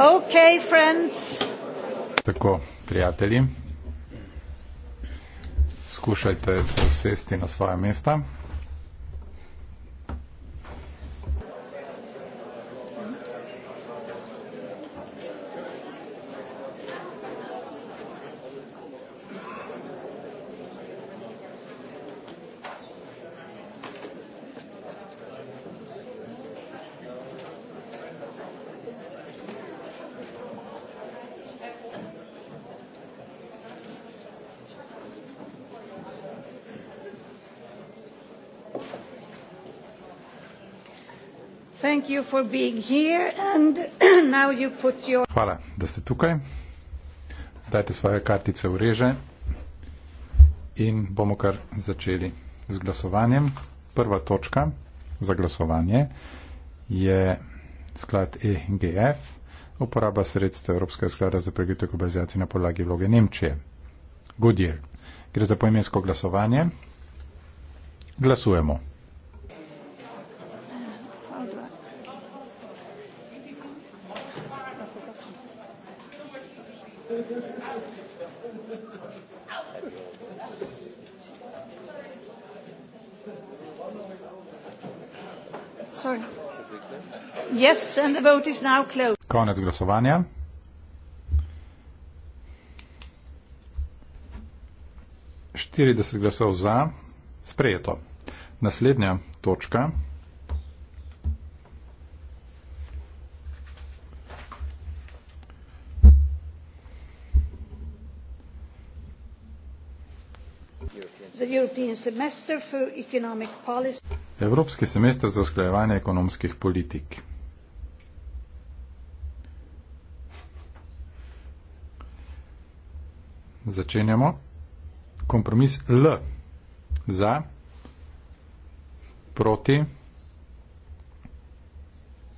Okay, Tako, prijatelji, skušajte se usesti na svoje mesta. Hvala, da ste tukaj. Dajte svoje kartice v reže in bomo kar začeli z glasovanjem. Prva točka za glasovanje je sklad EGF, uporaba sredstva Evropskega sklada za pregitev globalizacije na podlagi vloge Nemčije. Goodyear. Gre za poimensko glasovanje. Glasujemo. The vote is now closed. Konec glasovanja. Štirideset glasov za, sprejeto. Naslednja točka Evropski semester za usklajevanje ekonomskih politik. Začenjamo. Kompromis L. Za, proti,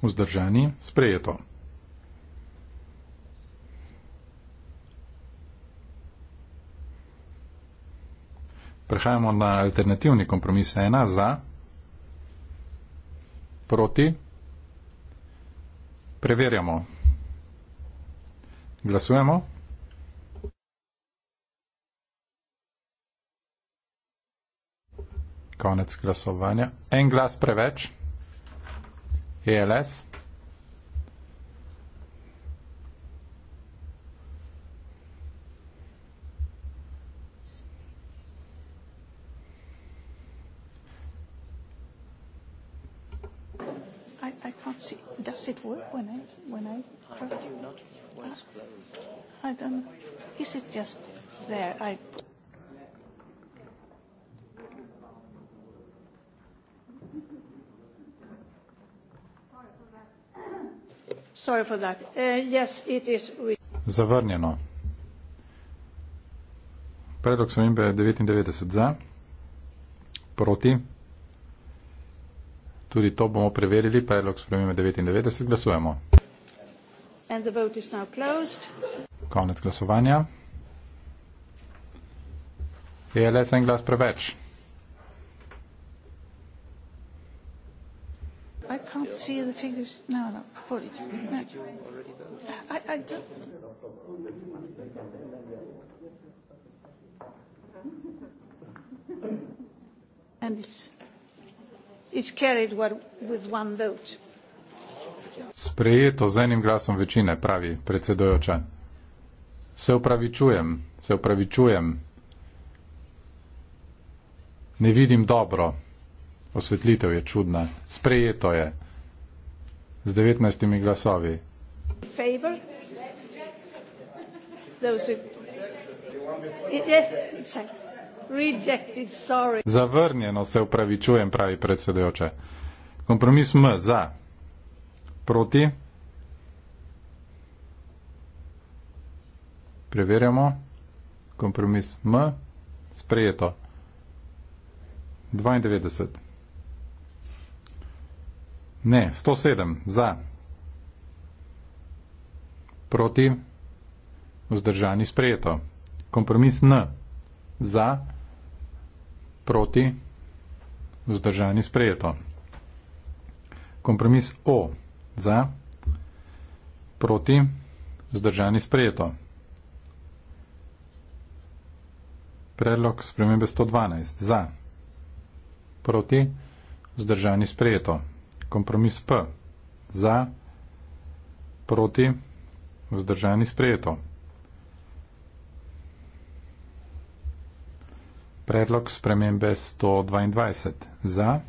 vzdržani, sprejeto. Prehajamo na alternativni kompromis 1 za, proti, preverjamo, glasujemo. konec glasovanja. En glas preveč. ELS. I can't see. Does it work when I when I? How do you not? Uh, I don't. Know. Is it just there? I. Uh, Zavrnjeno. Predlog spremembe 99 za, proti, tudi to bomo preverili, predlog spremembe 99 glasujemo. Konec glasovanja. Je le en glas preveč? can't see the figures. No, no, probably. Did you, no. Did you already vote? I, I don't. and it's, it's carried what, with one vote. Sprejeto z enim glasom večine, pravi predsedojoča. Se upravičujem, se upravičujem. Ne vidim dobro. Osvetlitev je čudna. Sprejeto je z 19 glasovi. Favor? Zavrnjeno se upravičujem, pravi predsedujoče. Kompromis M za. Proti. Preverjamo. Kompromis M. Sprejeto. 92. Ne, 107 za. Proti, vzdržani sprejeto. Kompromis N. Za, proti, vzdržani sprejeto. Kompromis O. Za, proti, vzdržani sprejeto. Predlog spremembe 112. Za, proti, vzdržani sprejeto kompromis P. Za, proti, vzdržani sprejeto. Predlog spremembe 122. Za,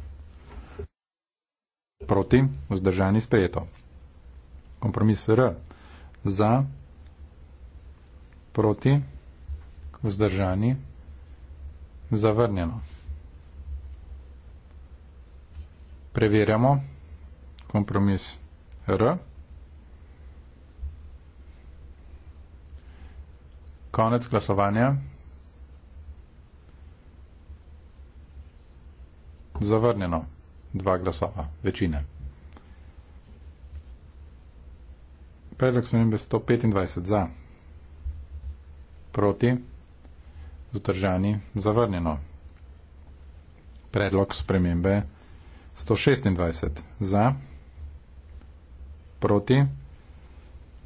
proti, vzdržani sprejeto. Kompromis R. Za, proti, vzdržani, zavrnjeno. Preverjamo kompromis R. Konec glasovanja. Zavrnjeno. Dva glasova. Večine. Predlog sem imbe 125 za. Proti. Zdržani. Zavrnjeno. Predlog spremembe 126 za. Zdržani proti,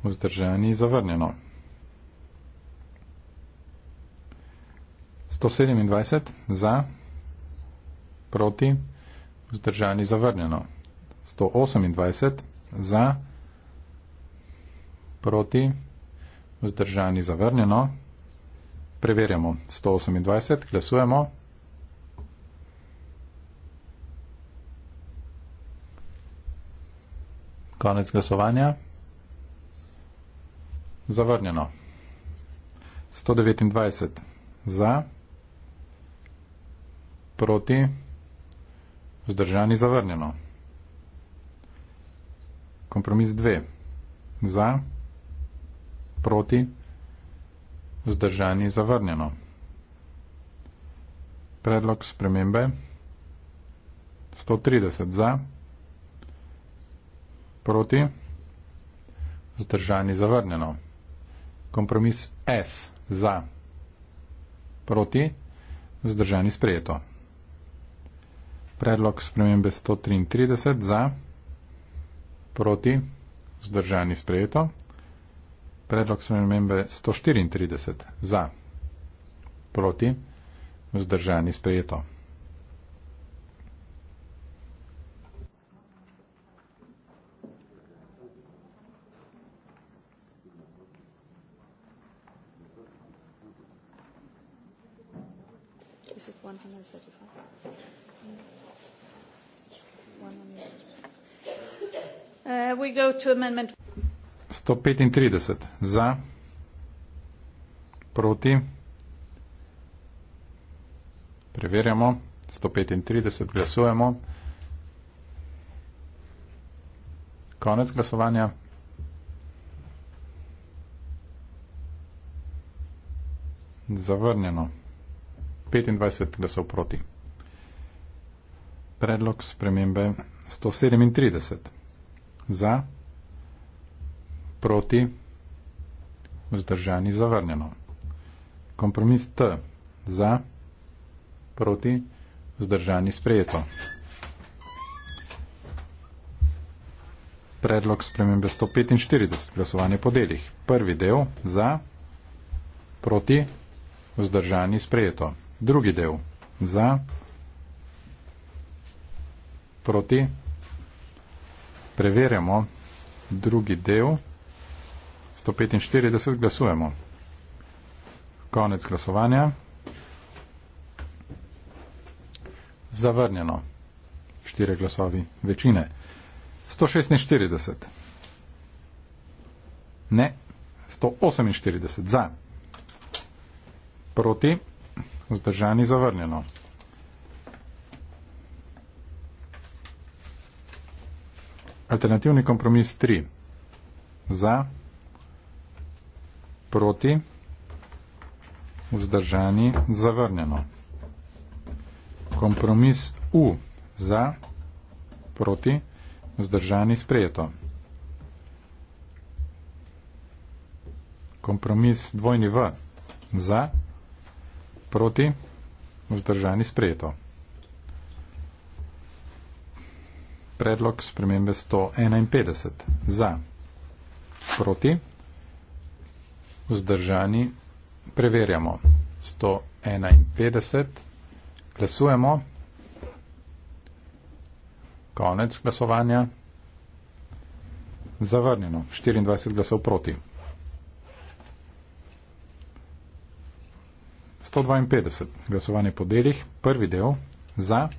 vzdržani, zavrnjeno. 127 za, proti, vzdržani, zavrnjeno. 128 za, proti, vzdržani, zavrnjeno. Preverjamo. 128 glasujemo. Konec glasovanja. Zavrnjeno. 129 za, proti, vzdržani zavrnjeno. Kompromis 2. Za, proti, vzdržani zavrnjeno. Predlog spremembe. 130 za proti, zdržani zavrnjeno. Kompromis S za proti, vzdržani sprejeto. Predlog spremembe 133 za proti, vzdržani sprejeto. Predlog spremembe 134 za proti, vzdržani sprejeto. 135 za, proti. Preverjamo. 135 glasujemo. Konec glasovanja. Zavrnjeno. 25 glasov proti. Predlog spremembe 137 za, proti, vzdržani, zavrnjeno. Kompromis T za, proti, vzdržani, sprejeto. Predlog spremembe 145, glasovanje po delih. Prvi del za, proti, vzdržani, sprejeto. Drugi del za, proti, preverjamo drugi del. 145 glasujemo. Konec glasovanja. Zavrnjeno. Štire glasovi večine. 146. Ne. 148 za. Proti. Vzdržani zavrnjeno. Alternativni kompromis 3. Za, proti, vzdržani, zavrnjeno. Kompromis U. Za, proti, vzdržani, sprejeto. Kompromis dvojni V. Za, proti, vzdržani, sprejeto. predlog spremembe 151. Za. Proti. Vzdržani. Preverjamo. 151. Glasujemo. Konec glasovanja. Zavrnjeno. 24 glasov proti. 152. Glasovanje po delih. Prvi del. Za.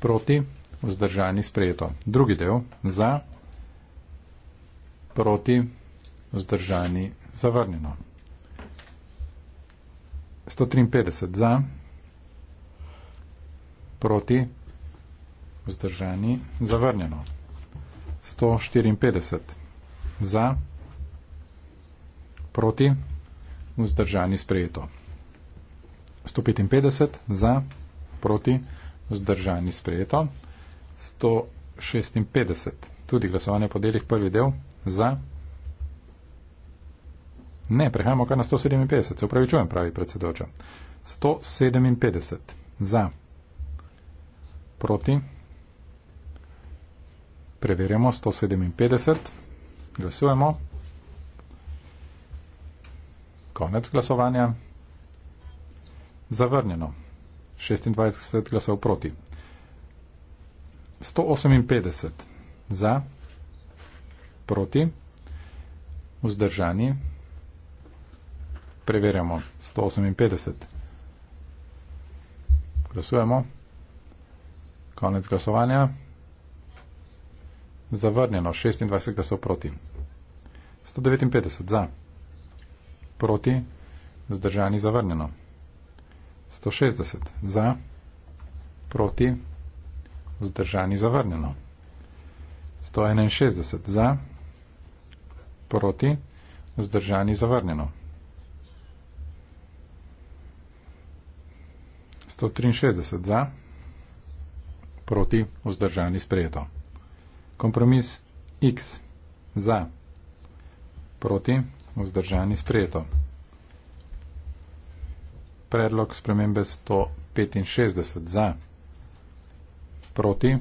Proti vzdržani sprejeto. Drugi del za, proti, vzdržani zavrnjeno. 153 za, proti, vzdržani zavrnjeno. 154 za, proti, vzdržani sprejeto. 155 za, proti, vzdržani sprejeto. 156. Tudi glasovanje po delih prvi del za. Ne, prehajamo kar na 157. Se upravičujem, pravi predsedoča. 157 za. Proti. Preverjamo 157. Glasujemo. Konec glasovanja. Zavrnjeno. 26 glasov proti. 158 za, proti, vzdržani. Preverjamo 158. Glasujemo. Konec glasovanja. Zavrnjeno 26 glasov proti. 159 za, proti, vzdržani, zavrnjeno. 160 za, proti, vzdržani vzdržani zavrnjeno. 161 za, proti, vzdržani zavrnjeno. 163 za, proti, vzdržani sprejeto. Kompromis X za, proti, vzdržani sprejeto. Predlog spremembe 165 za, proti, vzdržani sprejeto. Proti,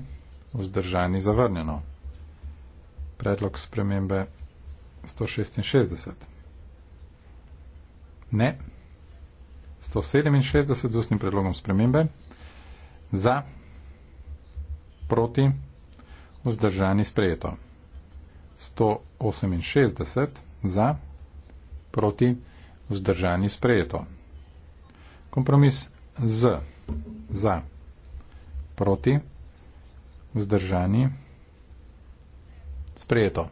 vzdržani zavrnjeno. Predlog spremembe 166. Ne. 167 z ustnim predlogom spremembe. Za, proti, vzdržani sprejeto. 168 za, proti, vzdržani sprejeto. Kompromis z, za, proti, vzdržani, sprejeto.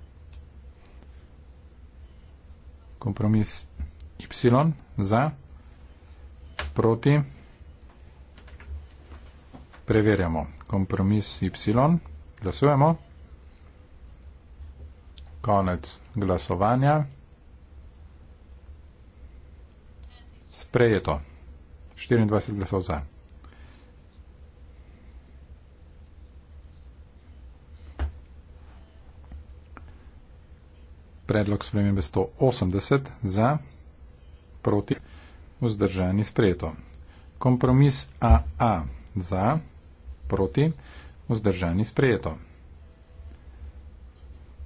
Kompromis Y za, proti, preverjamo. Kompromis Y, glasujemo, konec glasovanja, sprejeto. 24 glasov za. predlog spremembe 180 za, proti, vzdržani sprejeto. Kompromis AA za, proti, vzdržani sprejeto.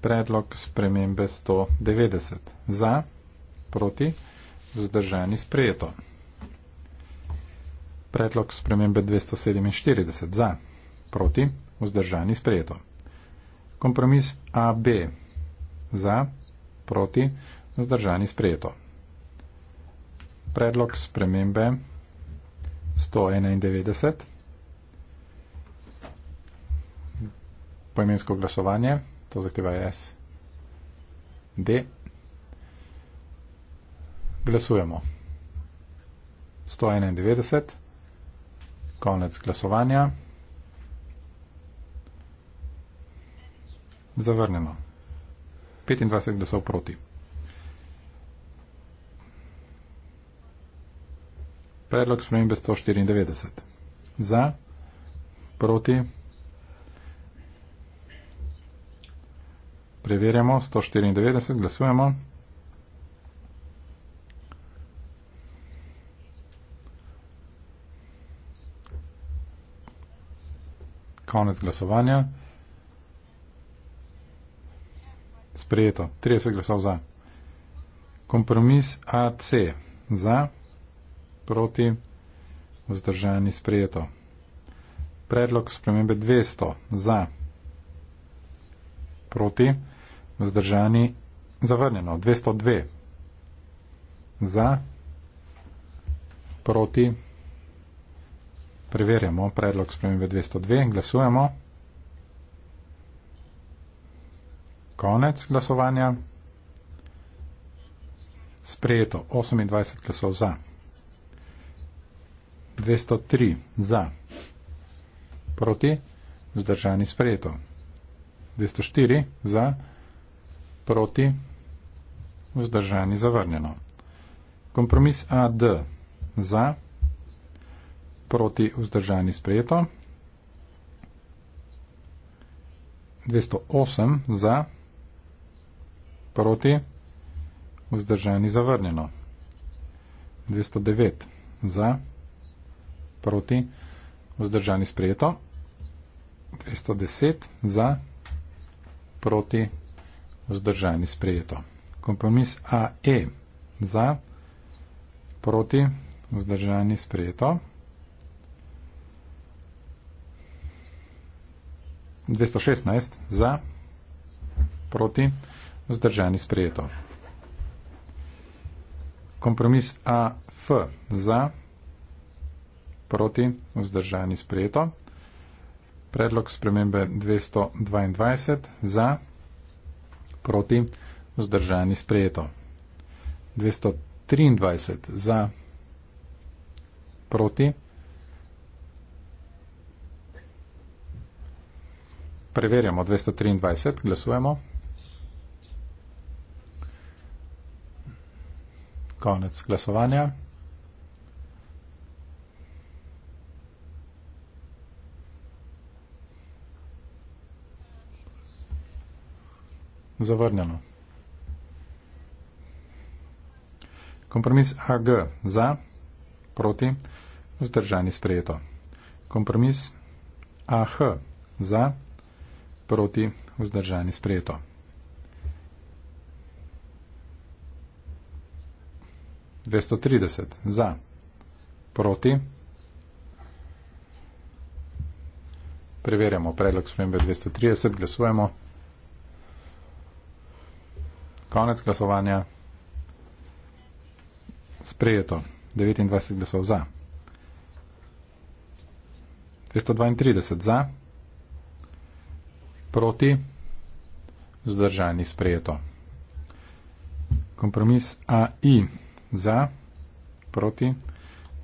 Predlog spremembe 190 za, proti, vzdržani sprejeto. Predlog spremembe 247 za, proti, vzdržani sprejeto. Kompromis AB za, proti, proti, zdržani sprejeto. Predlog spremembe 191. Poimensko glasovanje, to zahteva SD. Glasujemo. 191. Konec glasovanja. Zavrnemo. 25 glasov proti. Predlog spremembe 194. Za, proti, preverjamo 194, glasujemo. Konec glasovanja. sprejeto. 30 glasov za. Kompromis AC za, proti, vzdržani sprejeto. Predlog spremembe 200 za, proti, vzdržani zavrnjeno. 202 za, proti, preverjamo predlog spremembe 202, glasujemo. konec glasovanja. Sprejeto 28 glasov za, 203 za, proti, vzdržani sprejeto, 204 za, proti, vzdržani zavrnjeno. Kompromis AD za, proti, vzdržani sprejeto, 208 za, proti, vzdržani sprejeto proti, vzdržani zavrnjeno. 209 za, proti, vzdržani sprejeto. 210 za, proti, vzdržani sprejeto. Kompromis AE za, proti, vzdržani sprejeto. 216 za, proti, vzdržani sprejeto vzdržani sprejeto. Kompromis AF za, proti, vzdržani sprejeto. Predlog spremembe 222 za, proti, vzdržani sprejeto. 223 za, proti. Preverjamo 223, glasujemo. konec glasovanja. Zavrnjeno. Kompromis AG za, proti, vzdržani sprejeto. Kompromis AH za, proti, vzdržani sprejeto. 230 za, proti. Preverjamo predlog spremembe 230, glasujemo. Konec glasovanja. Sprejeto. 29 glasov za. 232 za. Proti. Zdržani sprejeto. Kompromis AI za, proti,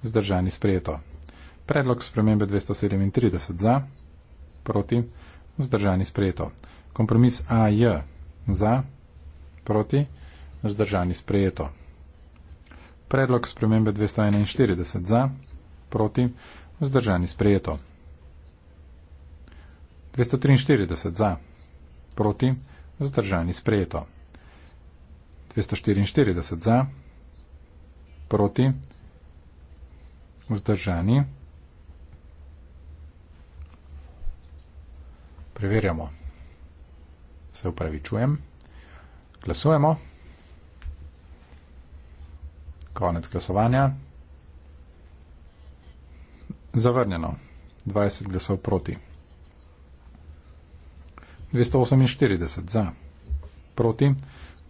vzdržani sprejeto. Predlog spremembe 237 za, proti, vzdržani sprejeto. Kompromis AJ za, proti, vzdržani sprejeto. Predlog spremembe 241 za, proti, vzdržani sprejeto. 243 za, proti, vzdržani sprejeto. 244 za, proti, vzdržani sprejeto. 244 za, proti, vzdržani. Preverjamo. Se upravičujem. Glasujemo. Konec glasovanja. Zavrnjeno. 20 glasov proti. 248 za. Proti.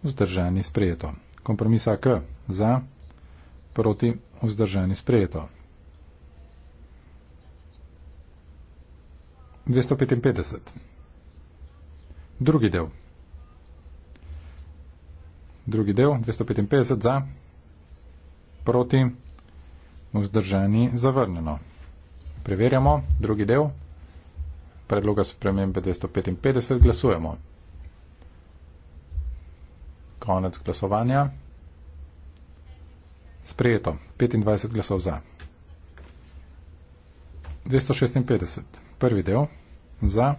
Vzdržani sprejeto. Kompromisa K. Za proti vzdržani sprejeto. 255. Drugi del. Drugi del, 255 za, proti, vzdržani, zavrnjeno. Preverjamo, drugi del, predloga spremembe 255, glasujemo. Konec glasovanja. Sprejeto. 25 glasov za. 256. Prvi del za,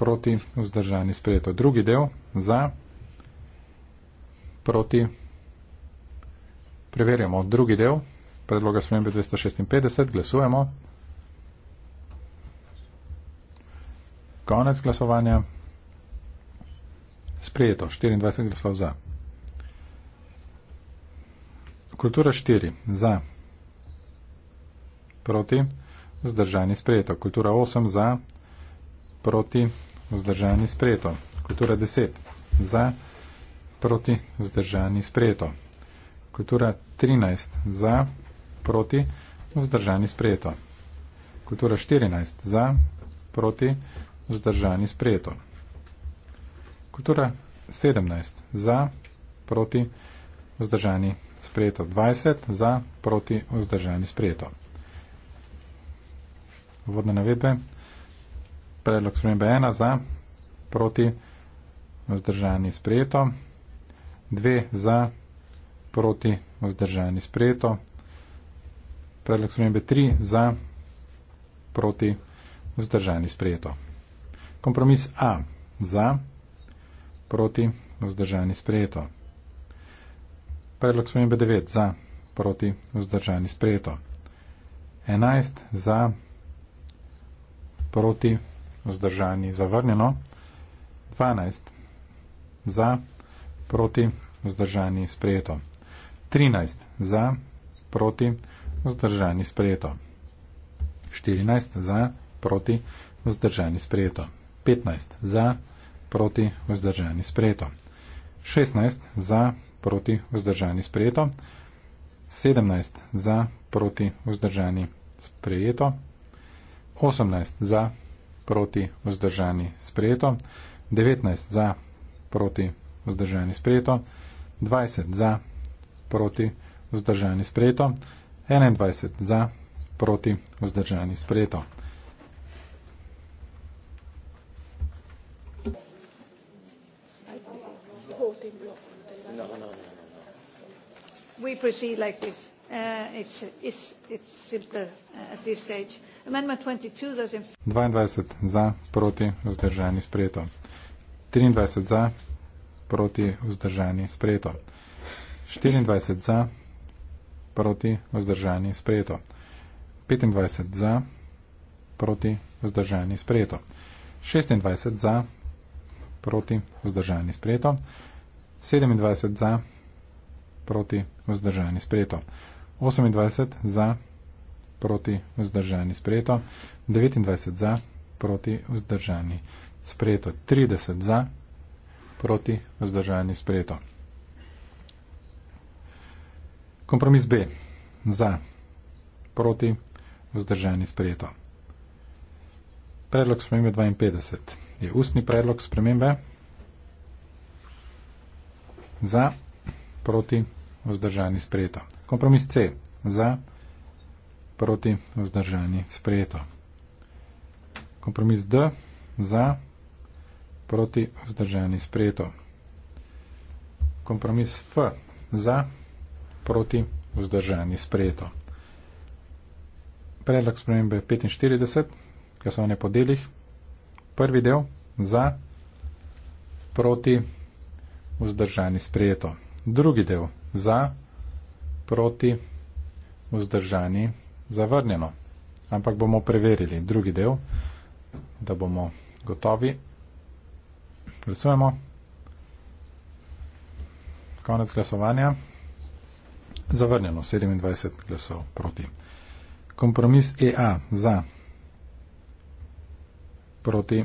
proti vzdržani sprejeto. Drugi del za, proti. Preverjamo drugi del predloga spremembe 256. Glasujemo. Konec glasovanja. Sprejeto. 24 glasov za. Kultura 4. Za. Proti. Vzdržani sprejeto. Kultura 8. Za. Proti. Vzdržani sprejeto. Kultura 10. Za. Proti. Vzdržani sprejeto. Kultura 13. Za. Proti. Vzdržani sprejeto. Kultura 14. Za. Proti. Vzdržani sprejeto. Kultura 17. Za. Proti. Vzdržani sprejeto sprejeto 20, za proti vzdržani sprejeto. Vodne navedbe. Predlog spremembe 1 za proti vzdržani sprejeto. 2 za proti vzdržani sprejeto. Predlog spremembe 3 za proti vzdržani sprejeto. Kompromis A za proti vzdržani sprejeto. Predlog spremembe 9 za, proti vzdržani sprejeto. 11 za, proti vzdržani zavrnjeno. 12 za, proti vzdržani sprejeto. 13 za, proti vzdržani sprejeto. 14 za, proti vzdržani sprejeto. 15 za, proti vzdržani sprejeto. 16 za, proti vzdržani sprejeto, 17 za proti vzdržani sprejeto, 18 za proti vzdržani sprejeto, 19 za proti vzdržani sprejeto, 20 za proti vzdržani sprejeto, 21 za proti vzdržani sprejeto. we proceed like this. Uh, it's, it's, it's simpler uh, at this stage. Amendment 22, 22 za, proti, vzdržani, sprejeto. 23 za, proti, vzdržani, sprejeto. 24 za, proti, vzdržani, sprejeto. 25 za, proti, vzdržani, sprejeto. 26 za, proti, vzdržani, sprejeto. 27 za, proti, vzdržani, sprejeto proti vzdržani sprejeto. 28 za proti vzdržani sprejeto. 29 za proti vzdržani sprejeto. 30 za proti vzdržani sprejeto. Kompromis B. Za proti vzdržani sprejeto. Predlog spremembe 52 je ustni predlog spremembe. Za proti, vzdržani sprejeto. Kompromis C, za, proti, vzdržani sprejeto. Kompromis D, za, proti, vzdržani sprejeto. Kompromis F, za, proti, vzdržani sprejeto. Predlog spremembe 45, glasovanje po delih. Prvi del, za, proti, vzdržani sprejeto. Drugi del. Za, proti, vzdržani, zavrnjeno. Ampak bomo preverili drugi del, da bomo gotovi. Glasujemo. Konec glasovanja. Zavrnjeno. 27 glasov proti. Kompromis EA. Za, proti,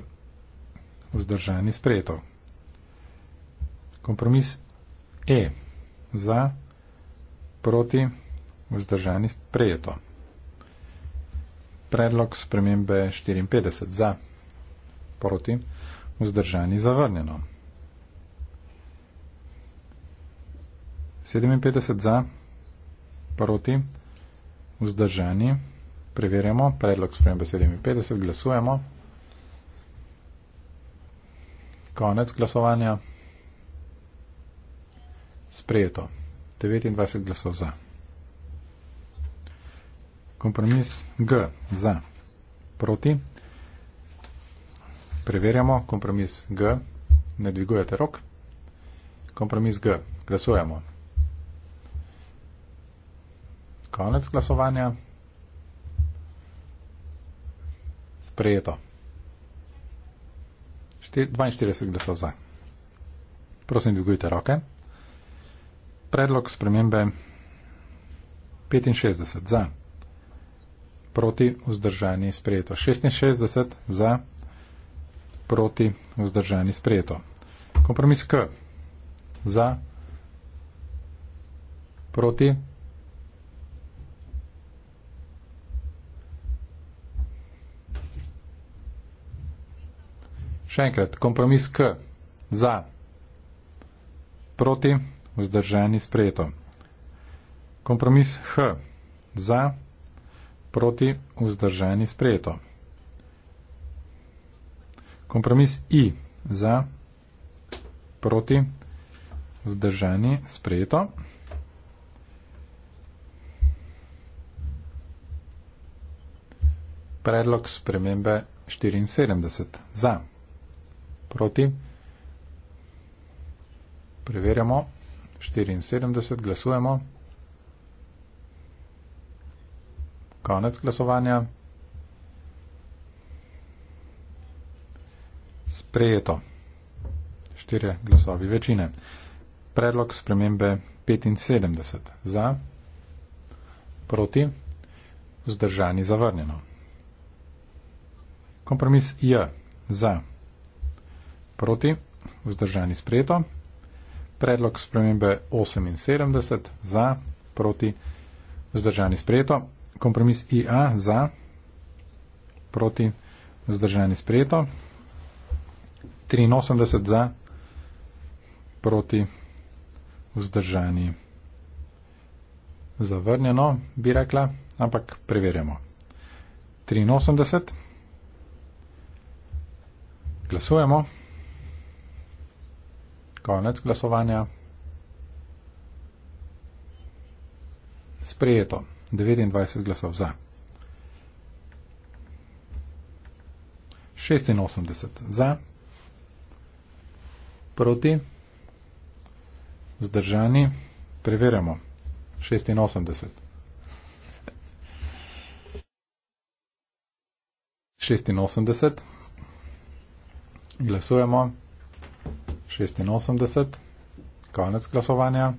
vzdržani, sprejeto. Kompromis E za, proti, vzdržani sprejeto. Predlog spremembe 54 za, proti, vzdržani zavrnjeno. 57 za, proti, vzdržani, preverjamo, predlog spremembe 57, glasujemo. Konec glasovanja sprejeto. 29 glasov za. Kompromis G za. Proti. Preverjamo. Kompromis G. Ne dvigujete rok. Kompromis G. Glasujemo. Konec glasovanja. Sprejeto. 42 glasov za. Prosim, dvigujte roke. Predlog spremembe 65 za, proti vzdržani sprejeto. 66 za, proti vzdržani sprejeto. Kompromis K za, proti. Še enkrat, kompromis K za, proti vzdržani sprejeto. Kompromis H. Za, proti, vzdržani sprejeto. Kompromis I. Za, proti, vzdržani sprejeto. Predlog spremembe 74. Za, proti, preverjamo. 74 glasujemo. Konec glasovanja. Sprejeto. Štirje glasovi večine. Predlog spremembe 75 za, proti, vzdržani zavrnjeno. Kompromis J za, proti, vzdržani sprejeto predlog spremembe 78 za, proti, vzdržani sprejeto, kompromis IA za, proti, vzdržani sprejeto, 83 za, proti, vzdržani zavrnjeno, bi rekla, ampak preverjamo. 83. Glasujemo. Konec glasovanja. Sprejeto. 29 glasov za. 86 za. Proti. Zdržani. Preverjamo. 86. 86. Glasujemo. 86, konec glasovanja.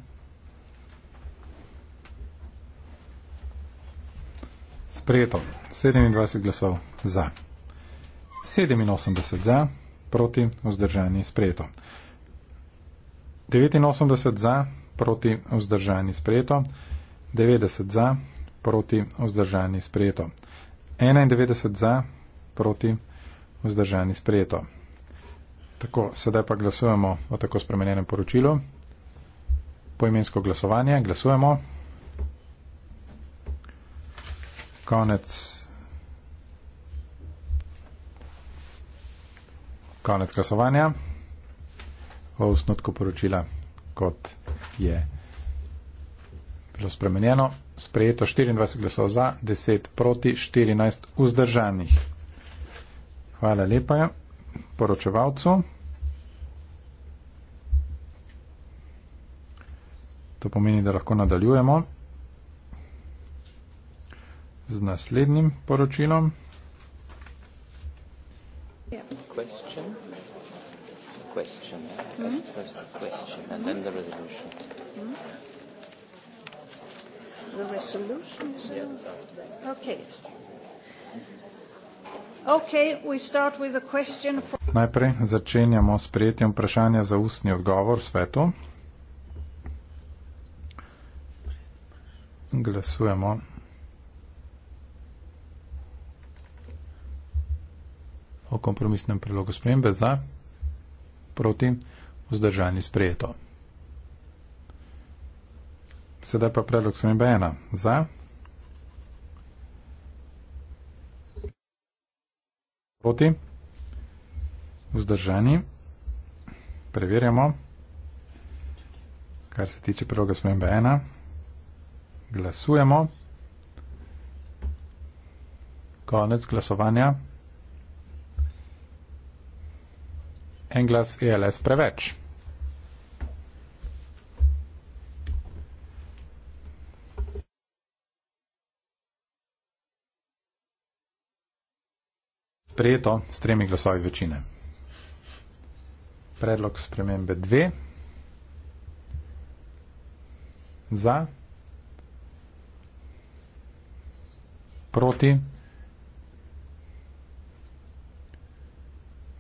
Sprejeto 27 glasov za, 87 za, proti, vzdržani, sprejeto. 89 za, proti, vzdržani, sprejeto. 90 za, proti, vzdržani, sprejeto. 91 za, proti, vzdržani, sprejeto. Tako, sedaj pa glasujemo o tako spremenjenem poročilu. Poimensko glasovanje, glasujemo. Konec. Konec glasovanja o osnutku poročila, kot je bilo spremenjeno. Sprejeto 24 glasov za, 10 proti, 14 vzdržanih. Hvala lepa poročevalcu. To pomeni, da lahko nadaljujemo z naslednjim poročilom. Yeah. Najprej začenjamo s prijetjem vprašanja za ustni odgovor svetu. Glasujemo. O kompromisnem prilogu spremembe za, proti, vzdržani sprejeto. Sedaj pa predlog spremembe ena za. proti, vzdržani, preverjamo, kar se tiče priloga smembe 1, glasujemo, konec glasovanja, en glas ELS preveč. sprejeto s tremi glasovi večine. Predlog spremembe dve. Za. Proti.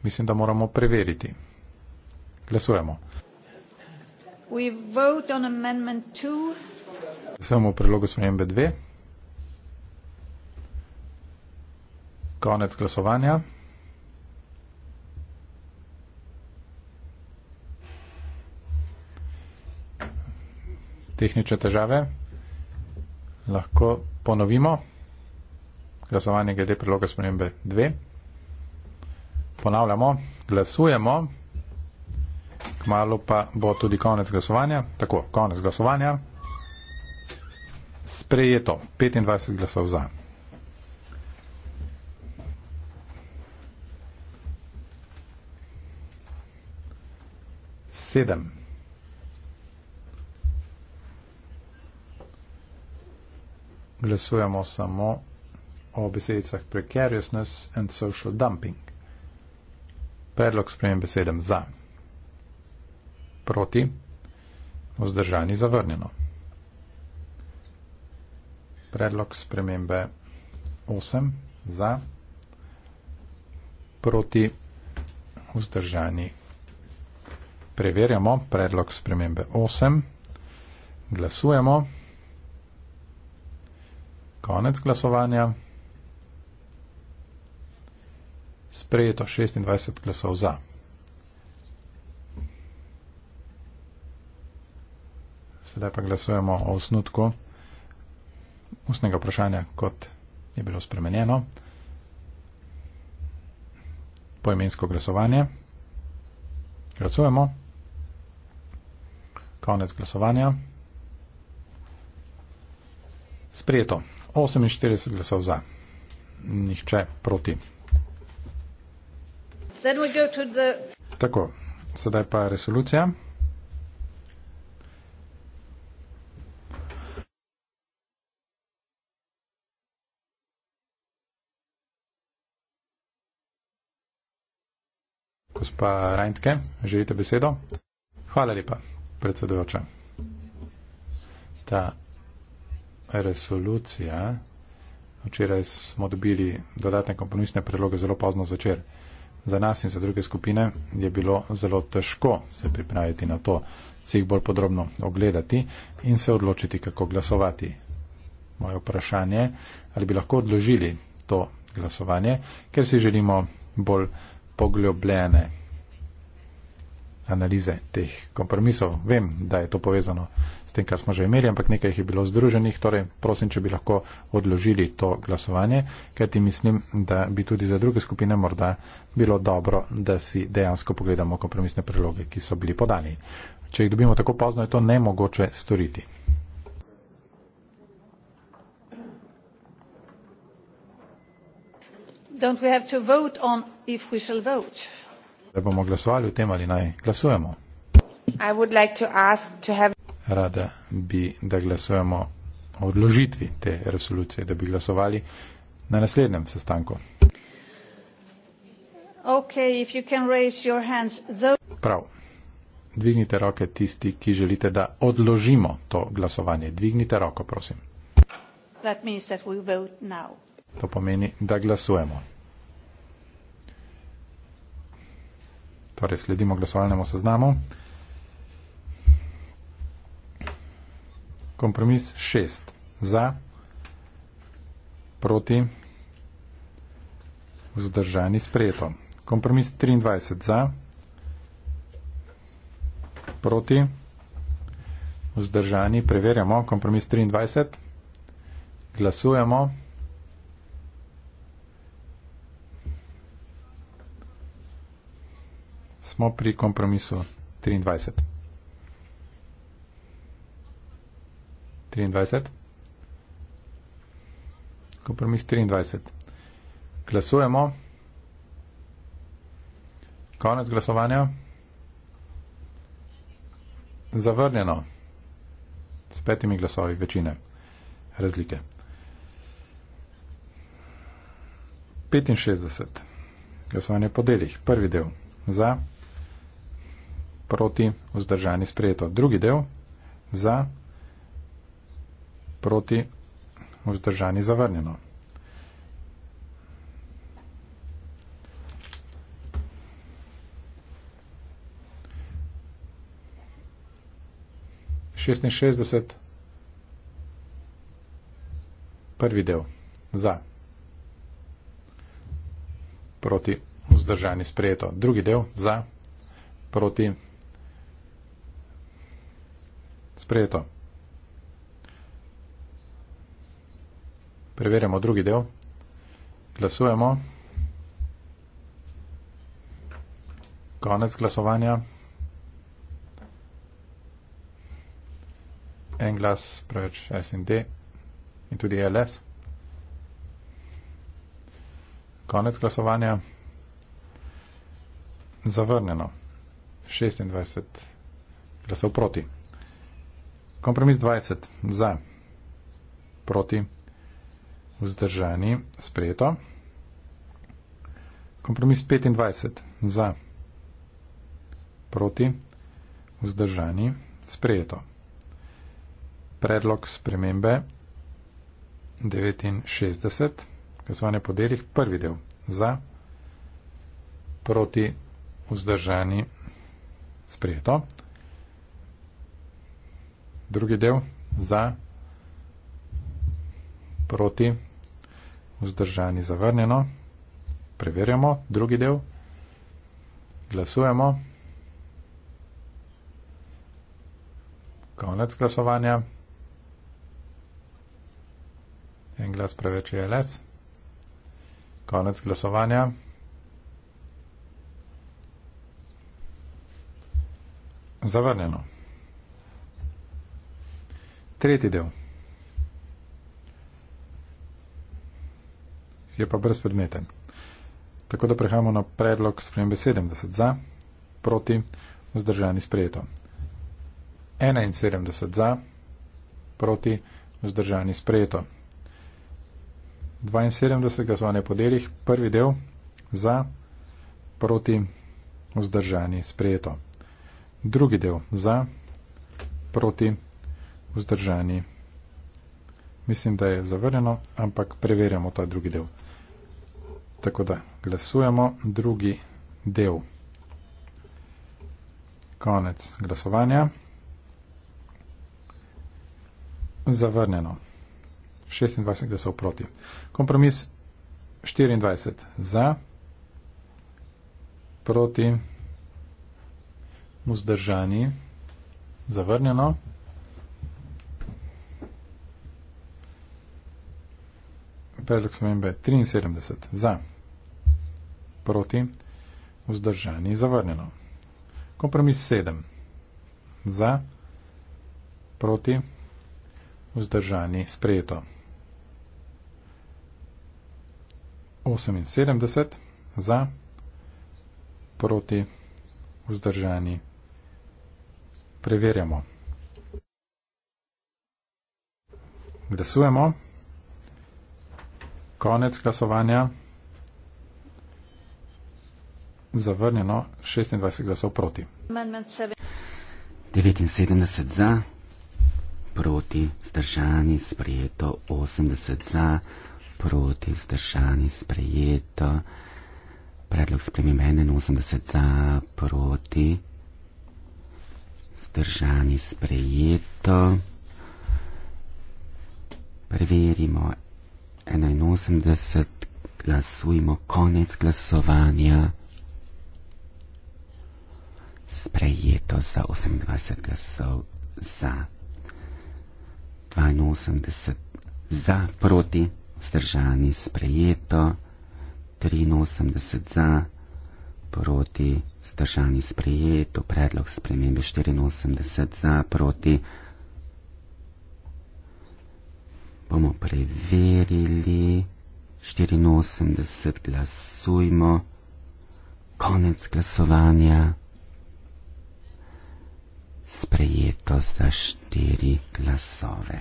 Mislim, da moramo preveriti. Glasujemo. Glasujemo o predlogu spremembe dve. Konec glasovanja. Tehnične težave. Lahko ponovimo. Glasovanje glede priloga spremembe 2. Ponavljamo, glasujemo, kmalo pa bo tudi konec glasovanja. Tako, konec glasovanja. Sprejeto 25 glasov za. sedem. Glasujemo samo o besedicah precariousness and social dumping. Predlog sprejem besedem za. Proti. Vzdržani zavrnjeno. Predlog spremembe 8 za, proti vzdržani Preverjamo predlog spremembe 8. Glasujemo. Konec glasovanja. Sprejeto 26 glasov za. Sedaj pa glasujemo o osnutku ustnega vprašanja, kot je bilo spremenjeno. Poimensko glasovanje. Glasujemo. Konec glasovanja. Sprijeto. 48 glasov za. Nihče proti. The... Tako, sedaj pa resolucija. Gospa Reintke, želite besedo? Hvala lepa predsedujoča. Ta resolucija, včeraj smo dobili dodatne kompromisne predloge zelo pozno začer. Za nas in za druge skupine je bilo zelo težko se pripraviti na to, si jih bolj podrobno ogledati in se odločiti, kako glasovati. Moje vprašanje, ali bi lahko odložili to glasovanje, ker si želimo bolj pogljobljene analize teh kompromisov. Vem, da je to povezano s tem, kar smo že imeli, ampak nekaj jih je bilo združenih, torej prosim, če bi lahko odložili to glasovanje, kajti mislim, da bi tudi za druge skupine morda bilo dobro, da si dejansko pogledamo kompromisne priloge, ki so bili podani. Če jih dobimo tako pozno, je to nemogoče storiti. Don't we have to vote on if we shall vote? ali bomo glasovali o tem ali naj glasujemo. Like have... Rada bi, da glasujemo o odložitvi te resolucije, da bi glasovali na naslednjem sestanku. Okay, hands, the... Prav. Dvignite roke tisti, ki želite, da odložimo to glasovanje. Dvignite roko, prosim. To pomeni, da glasujemo. torej sledimo glasovalnemu seznamu. Kompromis 6. Za, proti, vzdržani, sprejeto. Kompromis 23. Za, proti, vzdržani, preverjamo. Kompromis 23. Glasujemo. Glasujemo. smo pri kompromisu 23. 23. Kompromis 23. Glasujemo. Konec glasovanja. Zavrnjeno. S petimi glasovi večine. Razlike. 65. Glasovanje po delih. Prvi del. Za proti, vzdržani sprejeto. Drugi del za, proti, vzdržani zavrnjeno. Šestinšestdeset, prvi del za, proti, vzdržani sprejeto. Drugi del za, proti, vzdržani zavrnjeno. Sprejeto. Preverjamo drugi del. Glasujemo. Konec glasovanja. En glas, preveč SND in tudi LS. Konec glasovanja. Zavrnjeno. 26 glasov proti. Kompromis 20 za, proti, vzdržani, sprejeto. Kompromis 25 za, proti, vzdržani, sprejeto. Predlog spremembe 69, glasovanje po delih, prvi del za, proti, vzdržani, sprejeto drugi del za, proti, vzdržani, zavrnjeno. Preverjamo drugi del, glasujemo, konec glasovanja, en glas preveč je LS, konec glasovanja, zavrnjeno. Tretji del. Je pa brezpredmeten. Tako da prehajamo na predlog spremembe 70 za, proti, vzdržani sprejeto. 71 za, proti, vzdržani sprejeto. 72 glasovanje po delih, prvi del za, proti, vzdržani sprejeto. Drugi del za, proti, vzdržani sprejeto vzdržani. Mislim, da je zavrjeno, ampak preverjamo ta drugi del. Tako da glasujemo drugi del. Konec glasovanja. Zavrnjeno. 26 glasov proti. Kompromis 24 za, proti, vzdržani, zavrnjeno. predlog spremembe 73 za, proti, vzdržani, zavrnjeno. Kompromis 7 za, proti, vzdržani, sprejeto. 78 za, proti, vzdržani, preverjamo. Glasujemo. Konec glasovanja. Zavrnjeno 26 glasov proti. 79 za, proti zdržani, sprejeto 80 za, proti zdržani, sprejeto. Predlog spremem 81 za, proti zdržani, sprejeto. Preverimo 81 glasujmo, konec glasovanja. Sprejeto za 28 glasov za, 82 za, proti, vzdržani, sprejeto, 83 za, proti, vzdržani, sprejeto, predlog spremembe 84 za, proti, vzdržani bomo preverili. 84 glasujmo, konec glasovanja, sprejeto za 4 glasove.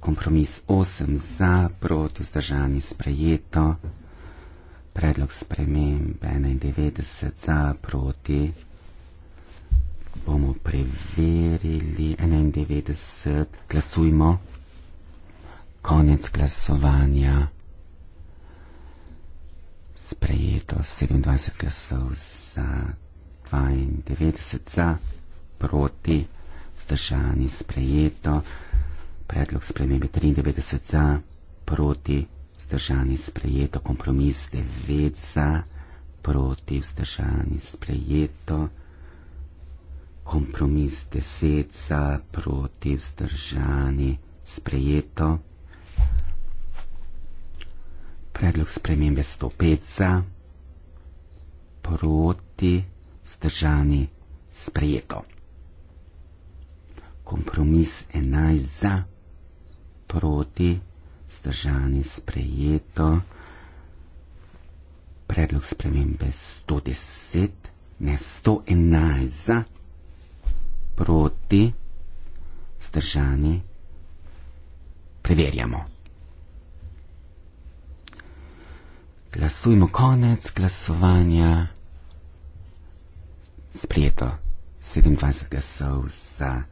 Kompromis 8 za, proti vzdržani sprejeto, predlog spremembe 91 za, proti bomo preverili 91, glasujmo. Konec glasovanja. Sprejeto 27 glasov za 92 za proti. Vzdržani sprejeto. Predlog spremembe 93 za proti. Vzdržani sprejeto. Kompromis 9 za proti. Vzdržani sprejeto kompromis deset za, proti vzdržani, sprejeto. Predlog spremembe 105 za, proti vzdržani, sprejeto. Kompromis 11 za, proti vzdržani, sprejeto. Predlog spremembe 110, ne 111 za, proti vzdržani, sprejeto proti, zdržani, preverjamo. Glasujmo konec glasovanja. Sprijeto 27 glasov za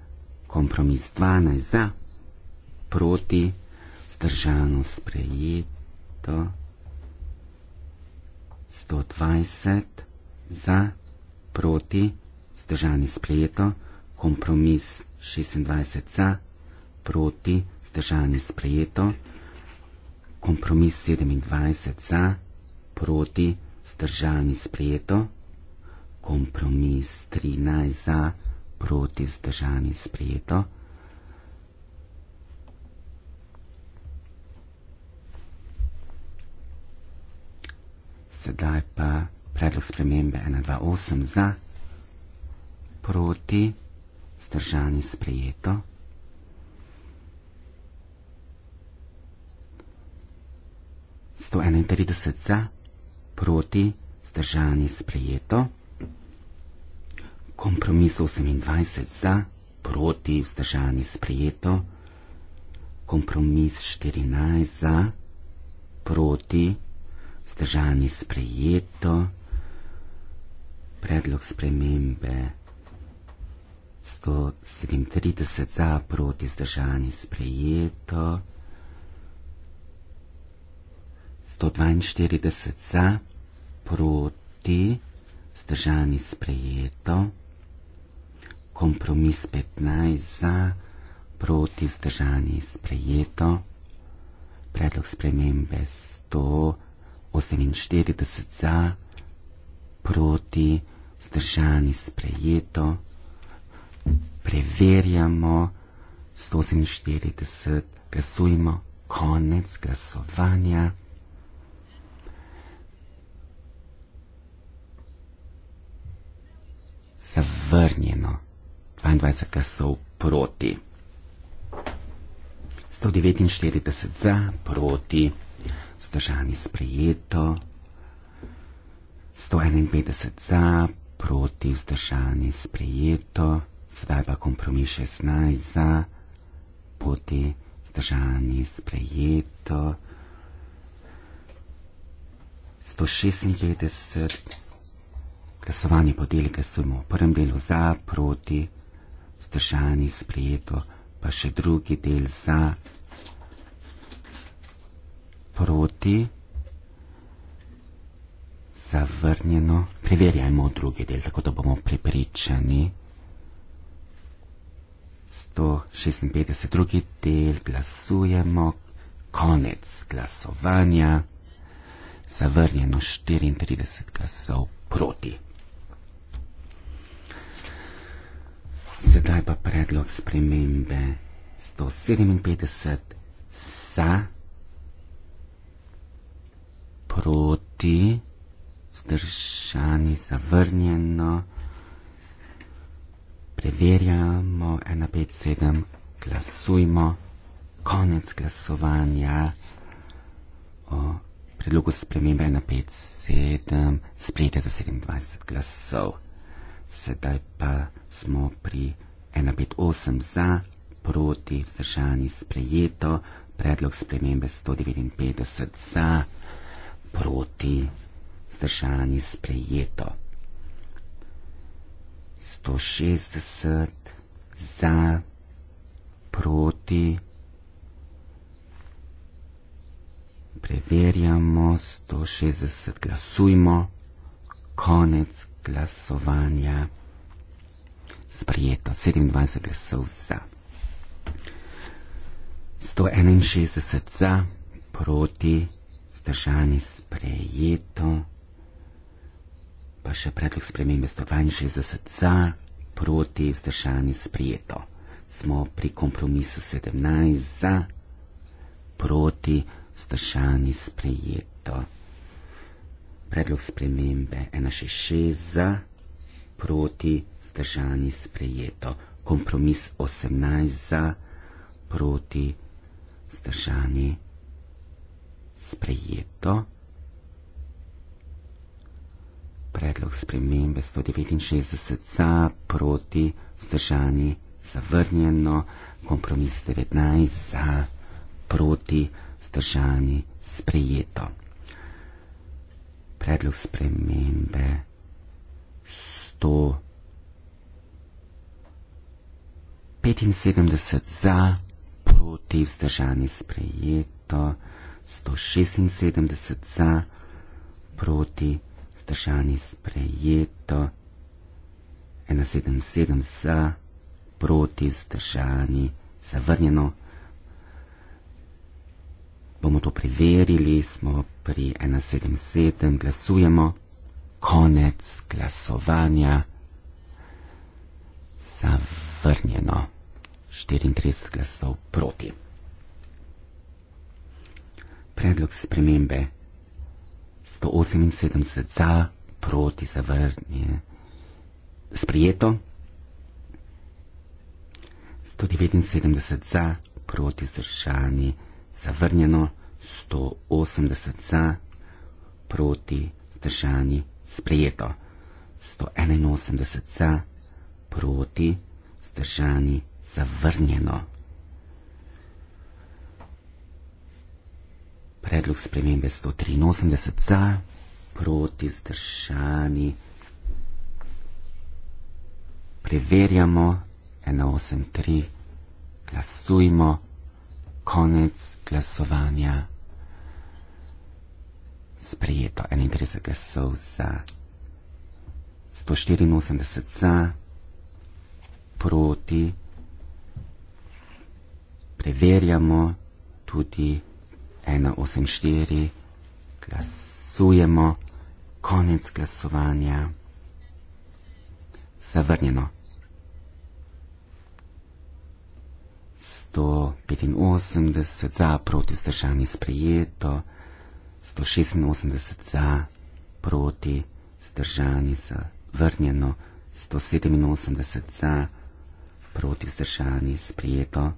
kompromis, 12 za, proti, zdržano, sprejeto 120 za, proti, zdržani, sprejeto 120 kompromis 26 za, proti vzdržanje sprejeto, kompromis 27 za, proti vzdržanje sprejeto, kompromis 13 za, proti vzdržanje sprejeto. Sedaj pa predlog spremembe 128 za, proti zdržani sprejeto. Sto enaintrideset za, proti, zdržani sprejeto. Kompromis osemindvajset za, proti, vzdržani sprejeto. Kompromis štirinajst za, proti, vzdržani sprejeto. Predlog spremembe. 137 za, proti zdržani sprejeto. 142 za, proti zdržani sprejeto. Kompromis 15 za, proti zdržani sprejeto. Predlog spremembe 148 za, proti zdržani sprejeto preverjamo 147, glasujmo konec glasovanja. Zavrnjeno 22 glasov proti. 149 za, proti, zdržani sprejeto, 151 za, proti, zdržani sprejeto. Sedaj pa kompromis 16 za, poti zdržani sprejeto. 156, glasovanje po deli, ki so v prvem delu za, proti, zdržani sprejeto, pa še drugi del za, proti, zavrnjeno. Preverjajmo drugi del, tako da bomo pripričani. 156, drugi del, glasujemo, konec glasovanja, zavrnjeno 34 glasov proti. Sedaj pa predlog spremembe 157 za, proti, zdržani, zavrnjeno 34 preverjamo, 157, glasujmo, konec glasovanja o predlogu spremembe 157, sprejete za 27 glasov. Sedaj pa smo pri 158 za, proti, vzdržani, sprejeto, predlog spremembe 159 za, proti, vzdržani, sprejeto. 160 za, proti. Preverjamo 160, glasujmo, konec glasovanja. Sprijeto 27 glasov za. 161 za, proti, zdržani sprejeto pa še predlog spremembe 162 za, proti vzdržani sprijeto. Smo pri kompromisu 17 za, proti vzdržani sprijeto. Predlog spremembe 166 za, proti vzdržani sprijeto. Kompromis 18 za, proti vzdržani sprijeto predlog spremembe 169a proti vzdržani zavrnjeno, kompromis 19 za proti vzdržani sprejeto. Predlog spremembe 175 za proti vzdržani sprejeto, 176 za proti vzdržani sprejeto zdržani, sprejeto, 177 za, proti, zdržani, zavrnjeno. Bomo to preverili, smo pri 177, glasujemo, konec glasovanja, zavrnjeno, 34 glasov proti. Predlog spremembe 178 za, proti zavrnje. Sprijeto. 179 za, proti zdržani, zavrnjeno. 180 za, proti zdržani, sprijeto. 181 za, proti zdržani, zavrnjeno. predlog spremembe 183 za, proti zdržani. Preverjamo 1,83, glasujmo, konec glasovanja. Sprijeto 31 glasov za, 184 za, proti. Preverjamo tudi 184, glasujemo, konec glasovanja, zavrnjeno. 185 za, proti vzdržani sprejeto, 186 za, proti vzdržani zavrnjeno, 187 za, proti vzdržani sprejeto,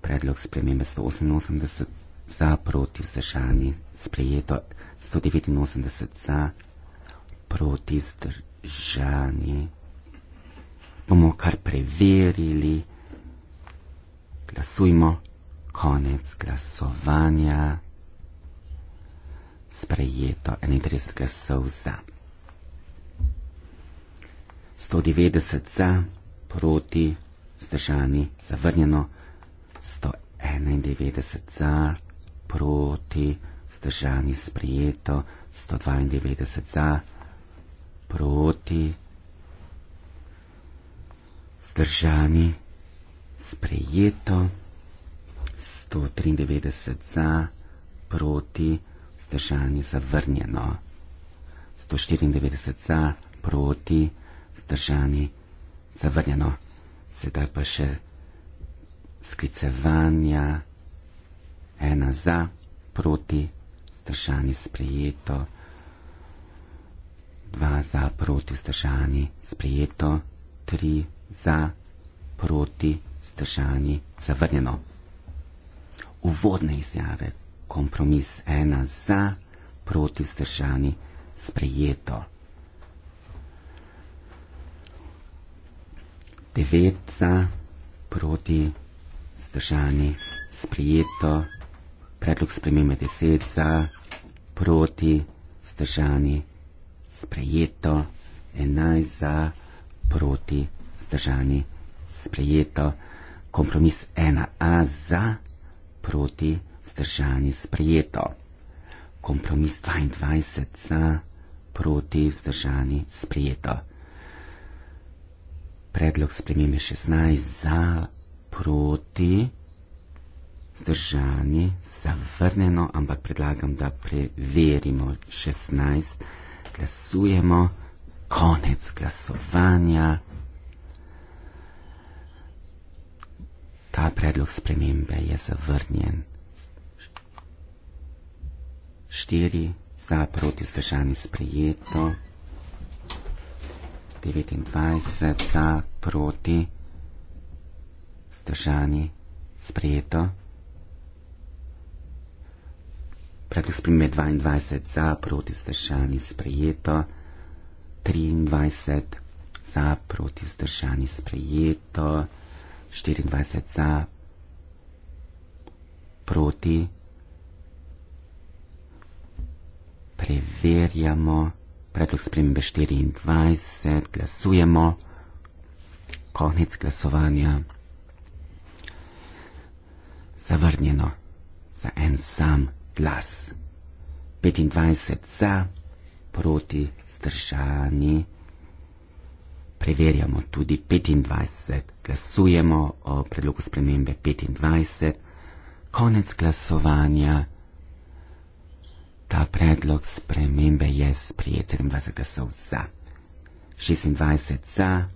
predlog spremembe 188 za proti vzdržanje, sprejeto 189 za proti vzdržanje. Bomo kar preverili, glasujmo, konec glasovanja, sprejeto 31 glasov za. 190 za, proti, vzdržani, zavrnjeno, 191 za proti, vzdržani sprijeto, 192 za, proti, vzdržani sprijeto, 193 za, proti, vzdržani zavrnjeno, 194 za, proti, vzdržani zavrnjeno. Sedaj pa še sklicevanja ena za, proti, vzdržani sprejeto, dva za, proti, vzdržani sprejeto, tri za, proti, vzdržani zavrnjeno. Uvodne izjave, kompromis ena za, proti, vzdržani sprejeto. Devet za, proti, zdržani, sprijeto predlog spremembe 10 za, proti, zdržani, sprejeto, 11 za, proti, zdržani, sprejeto, kompromis 1a za, proti, zdržani, sprejeto, kompromis 22 za, proti, zdržani, sprejeto. Predlog spremembe 16 za, proti, zdržani, sprejeto zdržani, zavrnjeno, ampak predlagam, da preverimo 16. Glasujemo, konec glasovanja. Ta predlog spremembe je zavrnjen. 4 za proti vzdržani sprejeto. 29 za proti vzdržani sprejeto. Predlog spremembe 22 za, proti vzdržani sprejeto, 23 za, proti vzdržani sprejeto, 24 za, proti. Preverjamo predlog spremembe 24, glasujemo, konec glasovanja. Zavrnjeno za en sam glas. 25 za, proti stržani. Preverjamo tudi 25, glasujemo o predlogu spremembe 25, konec glasovanja. Ta predlog spremembe je sprijet 27 glasov za, 26 za,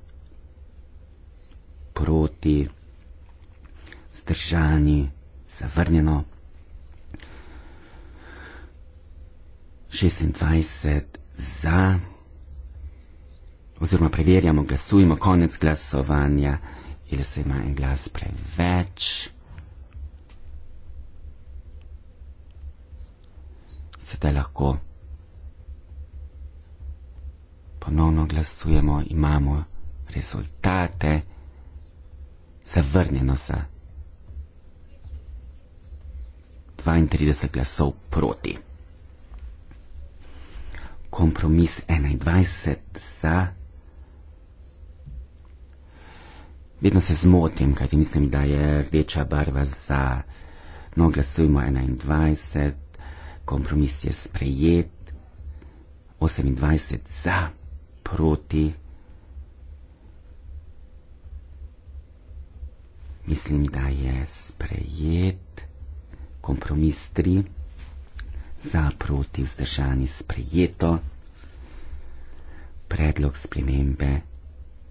proti, zdržani, zavrnjeno, 26 za. Oziroma preverjamo, glasujemo, konec glasovanja ali se ima en glas preveč. Sedaj lahko ponovno glasujemo, imamo rezultate, zavrnjeno za 32 glasov proti kompromis 21 za. Vedno se zmotim, kajti mislim, da je rdeča barva za. No, glasujmo 21, kompromis je sprejet, 28 za, proti. Mislim, da je sprejet kompromis 3 za proti vzdržani sprejeto. Predlog spremembe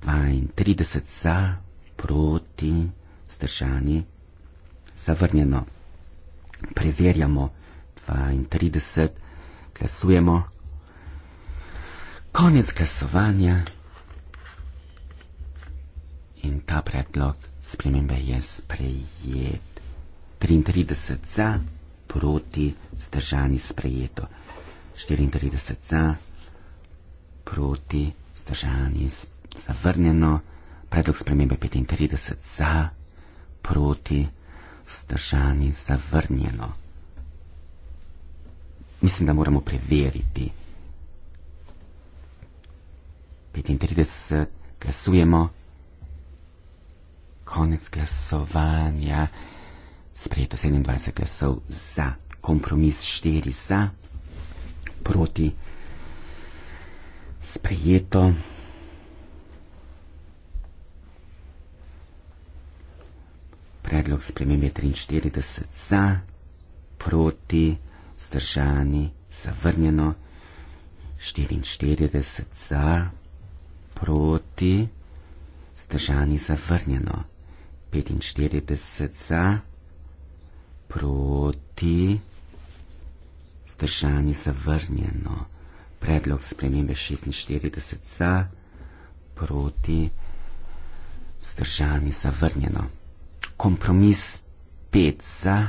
32 za proti vzdržani zavrnjeno. Preverjamo 32, glasujemo. Konec glasovanja in ta predlog spremembe je sprejet. 33 za proti, zdržani sprejeto. 34 za, proti, zdržani zavrnjeno. Predlog spremembe 35 za, proti, zdržani zavrnjeno. Mislim, da moramo preveriti. 35 glasujemo. Konec glasovanja sprejeto 27 glasov za, kompromis 4 za, proti sprejeto. Predlog spremembe je 43 za, proti, vzdržani, zavrnjeno, 44 za, proti, vzdržani, zavrnjeno, 45 za, proti proti, zdržani zavrnjeno. Predlog spremembe 46 za, proti, zdržani zavrnjeno. Kompromis 5 za,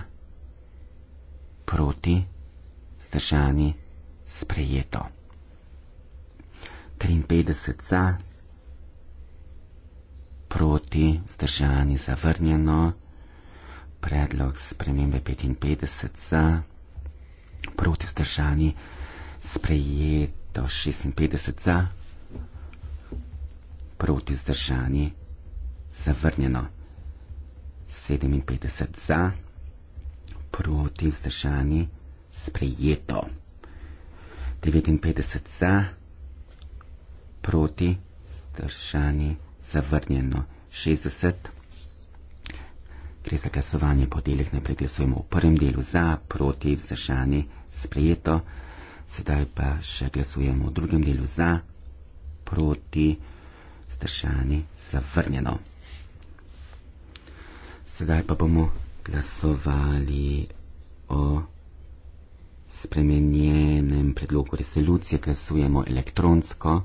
proti, zdržani sprejeto. 53 za, proti, zdržani zavrnjeno predlog spremembe 55 za, proti zdržani, sprejeto 56 za, proti zdržani, zavrnjeno 57 za, proti zdržani, sprejeto 59 za, proti zdržani, zavrnjeno 60 za. Gre za glasovanje po delih, najprej glasujemo v prvem delu za, proti, vzdržani, sprejeto. Sedaj pa še glasujemo v drugem delu za, proti, vzdržani, zavrnjeno. Sedaj pa bomo glasovali o spremenjenem predlogu resolucije. Glasujemo elektronsko.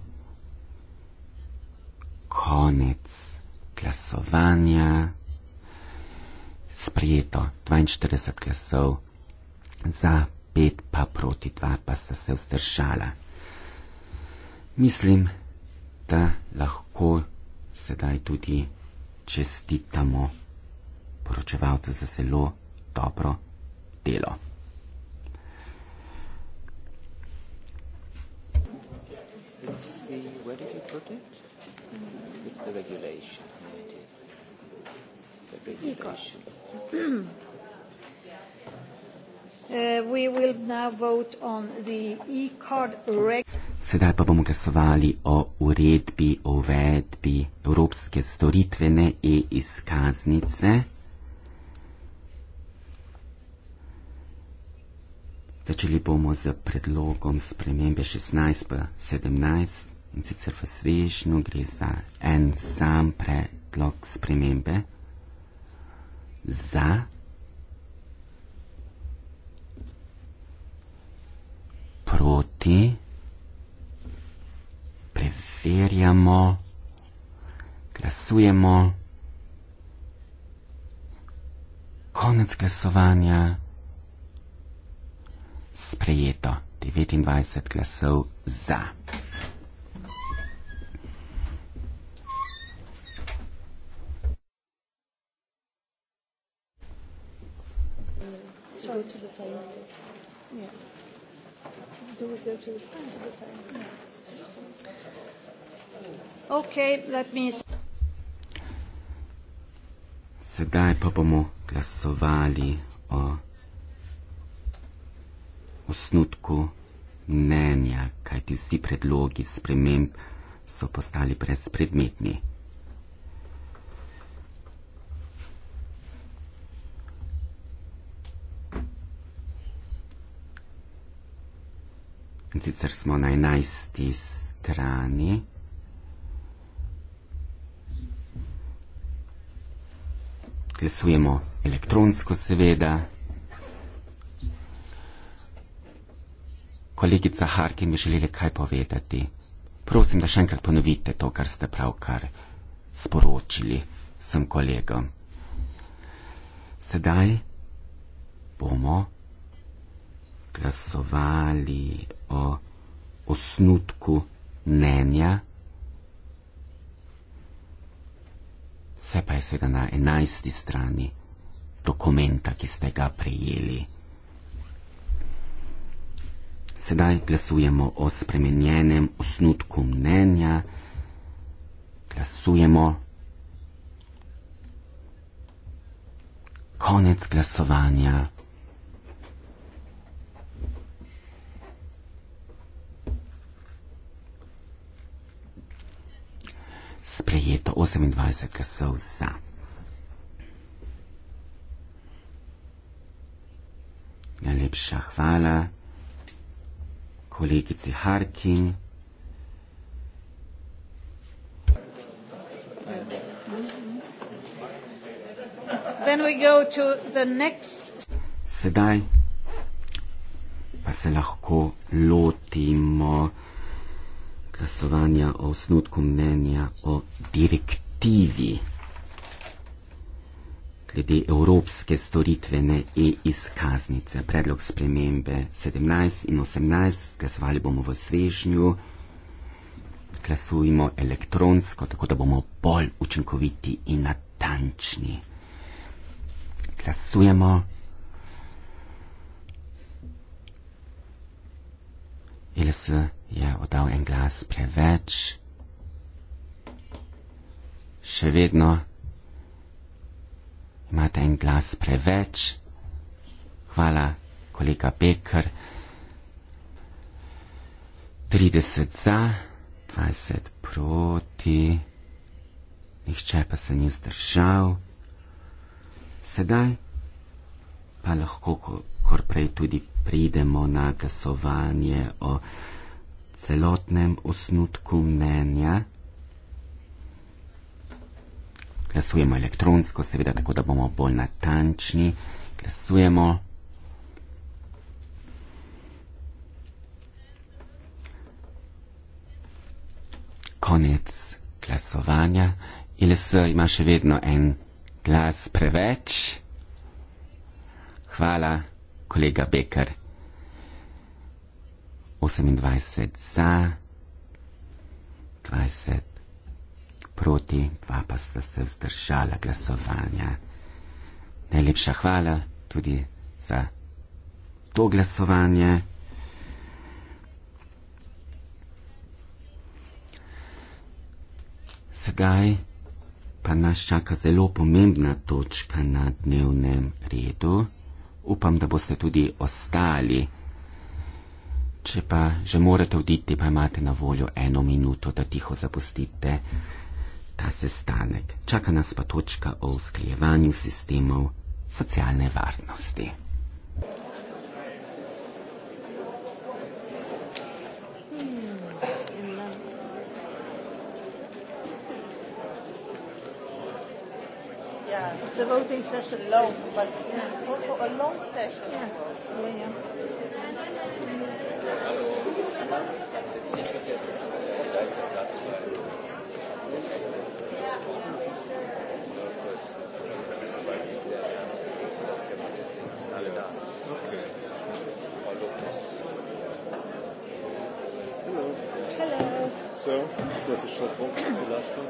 Konec glasovanja sprijeto 42 glasov za, 5 pa proti 2 pa sta se vzdržala. Mislim, da lahko sedaj tudi čestitamo poročevalcu za zelo dobro delo. It's the, where did you put it? Mm -hmm. It's the regulation. It is. The regulation. Yeah, Uh, Sedaj pa bomo glasovali o uredbi o uvedbi evropske storitvene e-izkaznice. Začeli bomo z predlogom spremembe 16 pa 17 in sicer v svežnju gre za en sam predlog spremembe za. Proti preverjamo, glasujemo, konec glasovanja, sprejeto 29 glasov za. go to the phone. Yeah. Do we go to the phone? To the phone? Yeah. Okay, let me. Sedaj pa bomo glasovali o osnutku mnenja, kajti vsi predlogi sprememb so postali brezpredmetni. in sicer smo na enajsti strani. Glasujemo elektronsko, seveda. Kolegica Harkin bi želela kaj povedati. Prosim, da še enkrat ponovite to, kar ste pravkar sporočili vsem kolegom. Sedaj bomo glasovali o osnutku mnenja. Vse pa je seveda na enajsti strani dokumenta, ki ste ga prejeli. Sedaj glasujemo o spremenjenem osnutku mnenja. Glasujemo. Konec glasovanja. sprejeto 28 glasov za. Najlepša hvala kolegici Harkin. Then we go to the next. Sedaj pa se lahko lotimo glasovanja o osnutku mnenja o direktivi glede evropske storitvene e-izkaznice. Predlog spremembe 17 in 18, glasovali bomo v svežnju, glasujemo elektronsko, tako da bomo bolj učinkoviti in natančni. Glasujemo. ali si je oddal en glas preveč. Še vedno imate en glas preveč. Hvala, kolega Beker. 30 za, 20 proti, nihče pa se ni zdržal. Sedaj pa lahko, kot prej, tudi pridemo na glasovanje o celotnem osnutku mnenja. Glasujemo elektronsko, seveda, tako da bomo bolj natančni. Glasujemo. Konec glasovanja. ILS ima še vedno en glas preveč. Hvala kolega Becker. 28 za, 20 proti, dva pa sta se vzdržala glasovanja. Najlepša hvala tudi za to glasovanje. Sedaj pa nas čaka zelo pomembna točka na dnevnem redu upam, da boste tudi ostali. Če pa že morate oditi, pa imate na voljo eno minuto, da tiho zapustite ta sestanek. Čaka nas pa točka o usklejevanju sistemov socialne varnosti. devoting session. Long, but yeah. it's also a long session. Yeah. Yeah, yeah. So, this was a short walk from the last one.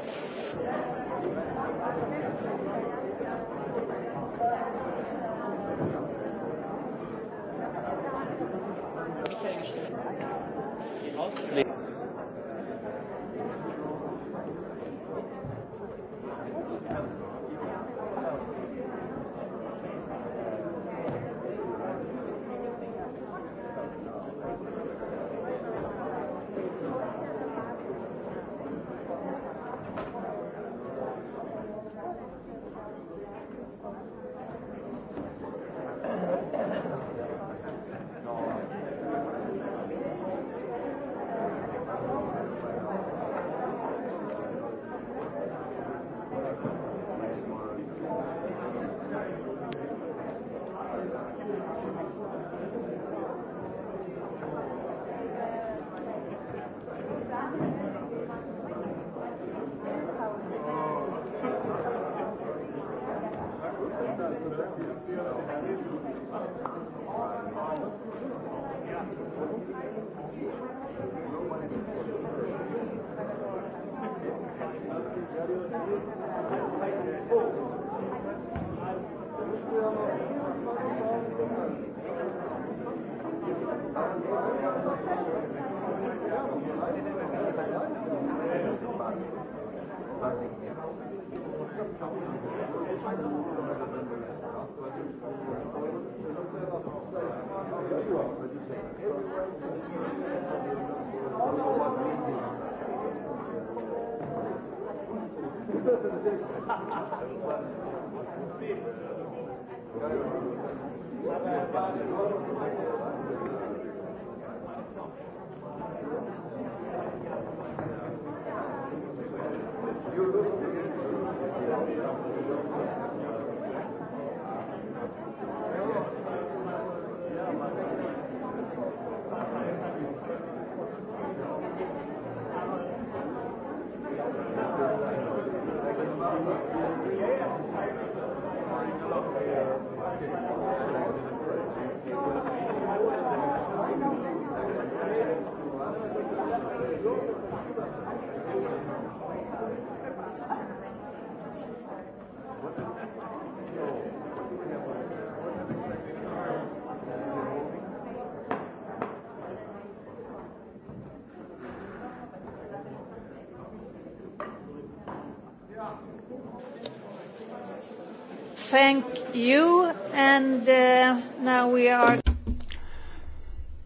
thank you and uh, now we are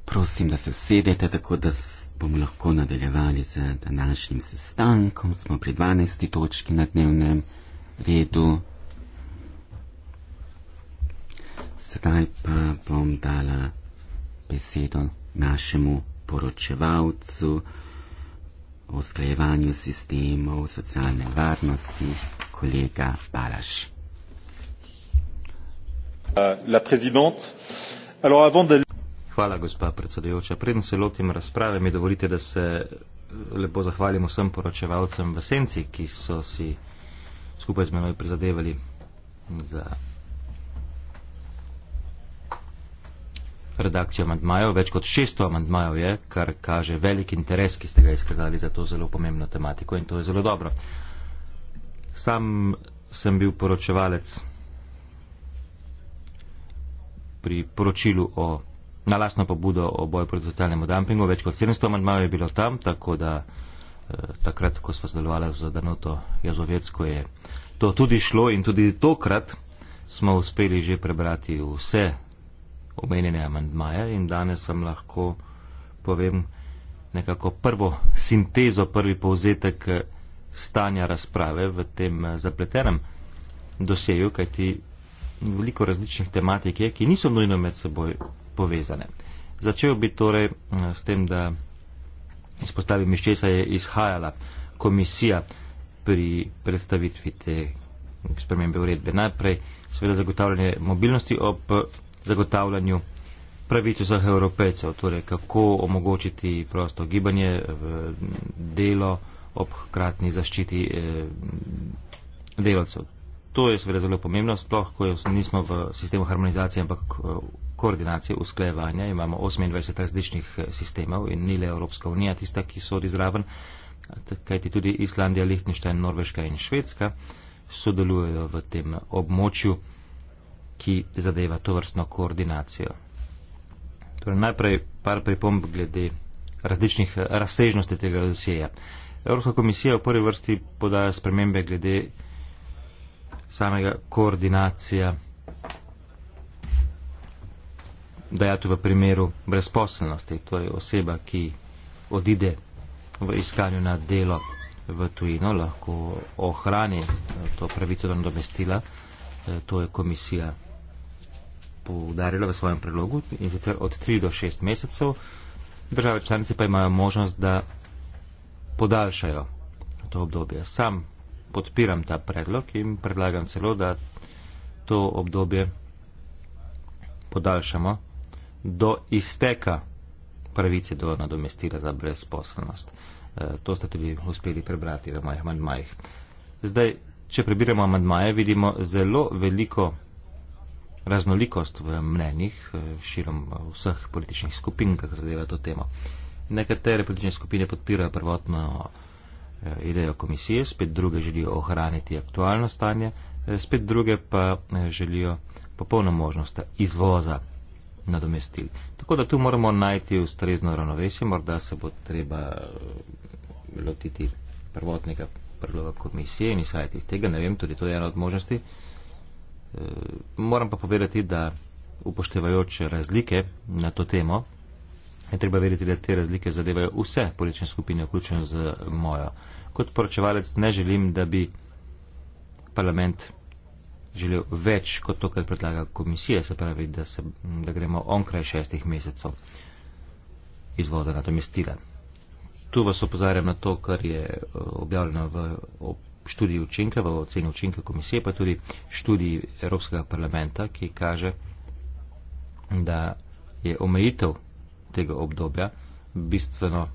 Prosim, da se usedete, tako da bomo lahko nadaljevali z današnjim sestankom. Smo pri 12. točki na dnevnem redu. Sedaj pa bom dala besedo našemu poročevalcu o sklajevanju sistemov socialne varnosti, kolega Balaš. Euh, Hvala, gospa predsedujoča. Preden se lotim razprave, mi dovolite, da se eh, lepo zahvalim vsem poročevalcem v senci, ki so si skupaj z menoj prizadevali za redakcijo amandmajev. Več kot 600 amandmajev je, kar kaže velik interes, ki ste ga izkazali za to zelo pomembno tematiko in to je zelo dobro. Sam sem bil poročevalec pri poročilu o nalasno pobudo o boju proti socialnemu dumpingu. Več kot 700 amandmajev je bilo tam, tako da eh, takrat, ko smo sodelovali z Danuto Jazovecko, je to tudi šlo in tudi tokrat smo uspeli že prebrati vse omenjene amandmaje in danes vam lahko povem nekako prvo sintezo, prvi povzetek eh, stanja razprave v tem eh, zapletenem dosegu, kajti veliko različnih tematik je, ki niso nujno med seboj povezane. Začel bi torej eh, s tem, da izpostavim, iz česa je izhajala komisija pri predstavitvi te spremembe uredbe. Najprej seveda zagotavljanje mobilnosti ob zagotavljanju pravic vseh evropejcev, torej kako omogočiti prosto gibanje v delo ob hkratni zaščiti eh, delovcev to je seveda zelo pomembno, sploh ko je, nismo v sistemu harmonizacije, ampak eh, koordinacije usklejevanja. Imamo 28 različnih eh, sistemov in ni le Evropska unija tista, ki sodi zraven, kajti tudi Islandija, Lihtenštajn, Norveška in Švedska sodelujejo v tem območju, ki zadeva to vrstno koordinacijo. Torej, najprej par pripomb glede različnih eh, razsežnosti tega dosjeja. Evropska komisija v prvi vrsti podaja spremembe glede samega koordinacija dajati v primeru brezposelnosti, torej oseba, ki odide v iskanju na delo v tujino, lahko ohrani eh, to pravico do nadomestila, eh, to je komisija poudarila v svojem predlogu in sicer od 3 do 6 mesecev, države članice pa imajo možnost, da podaljšajo to obdobje. Sam podpiram ta predlog in predlagam celo, da to obdobje podaljšamo do izteka pravice do nadomestila za brezposelnost. E, to ste tudi uspeli prebrati v mojih amandmajih. Zdaj, če prebiramo amandmaje, vidimo zelo veliko raznolikost v mnenjih e, širom vseh političnih skupin, kar zadeva to temo. Nekatere politične skupine podpirajo prvotno Eh, idejo komisije, spet druge želijo ohraniti aktualno stanje, eh, spet druge pa eh, želijo popolno možnost izvoza nadomestil. Tako da tu moramo najti ustrezno ravnovesje, morda se bo treba lotiti prvotnega predloga komisije in izhajati iz tega, ne vem, tudi to je ena od možnosti. Moram pa povedati, da upoštevajoče razlike na to temo, je treba veriti, da te razlike zadevajo vse politične skupine, vključno z mojo. Kot poročevalec ne želim, da bi parlament želel več kot to, kar predlaga komisija, se pravi, da, se, da gremo onkraj šestih mesecev izvoza na to mestila. Tu vas opozarjam na to, kar je eh, objavljeno v študiji učinka, v oceni učinka komisije, pa tudi študiji Evropskega parlamenta, ki kaže, da je omejitev tega obdobja bistveno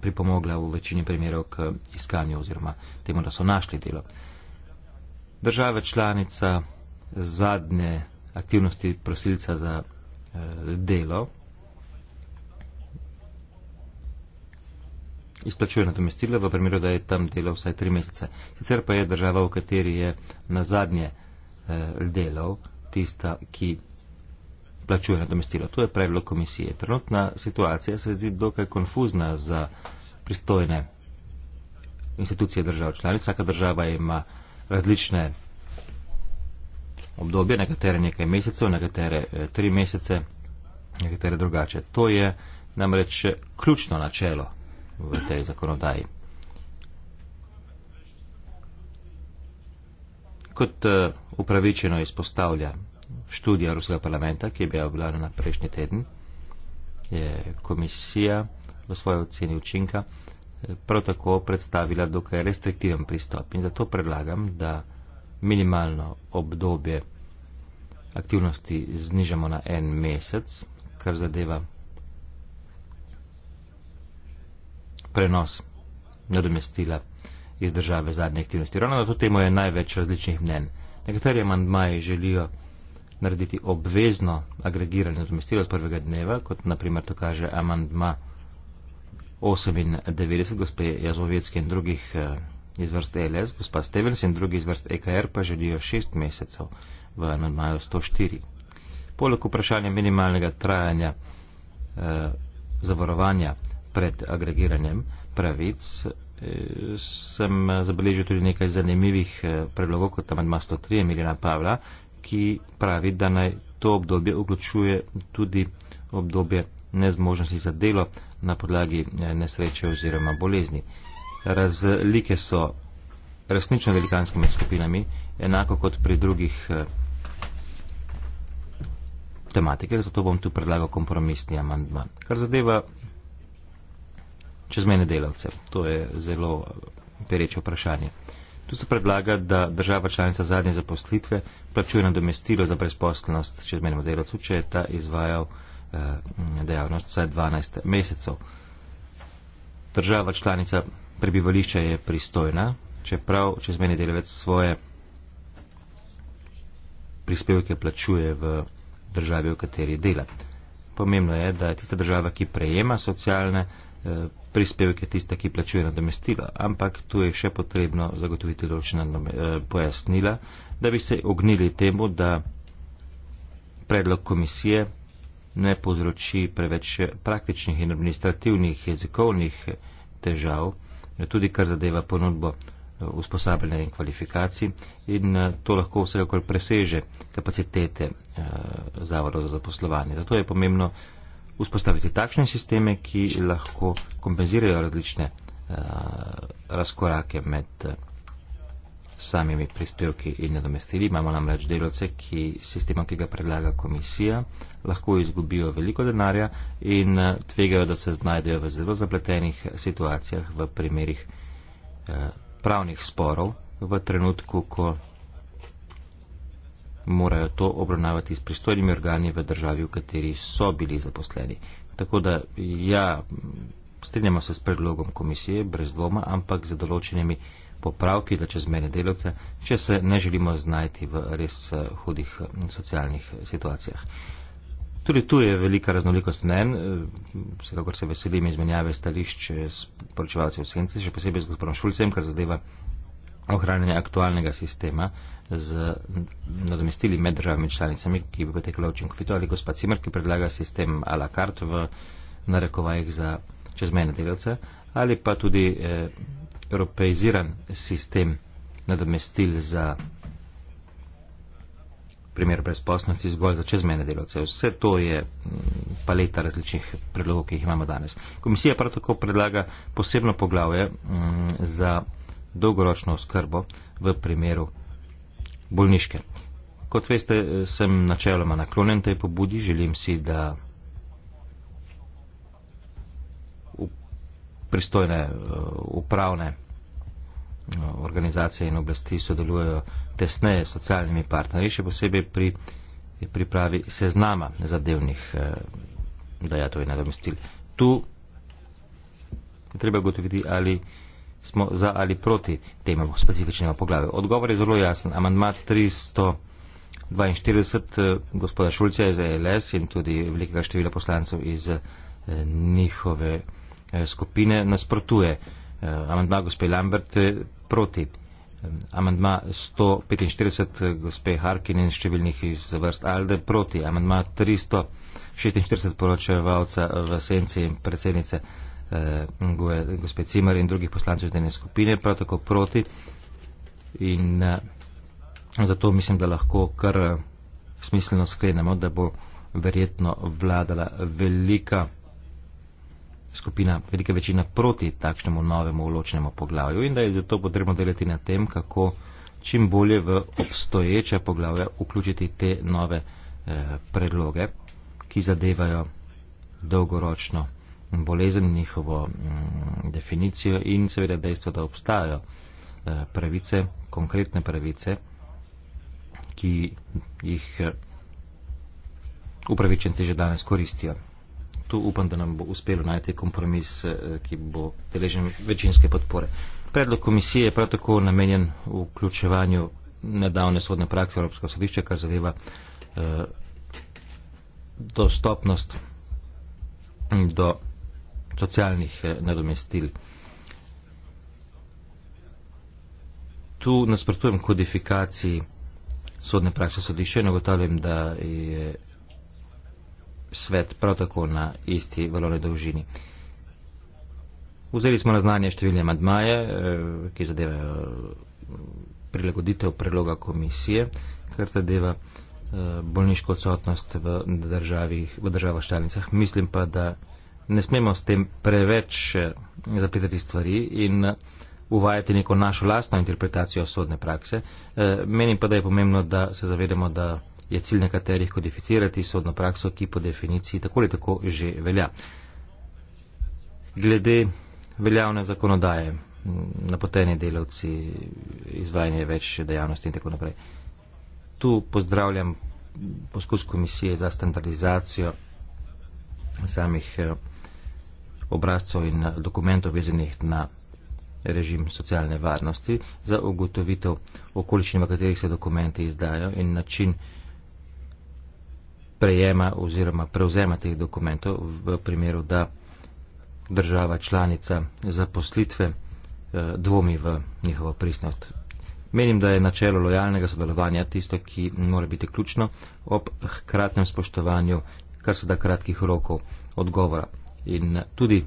pripomogla v večini primerov k iskanju oziroma temu, da so našli delo. Države članica zadnje aktivnosti prosilca za eh, delo izplačuje nadomestilo v primeru, da je tam delo vsaj tri mesece. Sicer pa je država, v kateri je na zadnje eh, delo tista, ki plačuje nadomestilo. To je predlog komisije. Trenutna situacija se zdi dokaj konfuzna za pristojne institucije držav članic. Vsaka država ima različne obdobje, nekatere nekaj mesecev, nekatere eh, tri mesece, nekatere drugače. To je namreč ključno načelo v tej zakonodaji. Kot eh, upravičeno izpostavlja študija Ruskega parlamenta, ki je bila objavljena prejšnji teden, je komisija v svoji oceni učinka eh, prav tako predstavila dokaj restriktiven pristop. In zato predlagam, da minimalno obdobje aktivnosti znižamo na en mesec, kar zadeva prenos nadomestila iz države zadnje aktivnosti. Ravno na to temo je največ različnih mnen. Nekateri amandmaji želijo narediti obvezno agregiranje nadomestila od prvega dneva, kot naprimer to kaže amandma 98 gospe Jazovecki in drugih eh, iz vrst e LS, gospa Stevens in drugi iz vrst EKR pa želijo šest mesecev v amandmaju 104. Poleg vprašanja minimalnega trajanja eh, zavarovanja pred agregiranjem pravic eh, sem eh, zabeležil tudi nekaj zanimivih eh, predlogov kot amandma 103 Milena Pavla, ki pravi, da naj to obdobje vključuje tudi obdobje nezmožnosti za delo na podlagi eh, nesreče oziroma bolezni. Razlike so resnično velikanskimi skupinami, enako kot pri drugih eh, tematike, zato bom tu predlagal kompromisni amandman. Kar zadeva čezmene delavce, to je zelo eh, pereče vprašanje. Tu se predlaga, da država članica zadnje zaposlitve plačuje nadomestilo za brezposelnost čezmenemu delavcu, če je ta izvajal eh, dejavnost vsaj 12 mesecev. Država članica prebivališča je pristojna, čeprav čezmeni delavec svoje prispevke plačuje v državi, v kateri dela. Pomembno je, da je tista država, ki prejema socialne eh, prispevek je tista, ki plačuje nadomestilo, ampak tu je še potrebno zagotoviti določena eh, pojasnila, da bi se ognili temu, da predlog komisije ne povzroči preveč praktičnih in administrativnih jezikovnih težav, tudi kar zadeva ponudbo eh, usposabljanja in kvalifikacij in eh, to lahko vsekakor preseže kapacitete zavodov za zaposlovanje. Zato je pomembno, vzpostaviti takšne sisteme, ki lahko kompenzirajo različne uh, razkorake med uh, samimi prispevki in nadomestili. Imamo namreč delovce, ki sistema, ki ga predlaga komisija, lahko izgubijo veliko denarja in uh, tvegajo, da se znajdejo v zelo zapletenih situacijah v primerih uh, pravnih sporov v trenutku, ko morajo to obravnavati s pristojnimi organi v državi, v kateri so bili zaposleni. Tako da ja, strinjamo se s predlogom komisije, brez dvoma, ampak z določenimi popravki za čezmene delovce, če se ne želimo znajti v res eh, hudih socialnih situacijah. Tudi tu je velika raznolikost mnen, eh, vsekakor se veselim izmenjave stališč eh, s poročevalci v senci, še posebej z gospodom Šulcem, kar zadeva ohranjanje aktualnega sistema z nadomestili med državami članicami, ki bi potekalo učinkovito, ali gospod Cimer, ki predlaga sistem a la carte v narekovajih za čezmejne delavce, ali pa tudi eh, europeiziran sistem nadomestil za primer brezposnosti zgolj za čezmejne delavce. Vse to je mm, paleta različnih predlogov, ki jih imamo danes. Komisija prav tako predlaga posebno poglavje mm, za dolgoročno oskrbo v primeru bolniške. Kot veste, sem načeloma naklonjen tej pobudi, želim si, da pristojne eh, upravne eh, organizacije in oblasti sodelujejo tesneje s socialnimi partnerji, še posebej pri pripravi seznama zadevnih eh, dajatov in nadomestil. Tu je treba gotoviti, ali smo za ali proti temu specifičnemu poglavju. Odgovor je zelo jasen. Amandma 342 eh, gospoda Šulca iz ALS in tudi velikega števila poslancev iz eh, njihove eh, skupine nasprotuje. Amandma gospe Lambert proti. Amandma 145 gospe Harkin in številnih iz vrst Alde proti. Amandma 346 poročevalca v senci predsednice eh, gospe Cimer in drugih poslancev iz dene skupine, prav tako proti. In eh, zato mislim, da lahko kar eh, smiselno sklenemo, da bo verjetno vladala velika skupina, velika večina proti takšnemu novemu uločnemu poglavju in da je zato potrebno delati na tem, kako čim bolje v obstoječe poglavje vključiti te nove eh, predloge, ki zadevajo dolgoročno bolezen, njihovo mm, definicijo in seveda dejstvo, da obstajajo eh, pravice, konkretne pravice, ki jih eh, upravičenci že danes koristijo. Tu upam, da nam bo uspelo najti kompromis, eh, ki bo deležen večinske podpore. Predlog komisije je prav tako namenjen vključevanju nedavne sodne prakse Evropskega sodišča, kar zadeva eh, dostopnost do socialnih eh, nadomestil. Tu nasprotujem kodifikaciji sodne prakse sodišče in ugotavljam, da je svet prav tako na isti valovni dolžini. Vzeli smo na znanje številne madmaje, eh, ki zadevajo mm, prilagoditev predloga komisije, kar zadeva eh, bolniško odsotnost v državah članicah. Mislim pa, da ne smemo s tem preveč eh, zapitati stvari in eh, uvajati neko našo lastno interpretacijo sodne prakse. E, menim pa, da je pomembno, da se zavedemo, da je cilj nekaterih kodificirati sodno prakso, ki po definiciji tako ali tako že velja. Glede veljavne zakonodaje, napoteni delavci, izvajanje več dejavnosti in tako naprej. Tu pozdravljam poskus komisije za standardizacijo samih obrazcev in dokumentov vezanih na režim socialne varnosti za ugotovitev okoliščin, v katerih se dokumenti izdajo in način prejema oziroma prevzema teh dokumentov v primeru, da država članica za poslitve eh, dvomi v njihovo pristnost. Menim, da je načelo lojalnega sodelovanja tisto, ki mora biti ključno ob hkratnem spoštovanju kar se da kratkih rokov odgovora. In tudi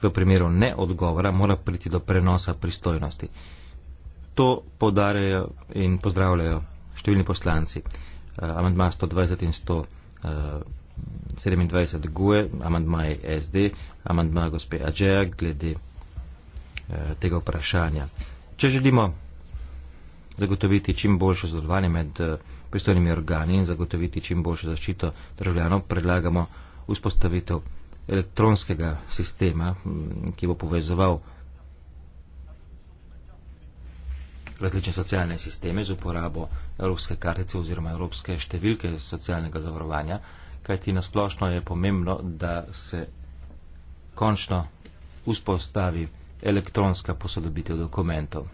v primeru neodgovora mora priti do prenosa pristojnosti. To podarjajo in pozdravljajo številni poslanci. Eh, amandma 120 in 127 eh, GUE, amandma SD, amandma gospe Ađeja glede eh, tega vprašanja. Če želimo zagotoviti čim boljše zadovoljanje med pristojnimi organi in zagotoviti čim boljšo zaščito državljanov, predlagamo vzpostavitev elektronskega sistema, ki bo povezoval različne socialne sisteme z uporabo evropske kartice oziroma evropske številke socialnega zavarovanja, kajti nasplošno je pomembno, da se končno vzpostavi elektronska posodobitev dokumentov.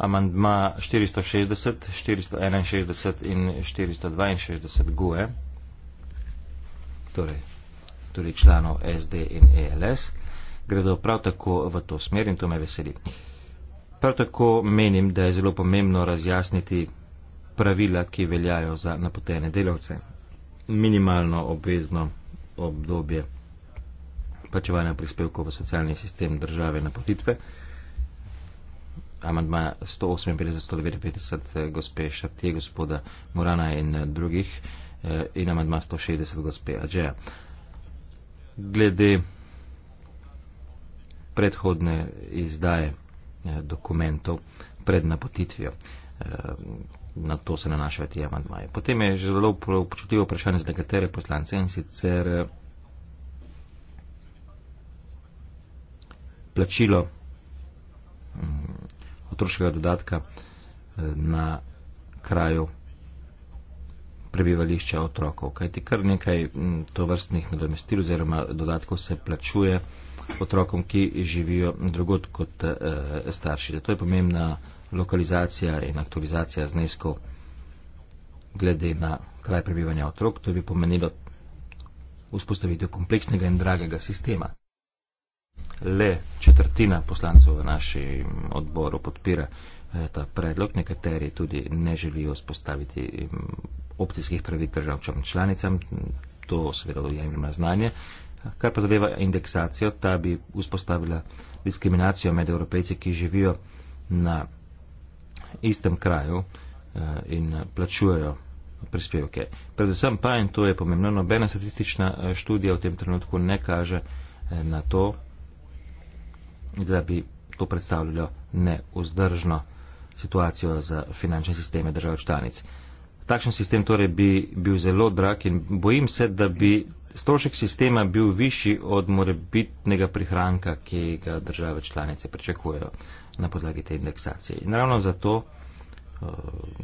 amandma 460, 461 in 462 GUE, torej tudi članov SD in ELS, gredo prav tako v to smer in to me veseli. Prav tako menim, da je zelo pomembno razjasniti pravila, ki veljajo za napotene delavce. Minimalno obvezno obdobje plačevanja prispevkov v socialni sistem države napotitve amantma 158, 159, gospe Šatje, gospoda Morana in eh, drugih eh, in amantma 160, gospe Ađeja. Glede predhodne izdaje eh, dokumentov pred napotitvijo. Na to se nanašajo ti amantmaji. Potem je že zelo počutljivo vprašanje za nekatere poslance in sicer plačilo mm, otroškega dodatka eh, na kraju prebivališča otrokov. Kajti kar nekaj mm, to vrstnih nadomestil oziroma dodatkov se plačuje otrokom, ki živijo drugot kot e, starši. Zato je pomembna lokalizacija in aktualizacija zneskov glede na kraj prebivanja otrok. To bi pomenilo vzpostavitev kompleksnega in dragega sistema le četrtina poslancev v našem odboru podpira eh, ta predlog, nekateri tudi ne želijo spostaviti opcijskih pravic državam čl članicam, to seveda dojemljam na znanje. Kar pa zadeva indeksacijo, ta bi vzpostavila diskriminacijo med evropejci, ki živijo na istem kraju eh, in plačujejo prispevke. Predvsem pa, in to je pomembno, nobena statistična eh, študija v tem trenutku ne kaže na to, da bi to predstavljalo neuzdržno situacijo za finančne sisteme držav članic. Takšen sistem torej bi bil zelo drag in bojim se, da bi strošek sistema bil višji od morebitnega prihranka, ki ga države članice pričakujejo na podlagi te indeksacije. In ravno zato eh,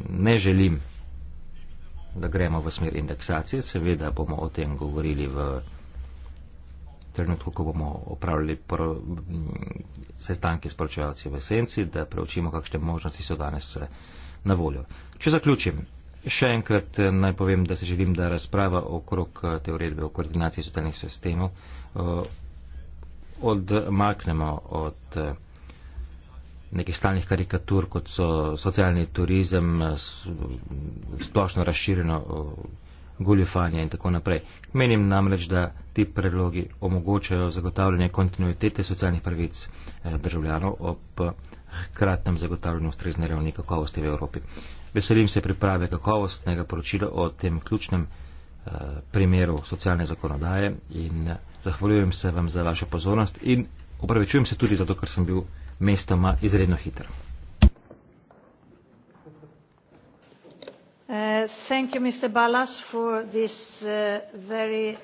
ne želim, da gremo v smer indeksacije. Seveda bomo o tem govorili v trenutku, ko bomo opravljali sestanke s poročevalci v esenci, da preučimo, kakšne možnosti so danes eh, na voljo. Če zaključim, še enkrat eh, naj povem, da se želim, da razprava okrog eh, te uredbe o koordinaciji socialnih sistemov odmaknemo od nekih stalnih karikatur, kot so socialni turizem, splošno razširjeno goljofanja in tako naprej. Menim namreč, da ti predlogi omogočajo zagotavljanje kontinuitete socialnih pravic eh, državljanov ob hkratnem zagotavljanju ustrezne ravni kakovosti v Evropi. Veselim se priprave kakovostnega poročila o tem ključnem eh, primeru socialne zakonodaje in eh, zahvaljujem se vam za vašo pozornost in opravičujem se tudi zato, ker sem bil mestoma izredno hiter. Uh, thank you, Mr. Balas, for this, uh, very...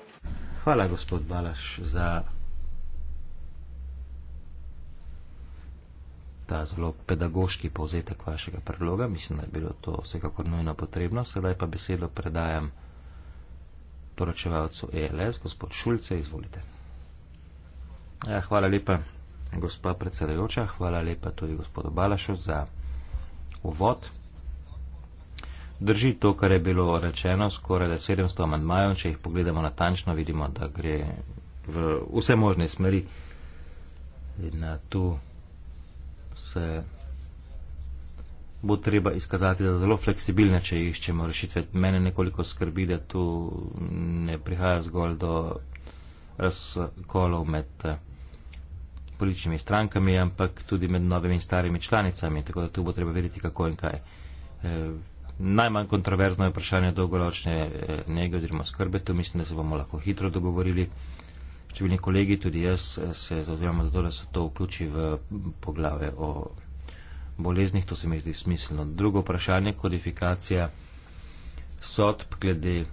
Hvala, gospod Balaš, za ta zelo pedagoški povzetek vašega predloga. Mislim, da je bilo to vsekakor nujno potrebno. Sedaj pa besedo predajam poročevalcu ELS, gospod Šulce, izvolite. Ja, hvala lepa, gospa predsedajoča, hvala lepa tudi gospodu Balašu za uvod drži to, kar je bilo rečeno, skoraj da 700 amandmajev, če jih pogledamo natančno, vidimo, da gre v vse možne smeri. In na eh, tu se bo treba izkazati, da je zelo fleksibilne, če iščemo rešitve. Mene nekoliko skrbi, da tu ne prihaja zgolj do razkolov med eh, političnimi strankami, ampak tudi med novimi in starimi članicami. Tako da tu bo treba vedeti, kako in kaj. E, najmanj kontroverzno je vprašanje dolgoročne eh, njega oziroma skrbe. Tu mislim, da se bomo lahko hitro dogovorili. Številni kolegi, tudi jaz, eh, se zavzemamo za to, da se to vključi v poglave o boleznih. To se mi zdi smiselno. Drugo vprašanje, kodifikacija sodb glede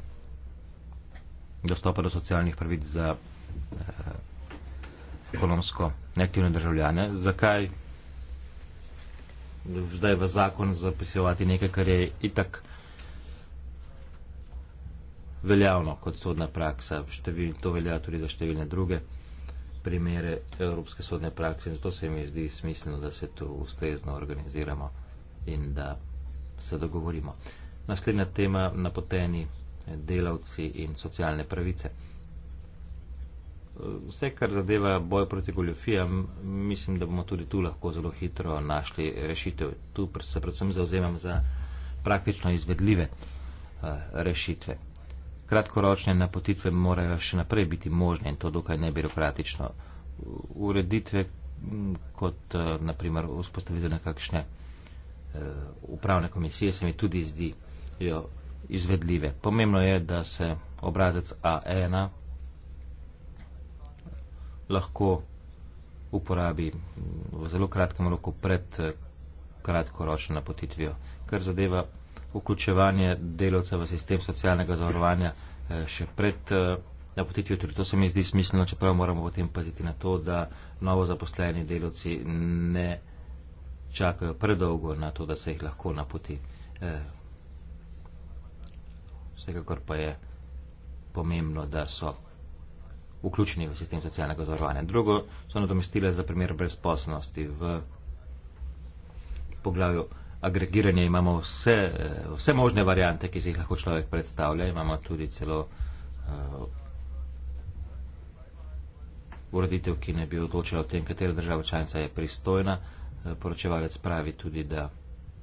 dostopa do socialnih pravic za eh, ekonomsko neaktivne državljane. Zakaj zdaj v zakon zapisovati nekaj, kar je itak veljavno kot sodna praksa. Številne, to velja tudi za številne druge primere evropske sodne prakse in zato se mi zdi smiselno, da se tu ustrezno organiziramo in da se dogovorimo. Naslednja tema napoteni delavci in socialne pravice vse, kar zadeva boj proti goljofijam, mislim, da bomo tudi tu lahko zelo hitro našli rešitev. Tu se predvsem zauzemam za praktično izvedljive eh, rešitve. Kratkoročne napotitve morajo še naprej biti možne in to dokaj nebirokratično. Ureditve kot eh, naprimer vzpostavitev nekakšne eh, upravne komisije se mi tudi zdi izvedljive. Pomembno je, da se obrazec A1 lahko uporabi v zelo kratkem roku pred eh, kratkoročno napotitvijo. Kar zadeva vključevanje delovca v sistem socialnega zavarovanja eh, še pred eh, napotitvijo, tudi to se mi zdi smiselno, čeprav moramo potem paziti na to, da novo zaposleni delovci ne čakajo predolgo na to, da se jih lahko napoti. Vsekakor pa je pomembno, da so vključeni v sistem socialnega zavarovanja. Drugo so nadomestile za primer brezposobnosti. V poglavju agregiranja imamo vse, eh, vse možne variante, ki si jih lahko človek predstavlja. Imamo tudi celo uh, ureditev, ki ne bi odločila o tem, katera država članica je pristojna. Eh, poročevalec pravi tudi, da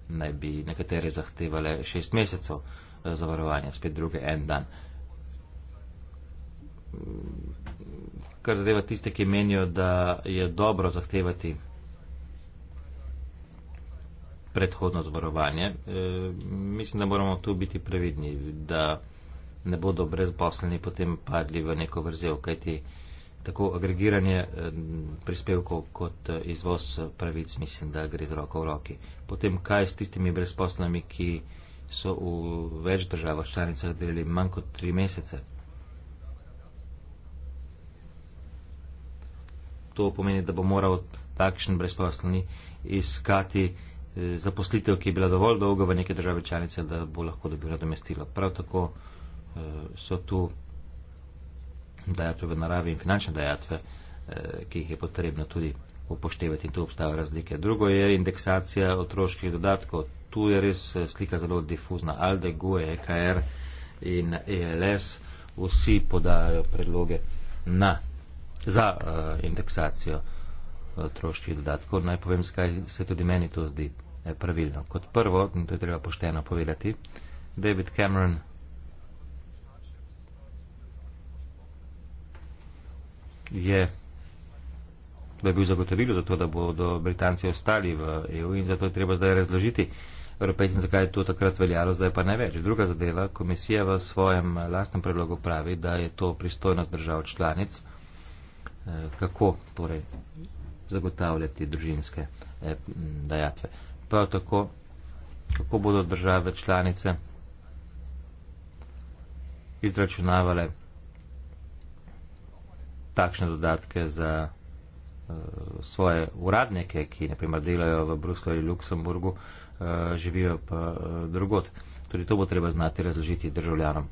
naj bi nekatere zahtevale šest mesecev zavarovanja, spet druge en dan kar zadeva tiste, ki menijo, da je dobro zahtevati predhodno zvarovanje. E, eh, mislim, da moramo tu biti previdni, da ne bodo brezposleni potem padli v neko vrzel, kajti tako agregiranje eh, prispevkov kot eh, izvoz pravic mislim, da gre z roko v roki. Potem kaj s tistimi brezposlenimi, ki so v več državah članicah delali manj kot tri mesece? to pomeni, da bo moral takšen brezposelni iskati eh, zaposlitev, ki je bila dovolj dolga v neki državi članice, da bo lahko dobil nadomestilo. Prav tako eh, so tu dajatve v naravi in finančne dajatve, eh, ki jih je potrebno tudi upoštevati in tu obstajajo razlike. Drugo je indeksacija otroških dodatkov. Tu je res slika zelo difuzna. ALDE, GUE, EKR in ELS, vsi podajajo predloge na za uh, indeksacijo otroških eh, dodatkov. Naj povem, kaj se tudi meni to zdi eh, pravilno. Kot prvo, in to je treba pošteno povedati, David Cameron je da je bil zagotovilo za to, da bodo Britanci ostali v EU in zato je treba zdaj razložiti Evropejcem, zakaj je to takrat veljalo, zdaj pa ne več. Druga zadeva, komisija v svojem lastnem predlogu pravi, da je to pristojnost držav članic, Eh, kako torej, zagotavljati družinske eh, dajatve. Prav tako, kako bodo države članice izračunavale takšne dodatke za uh, svoje uradnike, ki naprimer delajo v Bruslu ali Luksemburgu, uh, živijo pa uh, drugot. Tudi to bo treba znati razložiti državljanom. Uh,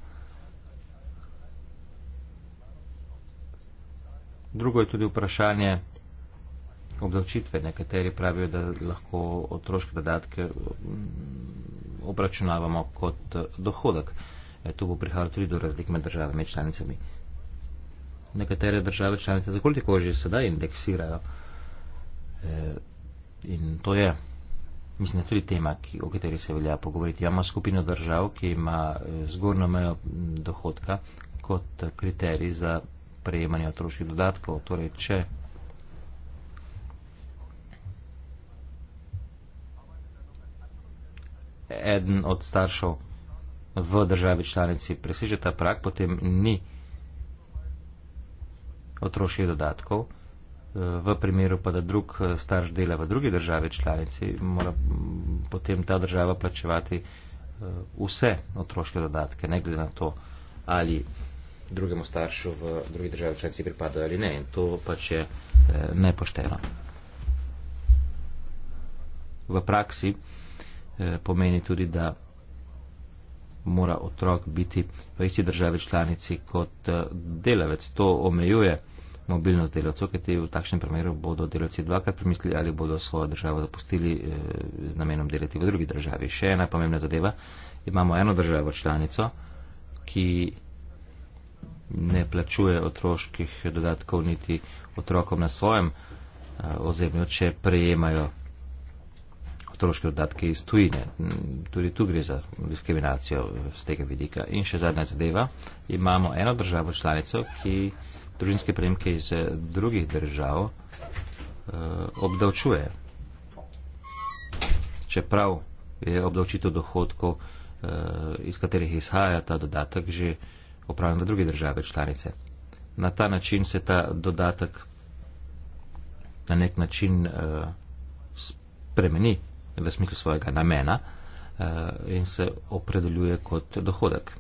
Drugo je tudi vprašanje obdavčitve. Nekateri pravijo, da lahko otroške dodatke mm, obračunavamo kot eh, dohodek. E, tu bo prihajalo tudi do razlik med državami in članicami. Nekatere države članice tako ali tako že sedaj indeksirajo. E, in to je, mislim, tudi tema, ki, o kateri se velja pogovoriti. Imamo skupino držav, ki ima eh, zgornjo mejo mm, dohodka kot eh, kriterij za prejemanja otroških dodatkov. Torej, če eden od staršev v državi članici preseže ta prak, potem ni otroških dodatkov. V primeru pa, da drug eh, starš dela v drugi državi članici, mora mm, potem ta država plačevati eh, vse otroške dodatke, ne glede na to, ali drugemu staršu v drugi državi članici pripadajo ali ne. In to pač je eh, nepošteno. V praksi eh, pomeni tudi, da mora otrok biti v isti državi članici kot eh, delavec. To omejuje mobilnost delavcev, kajti v takšnem primeru bodo delavci dvakrat premislili, ali bodo svojo državo zapustili eh, z namenom delati v drugi državi. Še ena pomembna zadeva. Imamo eno državo članico, ki ne plačuje otroških dodatkov niti otrokom na svojem eh, ozemlju, če prejemajo otroške dodatke iz tujine. Mm, tudi tu gre za diskriminacijo z tega vidika. In še zadnja zadeva, imamo eno državo članico, ki družinske prejemke iz eh, drugih držav eh, obdavčuje. Čeprav je obdavčitev dohodkov, iz katerih izhaja ta dodatek, že opravljen v druge države članice. Na ta način se ta dodatek na nek način uh, spremeni v smislu svojega namena uh, in se opredeljuje kot dohodek.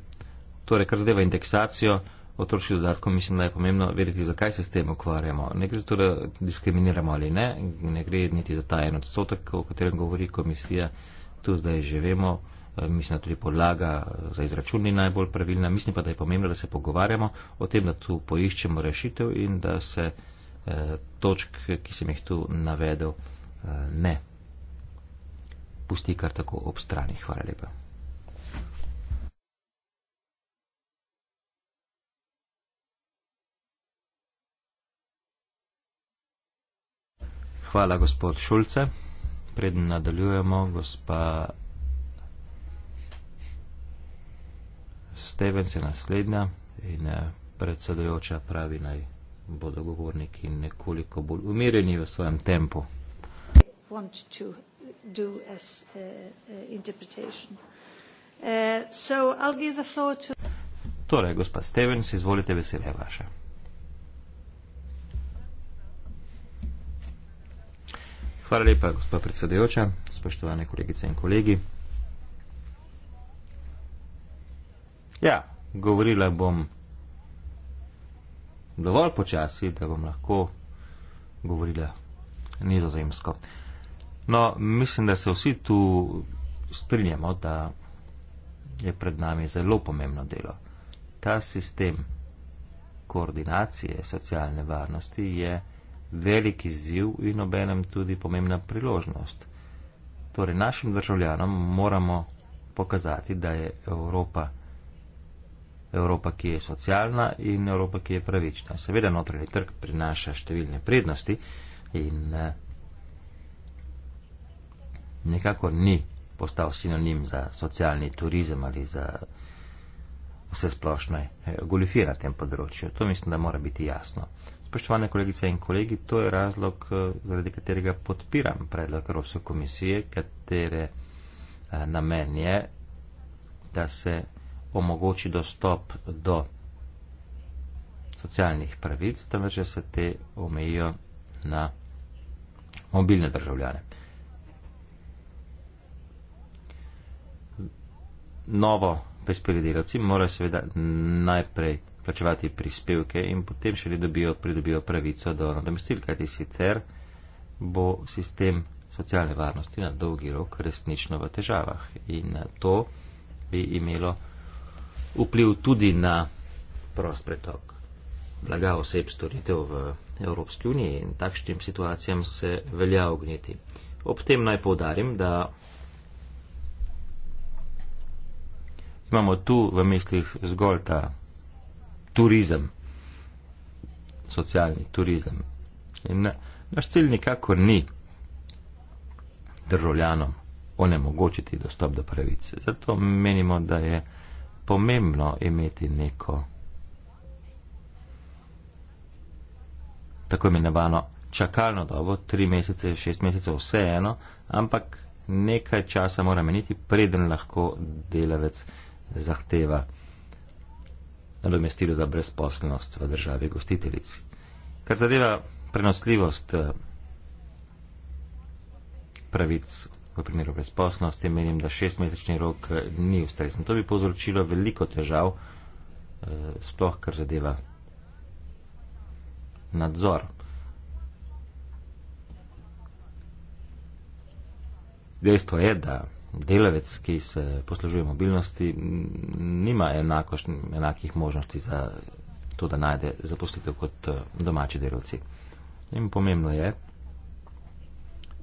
Torej, kar zadeva indeksacijo otroških dodatkov, mislim, da je pomembno vedeti, zakaj se s tem ukvarjamo. Ne gre za to, da diskriminiramo ali ne, ne gre niti za ta en odstotek, o katerem govori komisija, tu zdaj že vemo, Eh, mislim, da tudi podlaga eh, za izračun ni najbolj pravilna. Mislim pa, da je pomembno, da se pogovarjamo o tem, da tu poiščemo rešitev in da se eh, točk, ki sem jih tu navedel, ne pusti kar tako ob strani. Hvala lepa. Hvala, gospod Šulce. Preden nadaljujemo, gospa Steven se naslednja in eh, predsedujoča pravi naj bodo govorniki nekoliko bolj umirjeni v svojem tempu. Eh, eh, torej, gospa Steven, si izvolite veselje vaše. Hvala lepa, gospa predsedujoča, spoštovane kolegice in kolegi. Ja, govorila bom dovolj počasi, da bom lahko govorila nizozemsko. No, mislim, da se vsi tu strinjamo, da je pred nami zelo pomembno delo. Ta sistem koordinacije socialne varnosti je velik izziv in obenem tudi pomembna priložnost. Torej, našim državljanom moramo pokazati, da je Evropa Evropa, ki je socialna in Evropa, ki je pravična. Seveda notranji trg prinaša številne prednosti in eh, nekako ni postal sinonim za socialni turizem ali za vse splošno eh, golifira na tem področju. To mislim, da mora biti jasno. Spoštovane kolegice in kolegi, to je razlog, eh, zaradi katerega podpiram predlog Evropske komisije, katere namen je, da se omogoči dostop do socialnih pravic, temveč se te omejijo na mobilne državljane. Novo prispeli delavci morajo seveda najprej plačevati prispevke in potem šele dobijo, pridobijo pravico do nadomestil, kajti sicer bo sistem socialne varnosti na dolgi rok resnično v težavah in to bi imelo vpliv tudi na prost pretok blaga oseb storitev v Evropski uniji in takšnim situacijam se velja ogneti. Ob tem naj povdarim, da imamo tu v mislih zgolj ta turizem, socialni turizem. In naš cilj nikako ni državljanom onemogočiti dostop do pravice. Zato menimo, da je pomembno imeti neko tako imenovano čakalno dobo, tri mesece, šest mesecev, vse eno, ampak nekaj časa mora meniti, preden lahko delavec zahteva nadomestilo za brezposelnost v državi gostiteljici. Kar zadeva prenosljivost eh, pravic v primeru brezposlosti, menim, da šestmesečni rok eh, ni ustrezen. To bi povzročilo veliko težav, eh, sploh kar zadeva nadzor. Dejstvo je, da delavec, ki se poslužuje mobilnosti, nima enako, enakih možnosti za to, da najde zaposlitev kot eh, domači delavci. In pomembno je,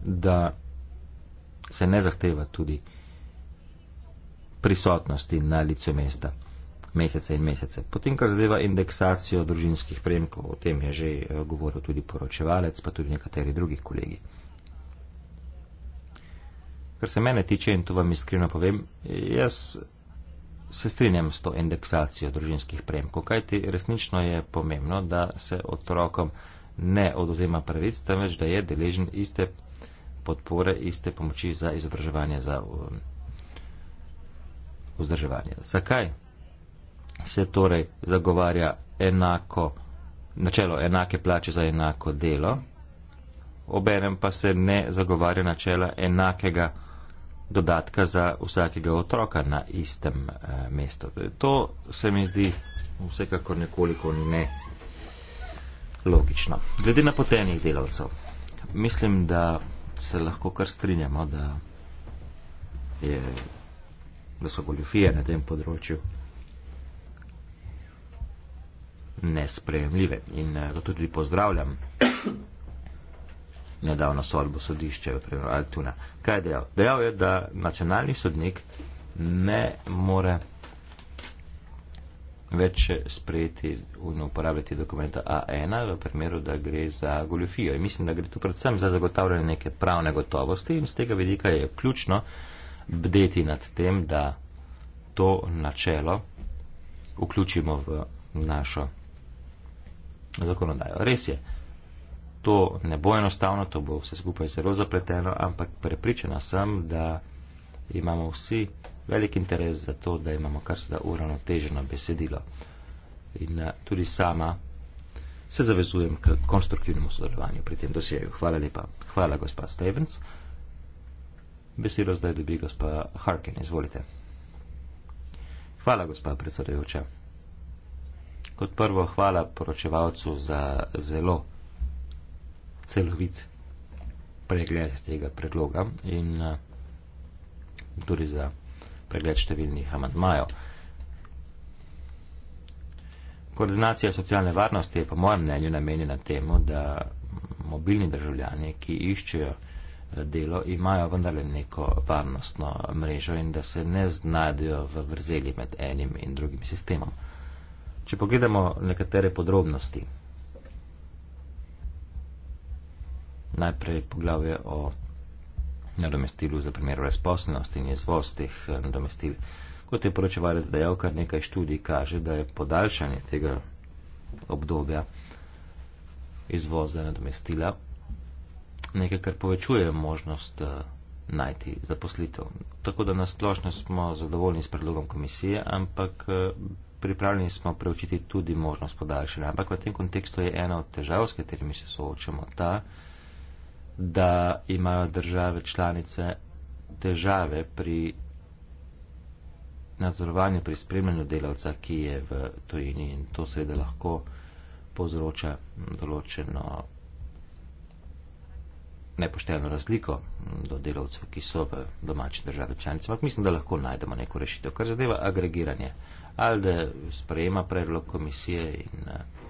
da se ne zahteva tudi prisotnosti na licu mesta mesece in mesece. Potem, kar zadeva indeksacijo družinskih prejemkov, o tem je že eh, govoril tudi poročevalec, pa tudi nekateri drugi kolegi. Kar se mene tiče, in to vam iskreno povem, jaz se strinjam s to indeksacijo družinskih prejemkov, kajti resnično je pomembno, da se otrokom ne oduzema pravic, temveč da je deležen iste podpore iste pomoči za izobraževanje, za um, vzdrževanje. Zakaj se torej zagovarja enako, načelo enake plače za enako delo, obenem pa se ne zagovarja načela enakega dodatka za vsakega otroka na istem eh, mestu. To se mi zdi vsekakor nekoliko ne logično. Glede napotenih delavcev, mislim, da se lahko kar strinjamo, da, je, da so goljofije na tem področju nesprejemljive. In eh, zato tudi pozdravljam nedavno sodbo sodišče v primeru Altuna. Kaj je dejal? Dejal je, da nacionalni sodnik ne more več sprejeti in uporabljati dokumenta A1 v primeru, da gre za goljofijo. In mislim, da gre tu predvsem za zagotavljanje neke pravne gotovosti in z tega vidika je ključno bdeti nad tem, da to načelo vključimo v našo zakonodajo. Res je, to ne bo enostavno, to bo vse skupaj zelo zapleteno, ampak prepričana sem, da imamo vsi velik interes za to, da imamo kar sedaj uravnoteženo besedilo. In eh, tudi sama se zavezujem k konstruktivnemu sodelovanju pri tem dosjeju. Hvala lepa. Hvala, gospa Stevens. Besedo zdaj dobi gospa Harkin. Izvolite. Hvala, gospa predsedujoča. Kot prvo, hvala poročevalcu za zelo celovit pregled tega predloga in eh, tudi za pregled številnih amantmajev. Koordinacija socialne varnosti je po mojem mnenju namenjena temu, da mobilni državljani, ki iščejo eh, delo, imajo vendarle neko varnostno mrežo in da se ne znajdejo v vrzeli med enim in drugim sistemom. Če pogledamo nekatere podrobnosti, najprej poglavje o nadomestilu za primer brezposelnosti in izvoz teh eh, nadomestil. Kot je poročevalec dejal, kar nekaj študij kaže, da je podaljšanje tega obdobja izvoza nadomestila nekaj, kar povečuje možnost eh, najti zaposlitev. Tako da nasplošno smo zadovoljni s predlogom komisije, ampak eh, pripravljeni smo preučiti tudi možnost podaljšanja. Ampak v tem kontekstu je ena od težav, s katerimi se soočamo, ta, da imajo države članice težave pri nadzorovanju, pri spremljanju delavca, ki je v tujini in to seveda lahko povzroča določeno nepošteno razliko do delavcev, ki so v domači državi članice. Ampak mislim, da lahko najdemo neko rešitev, kar zadeva agregiranje. Alde sprejema predlog komisije in uh,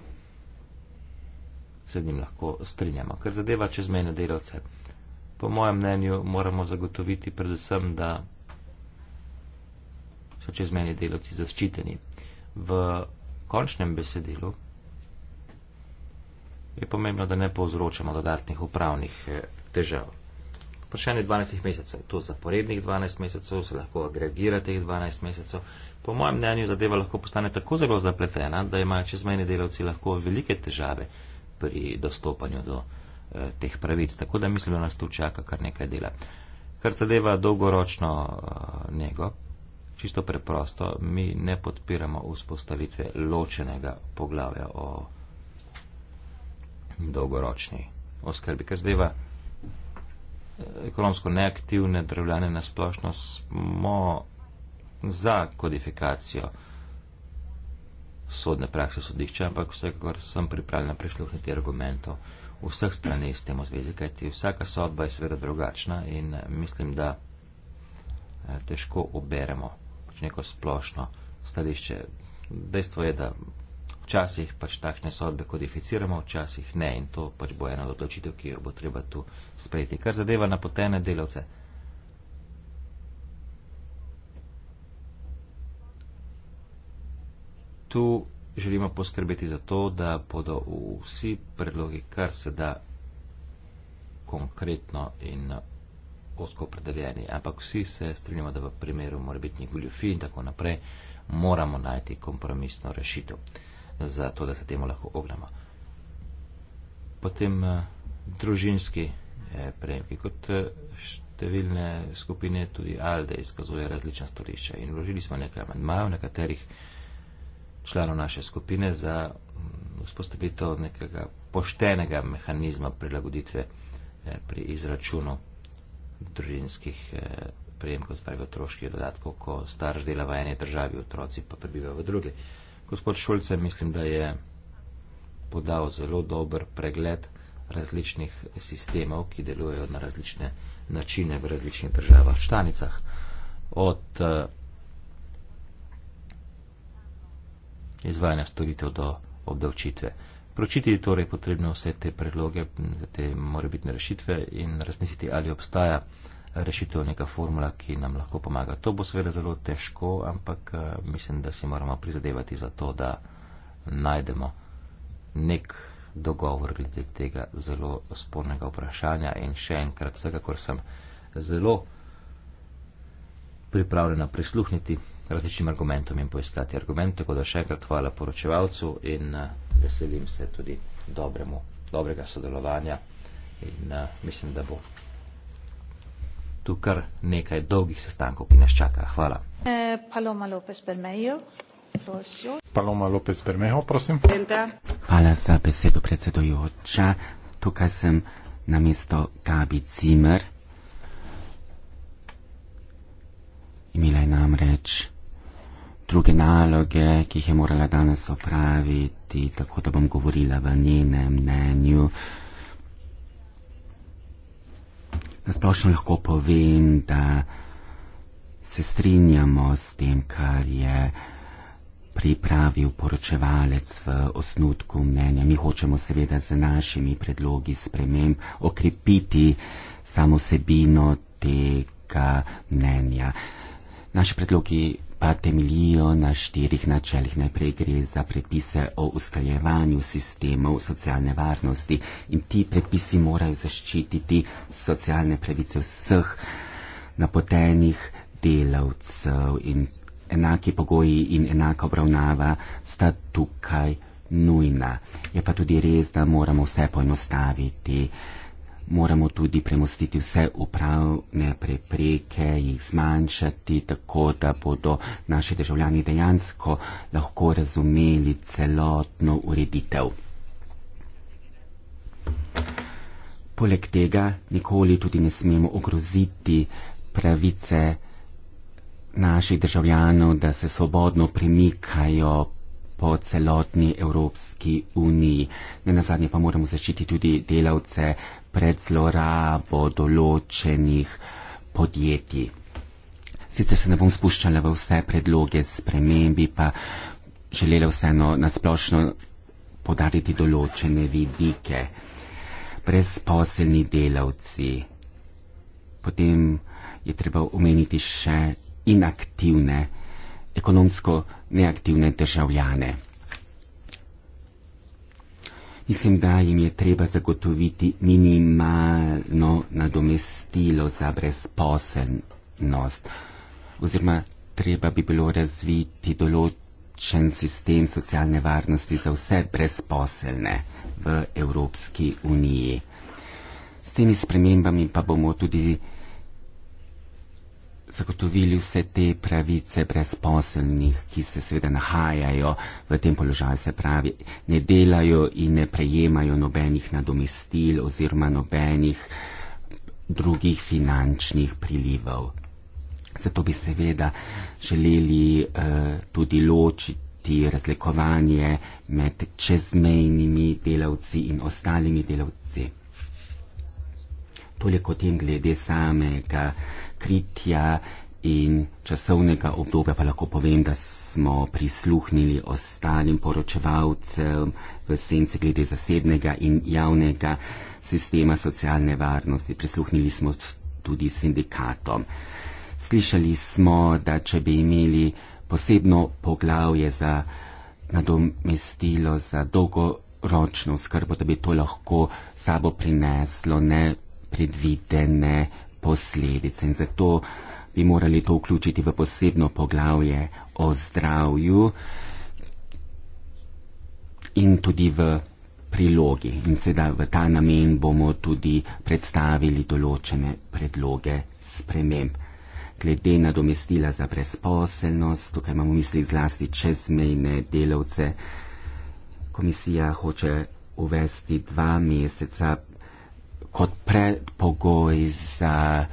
se z njim lahko strinjamo. Ker zadeva čezmejne delavce. Po mojem mnenju moramo zagotoviti predvsem, da so čezmejni delavci zaščiteni. V končnem besedilu je pomembno, da ne povzročamo dodatnih upravnih eh, težav. Vprašanje 12 mesecev, to zaporednih 12 mesecev, se lahko agregira teh 12 mesecev. Po mojem mnenju zadeva lahko postane tako zelo zapletena, da imajo čezmejni delavci lahko velike težave pri dostopanju do eh, teh pravic. Tako da mislim, da nas tu čaka kar nekaj dela. Kar zadeva dolgoročno eh, njego, čisto preprosto, mi ne podpiramo vzpostavitve ločenega poglavja o dolgoročni oskrbi. Kar zadeva eh, ekonomsko neaktivne državljane na splošno, smo za kodifikacijo sodne prakse sodišča, ampak vsekakor sem pripravljen prisluhniti argumentov vseh strani s tem v zvezi, kajti vsaka sodba je seveda drugačna in eh, mislim, da eh, težko oberemo pač neko splošno stališče. Dejstvo je, da včasih pač takšne sodbe kodificiramo, včasih ne in to pač bo ena od odločitev, ki jo bo treba tu sprejeti. Kar zadeva napotene delavce. tu želimo poskrbeti za to, da bodo vsi predlogi kar se da konkretno in osko predeljeni. Ampak vsi se strinjamo, da v primeru morebitnih goljufi in tako naprej moramo najti kompromisno rešitev za to, da se temu lahko ognemo. Potem eh, družinski eh, prejemki. Kot eh, številne skupine tudi Alde izkazuje različna stališča in vložili smo nekaj amandmajev, na katerih članov naše skupine za mm, vzpostavitev nekega poštenega mehanizma prilagoditve eh, pri izračunu družinskih eh, prejemkov, zdaj otroških dodatkov, ko starš dela v eni državi, otroci pa prebivajo v druge. Gospod Šulce, mislim, da je podal zelo dober pregled različnih sistemov, ki delujejo na različne načine v različnih državah članicah. Od eh, izvajanja storitev do obdavčitve. Pročiti je torej potrebno vse te predloge, te morebitne rešitve in razmisliti, ali obstaja rešitev neka formula, ki nam lahko pomaga. To bo seveda zelo težko, ampak eh, mislim, da si moramo prizadevati za to, da najdemo nek dogovor glede tega zelo spornega vprašanja in še enkrat vsega, kar sem zelo pripravljena prisluhniti različnim argumentom in poiskati argument, tako da še enkrat hvala poročevalcu in eh, veselim se tudi dobremu, dobrega sodelovanja in eh, mislim, da bo tu kar nekaj dolgih sestankov, ki nas čaka. Hvala. Eh, Paloma Lopez Bermejo. Paloma Lopez Bermejo, prosim. Hvala za besedo predsedojoča. Tukaj sem na mesto Gabi Zimmer. imela je namreč druge naloge, ki jih je morala danes opraviti, tako da bom govorila v njenem mnenju. Nasplošno lahko povem, da se strinjamo s tem, kar je pripravil poročevalec v osnutku mnenja. Mi hočemo seveda z našimi predlogi sprememb okrepiti samosebino tega mnenja. Naši predlogi pa temeljijo na štirih načelih. Najprej gre za predpise o usklajevanju sistemov socialne varnosti in ti predpisi morajo zaščititi socialne pravice vseh napotenih delavcev in enaki pogoji in enaka obravnava sta tukaj nujna. Je pa tudi res, da moramo vse poenostaviti moramo tudi premostiti vse upravne prepreke, jih zmanjšati, tako da bodo naši državljani dejansko lahko razumeli celotno ureditev. Poleg tega nikoli tudi ne smemo ogroziti pravice naših državljanov, da se svobodno premikajo po celotni Evropski uniji. Ne nazadnje pa moramo zaščititi tudi delavce pred zlorabo določenih podjetij. Sicer se ne bom spuščala v vse predloge spremembi, pa želela vseeno nasplošno podariti določene vidike. Brezposelni delavci. Potem je treba omeniti še inaktivne, ekonomsko neaktivne državljane. Mislim, da jim je treba zagotoviti minimalno nadomestilo za brezposelnost. Oziroma, treba bi bilo razviti določen sistem socialne varnosti za vse brezposelne v Evropski uniji. S temi spremembami pa bomo tudi zagotovili vse te pravice brezposelnih, ki se seveda nahajajo v tem položaju, se pravi, ne delajo in ne prejemajo nobenih nadomestil oziroma nobenih drugih finančnih prilivov. Zato bi seveda želeli uh, tudi ločiti razlikovanje med čezmejnimi delavci in ostalimi delavci. Toliko o tem glede samega odkritja in časovnega obdobja, pa lahko povem, da smo prisluhnili ostalim poročevalcem v senci glede zasebnega in javnega sistema socialne varnosti. Prisluhnili smo tudi sindikatom. Slišali smo, da če bi imeli posebno poglavje za nadomestilo za dolgoročno skrbo, da bi to lahko sabo prineslo ne predvidene posledice. In zato bi morali to vključiti v posebno poglavje o zdravju in tudi v prilogi. In seveda v ta namen bomo tudi predstavili določene predloge sprememb. Glede na domestila za brezposelnost, tukaj imamo v mislih zlasti čezmejne delavce, komisija hoče uvesti dva meseca kot predpogoj za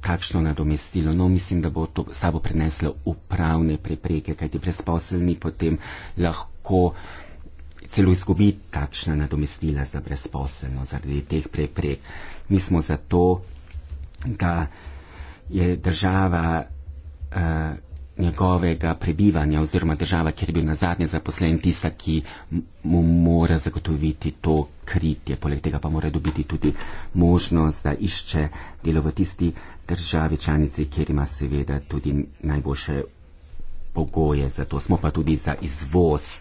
takšno nadomestilo. No, mislim, da bo to sabo preneslo upravne prepreke, kajti brezposelni potem lahko celo izgubi takšna nadomestila za brezposelno zaradi teh preprek. Mi smo zato, da je država. Uh, njegovega prebivanja oziroma država, kjer je bil na zadnje zaposlen, tista, ki mu mora zagotoviti to kritje. Poleg tega pa mora dobiti tudi možnost, da išče delo v tisti državi članici, kjer ima seveda tudi najboljše pogoje za to. Smo pa tudi za izvoz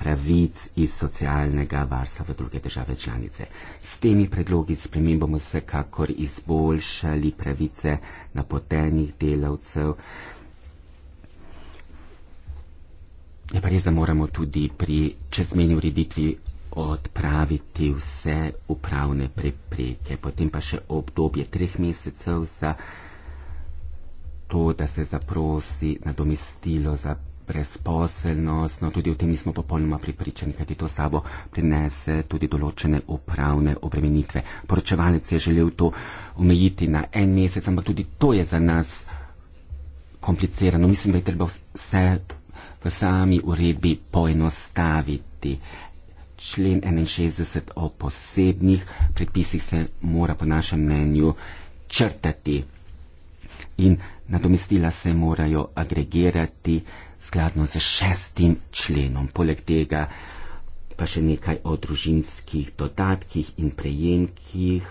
pravic iz socialnega varstva v druge države članice. S temi predlogi spremem bomo vsekakor izboljšali pravice napotenih delavcev Je pa res, da moramo tudi pri čezmeni ureditvi odpraviti vse upravne prepreke, potem pa še obdobje treh mesecev za to, da se zaprosi nadomestilo za brezposelnost. No, tudi o tem nismo popolnoma pripričani, kajti to sabo prinese tudi določene upravne obremenitve. Poročevalec je želel to omejiti na en mesec, ampak tudi to je za nas komplicirano. Mislim, da je treba vse v sami uredbi poenostaviti. Člen 61 o posebnih predpisih se mora po našem mnenju črtati in nadomestila se morajo agregirati skladno z šestim členom. Poleg tega pa še nekaj o družinskih dodatkih in prejemkih,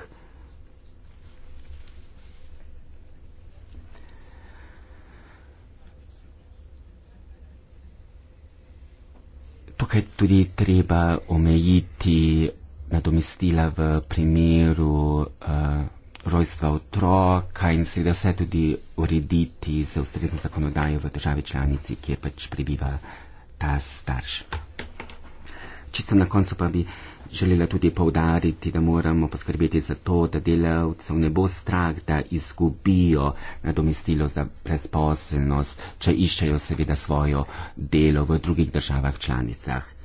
Tukaj tudi treba omejiti nadomestila v primeru uh, rojstva otroka in seveda vse tudi urediti se ustrezno zakonodajo v državi članici, kjer pač prebiva ta starš. Čisto na koncu pa bi uh, želela tudi povdariti, da moramo poskrbeti za to, da delavcev ne bo strah, da izgubijo nadomestilo za brezposelnost, če iščejo seveda svojo delo v drugih državah članicah.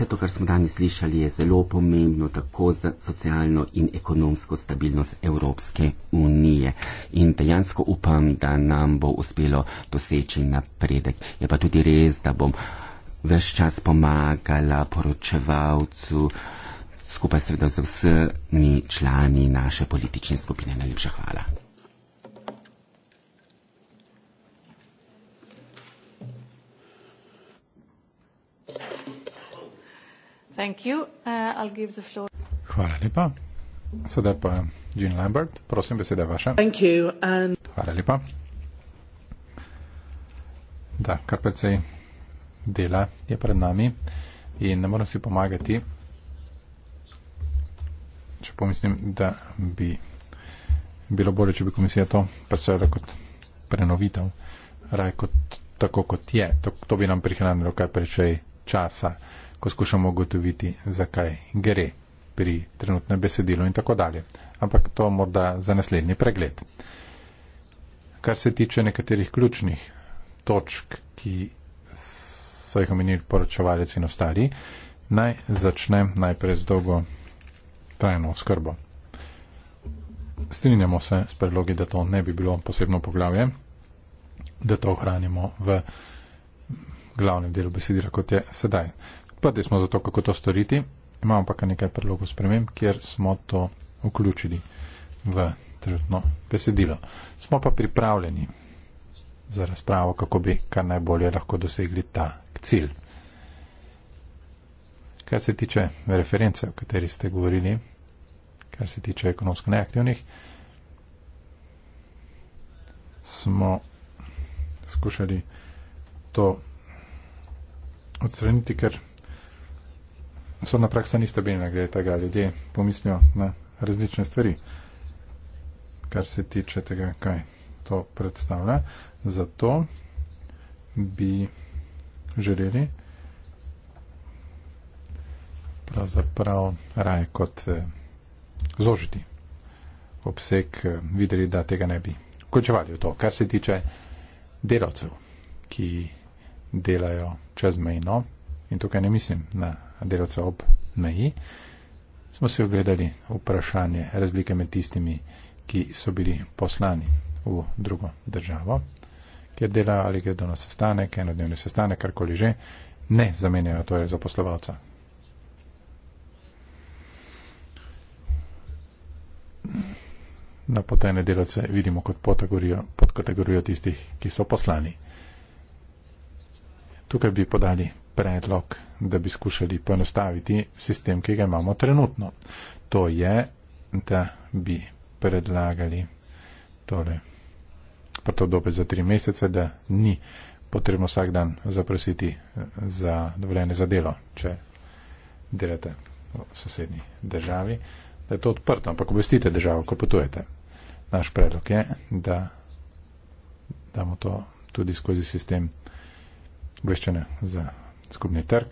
vse to, kar smo danes slišali, je zelo pomembno tako za socialno in ekonomsko stabilnost Evropske unije. In dejansko upam, da nam bo uspelo doseči napredek. Je pa tudi res, da bom veš čas pomagala poročevalcu, skupaj seveda z vsemi člani naše politične skupine. Najlepša hvala. Uh, Hvala lepa. Sedaj pa Jean Lambert, prosim, beseda je vaša. Hvala lepa. Da, kar precej dela je pred nami in ne moram si pomagati, če pomislim, da bi bilo bolje, če bi komisija to predstavila kot prenovitev, raj kot tako, kot je. To, to bi nam prihranilo kar precej časa ko skušamo ugotoviti, zakaj gre pri trenutnem besedilu in tako dalje. Ampak to morda za naslednji pregled. Kar se tiče nekaterih ključnih točk, ki so jih omenili poročevalec in ostali, naj začnem najprej z dolgo trajno oskrbo. Strinjamo se s predlogi, da to ne bi bilo posebno poglavje, da to ohranimo v glavnem delu besedila, kot je sedaj odprti smo za to, kako to storiti, imamo pa kar nekaj predlogov sprememb, kjer smo to vključili v trenutno besedilo. Smo pa pripravljeni za razpravo, kako bi kar najbolje lahko dosegli ta cilj. Kar se tiče reference, o kateri ste govorili, kar se tiče ekonomsko neaktivnih, smo skušali to odstraniti, ker sodna praksa ni stabilna, glede tega ljudje pomislijo na različne stvari, kar se tiče tega, kaj to predstavlja. Zato bi želeli pravzaprav raje kot eh, zožiti obseg eh, videli, da tega ne bi končevali v to, kar se tiče delavcev, ki delajo čezmejno in tukaj ne mislim na delavce ob meji, smo se ogledali vprašanje razlike med tistimi, ki so bili poslani v drugo državo, kjer delajo ali gredo na sestanek, enodnevni sestanek, karkoli že, ne zamenjajo torej zaposlovalca. Na potene delavce vidimo kot podkategorijo tistih, ki so poslani. Tukaj bi podali predlog, da bi skušali poenostaviti sistem, ki ga imamo trenutno. To je, da bi predlagali tole prto dobe za tri mesece, da ni potrebno vsak dan zaprositi eh, za dovoljene za delo, če delate v sosednji državi, da je to odprto, ampak obvestite državo, ko potujete. Naš predlog je, da damo to tudi skozi sistem obveščanja za skupni trg.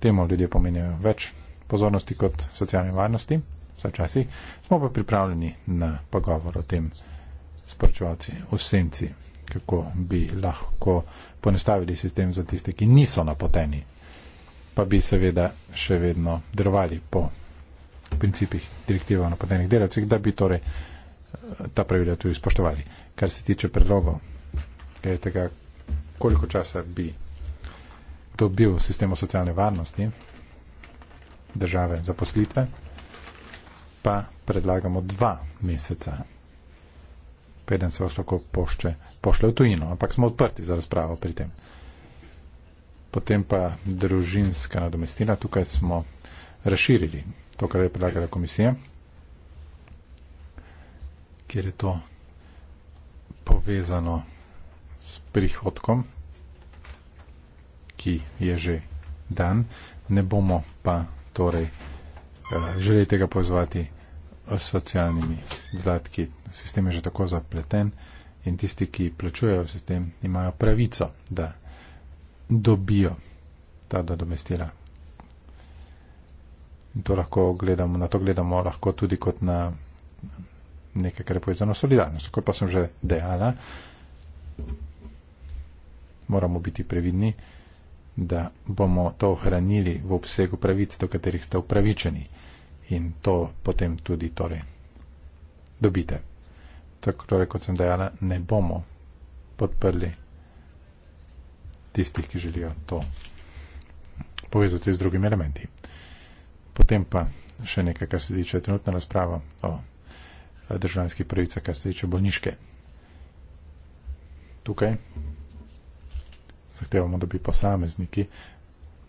Temu ljudje pomenijo več pozornosti kot socialne varnosti, vse časi. Smo pa pripravljeni na pogovor o tem s poročevalci v senci, kako bi lahko ponestavili sistem za tiste, ki niso napoteni, pa bi seveda še vedno drvali po principih direktiva o napotenih delavcih, da bi torej eh, ta pravila tudi spoštovali. Kar se tiče predlogov, kaj je tega, koliko časa bi dobil sistemu socialne varnosti države za poslitve, pa predlagamo dva meseca, preden se vas lahko pošče, pošle v tujino, ampak smo odprti za razpravo pri tem. Potem pa družinska nadomestina, tukaj smo razširili to, kar je predlagala komisija, kjer je to povezano s prihodkom ki je že dan, ne bomo pa torej eh, želeli tega pozvati s socialnimi dodatki. Sistem je že tako zapleten in tisti, ki plačujejo sistem, imajo pravico, da dobijo ta dodomestila. In to lahko gledamo, na to gledamo lahko tudi kot na nekaj, kar je povezano s solidarnostjo. Kot pa sem že dejala, moramo biti previdni da bomo to ohranili v obsegu pravic, do katerih ste upravičeni in to potem tudi torej dobite. Tako torej, kot sem dejala, ne bomo podprli tistih, ki želijo to povezati z drugimi elementi. Potem pa še nekaj, kar se tiče trenutna razprava o eh, državljanskih pravicah, kar se tiče bolniške. Tukaj. Okay zahtevamo, da bi posamezniki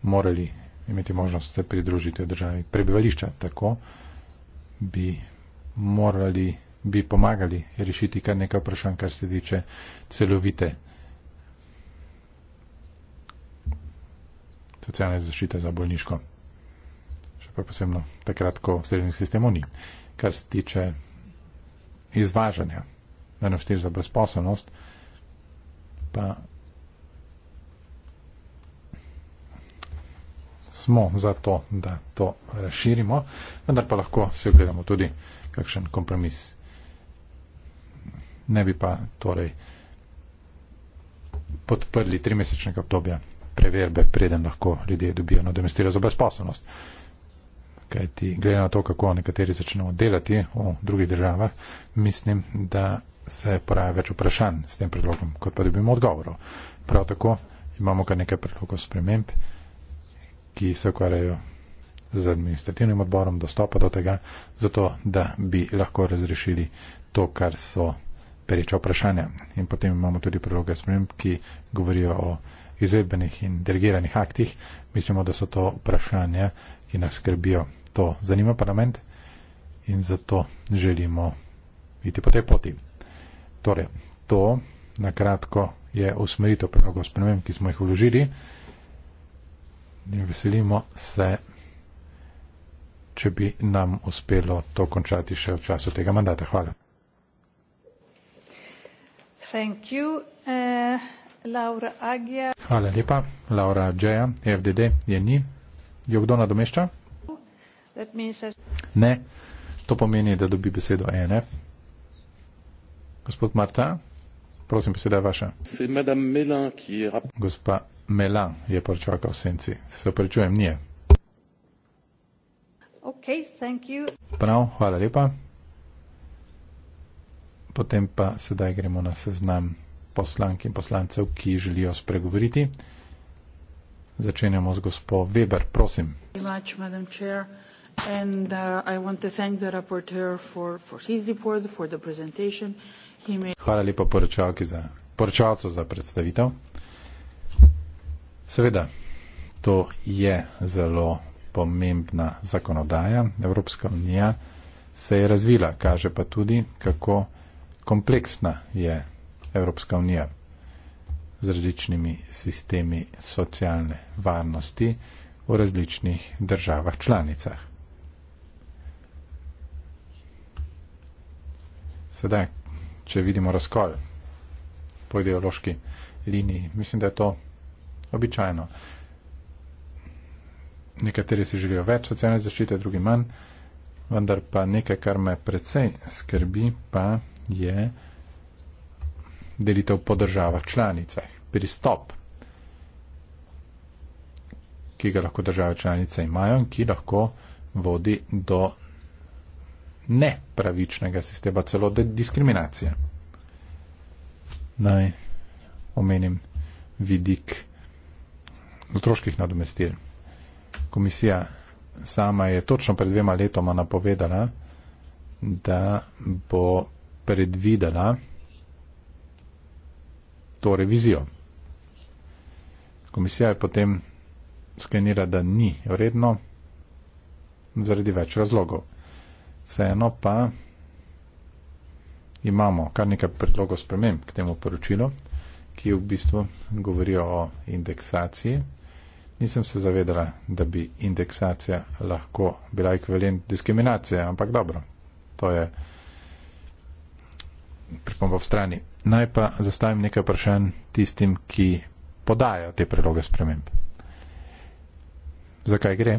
morali imeti možnost se pridružiti državi prebivališča. Tako bi morali, bi pomagali rešiti kar nekaj vprašanj, kar se tiče celovite socialne zaščite za bolniško. Še pa posebno takrat, ko srednjih sistemov ni. Kar se tiče izvažanja, da ne vstiri za brezposobnost, pa smo za to, da to razširimo, vendar pa lahko si ogledamo tudi kakšen kompromis. Ne bi pa torej podprli trimesečnega obdobja preverbe, preden lahko ljudje dobijo nadomestilo za brezposobnost. Kaj ti glede na to, kako nekateri začnemo delati v drugih državah, mislim, da se poraja več vprašanj s tem predlogom, kot pa dobimo odgovorov. Prav tako imamo kar nekaj predlogov spremembe ki se ukvarjajo z administrativnim odborom dostopa do tega, zato da bi lahko razrešili to, kar so pereča vprašanja. In potem imamo tudi predloge sprememb, ki govorijo o izvedbenih in delegiranih aktih. Mislimo, da so to vprašanja, ki nas skrbijo. To zanima parlament in zato želimo iti po tej poti. Torej, to na kratko je usmeritev predlogov sprememb, ki smo jih vložili in veselimo se, če bi nam uspelo to končati še v času tega mandata. Hvala. You, uh, Hvala lepa. Laura Džeja, FDD, je ni. Jo kdo nadomešča? That... Ne. To pomeni, da dobi besedo ENF. Gospod Marta, prosim, beseda je vaša. Gospa Melan je počakal v senci. Se opravičujem, nije. Okay, thank you. Prav, hvala lepa. Potem pa sedaj gremo na seznam poslank in poslancev, ki želijo spregovoriti. Začenjamo z gospod Weber, prosim. And uh, I want to thank the rapporteur for, for his report, for the presentation. He made... Hvala lepa poročavki za, poročavcu za predstavitev. Seveda, to je zelo pomembna zakonodaja. Evropska unija se je razvila, kaže pa tudi, kako kompleksna je Evropska unija z različnimi sistemi socialne varnosti v različnih državah članicah. Sedaj, če vidimo razkol po ideološki liniji, mislim, da je to običajno. Nekateri si želijo več socialne zaščite, drugi manj, vendar pa nekaj, kar me predvsej skrbi, pa je delitev po državah članicah, pristop, ki ga lahko države članice imajo in ki lahko vodi do nepravičnega sistema, celo do diskriminacije. Naj omenim vidik otroških nadomestil. Komisija sama je točno pred dvema letoma napovedala, da bo predvidela to revizijo. Komisija je potem sklenila, da ni vredno zaradi več razlogov. Vseeno pa imamo kar nekaj predlogov spremem k temu poročilu, ki v bistvu govorijo o indeksaciji. Nisem se zavedala, da bi indeksacija lahko bila ekvivalent diskriminacije, ampak dobro, to je pripomba v strani. Naj pa zastavim nekaj vprašanj tistim, ki podajo te predloge sprememb. Zakaj gre?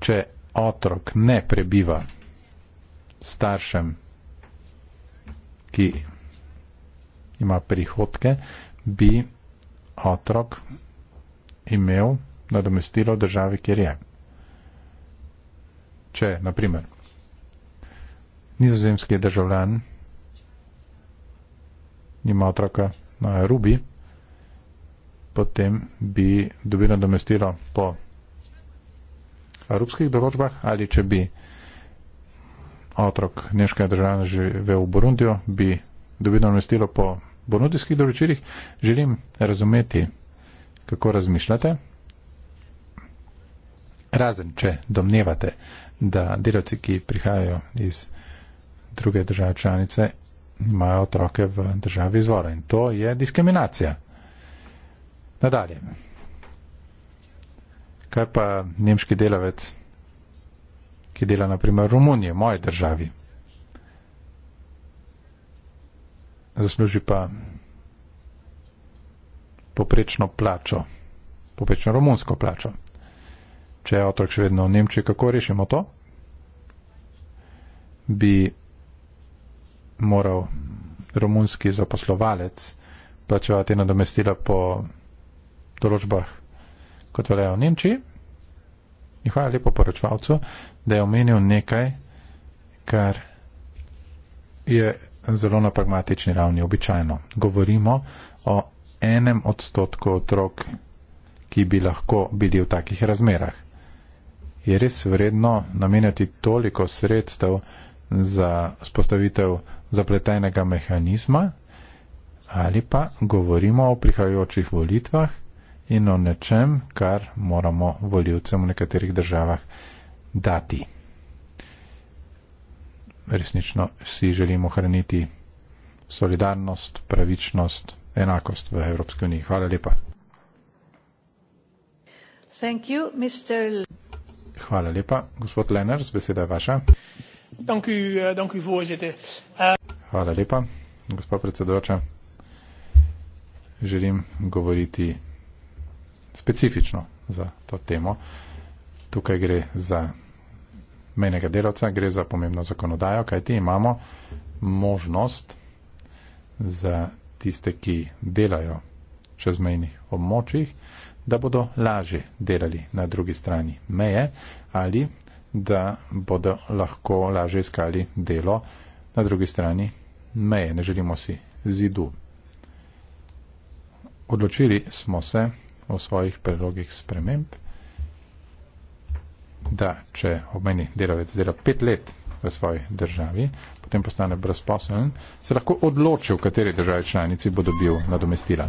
Če otrok ne prebiva staršem, ki ima prihodke, bi otrok imel nadomestilo v državi, kjer je. Če, na primer, nizozemski državljan ima otroka na Rubi, potem bi dobil nadomestilo po arubskih določbah ali če bi otrok nemškega državljana živel v Burundijo, bi dobil nadomestilo po burundijskih določilih. Želim razumeti kako razmišljate. Razen, če domnevate, da delavci, ki prihajajo iz druge države članice, imajo otroke v državi izvora. In to je diskriminacija. Nadalje. Kaj pa nemški delavec, ki dela naprimer v Romuniji, v moji državi, zasluži pa poprečno plačo, poprečno romunsko plačo. Če je otrok še vedno v Nemčiji, kako rešimo to? Bi moral romunski zaposlovalec plačevati nadomestila po določbah, kot velja v Nemčiji. In hvala lepo poročevalcu, da je omenil nekaj, kar je zelo na pragmatični ravni običajno. Govorimo o enem odstotku otrok, ki bi lahko bili v takih razmerah. Je res vredno namenjati toliko sredstev za spostavitev zapletenega mehanizma ali pa govorimo o prihajajočih volitvah in o nečem, kar moramo voljivcem v nekaterih državah dati. Resnično si želimo hraniti solidarnost, pravičnost, enakost v Evropski uniji. Hvala lepa. Thank you, Mr. Hvala lepa. Gospod Lenners, beseda je vaša. Thank you, uh, eh, thank you, voorzitter. Uh... Hvala lepa, gospod predsedoča. Želim govoriti specifično za to temo. Tukaj gre za menega delavca, gre za pomembno zakonodajo, kajti imamo možnost za tiste, ki delajo čezmejnih območjih, da bodo lažje delali na drugi strani meje ali da bodo lahko lažje iskali delo na drugi strani meje. Ne želimo si zidu. Odločili smo se o svojih predlogih sprememb, da če obmeni delavec dela pet let v svoji državi, potem postane brezposeln, se lahko odločil, kateri državi članici bo dobil nadomestila.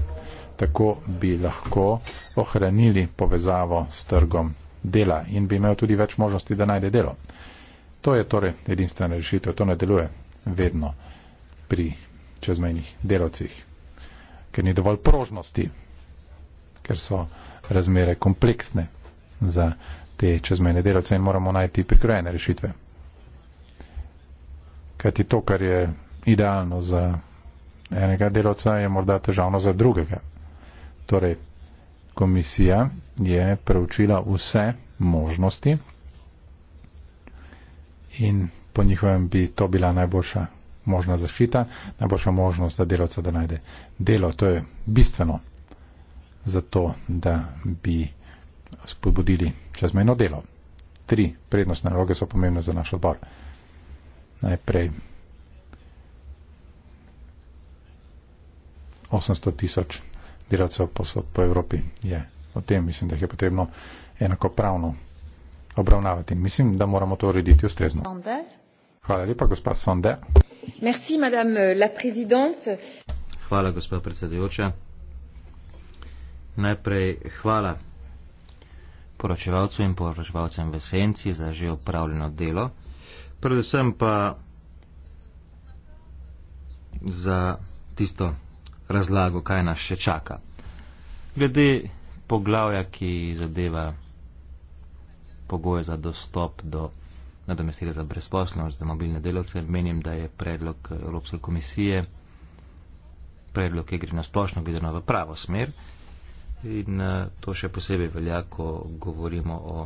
Tako bi lahko ohranili povezavo s trgom dela in bi imel tudi več možnosti, da najde delo. To je torej edinstvena rešitev. To ne deluje vedno pri čezmejnih delovcih, ker ni dovolj prožnosti, ker so razmere kompleksne za te čezmejne delovce in moramo najti prikrojene rešitve. Kajti to, kar je idealno za enega delovca, je morda težavno za drugega. Torej, komisija je preučila vse možnosti in po njihovem bi to bila najboljša možna zaščita, najboljša možnost, da delovca da najde delo. To je bistveno za to, da bi spodbudili čezmejno delo. Tri prednostne naloge so pomembne za naš odbor najprej 800 tisoč delavcev posod po Evropi je. O tem mislim, da jih je potrebno enakopravno obravnavati. Mislim, da moramo to urediti ustrezno. Hvala lepa, gospa Sonde. Merci, madame euh, la présidente. Hvala, gospa predsedujoča. Najprej hvala poročevalcu in poročevalcem v senci za že opravljeno delo predvsem pa za tisto razlago, kaj nas še čaka. Glede poglavja, ki zadeva pogoje za dostop do nadomestila za brezposlenost, za mobilne delavce, menim, da je predlog Evropske komisije, predlog, ki gre na splošno gledano v pravo smer in eh, to še posebej velja, ko govorimo o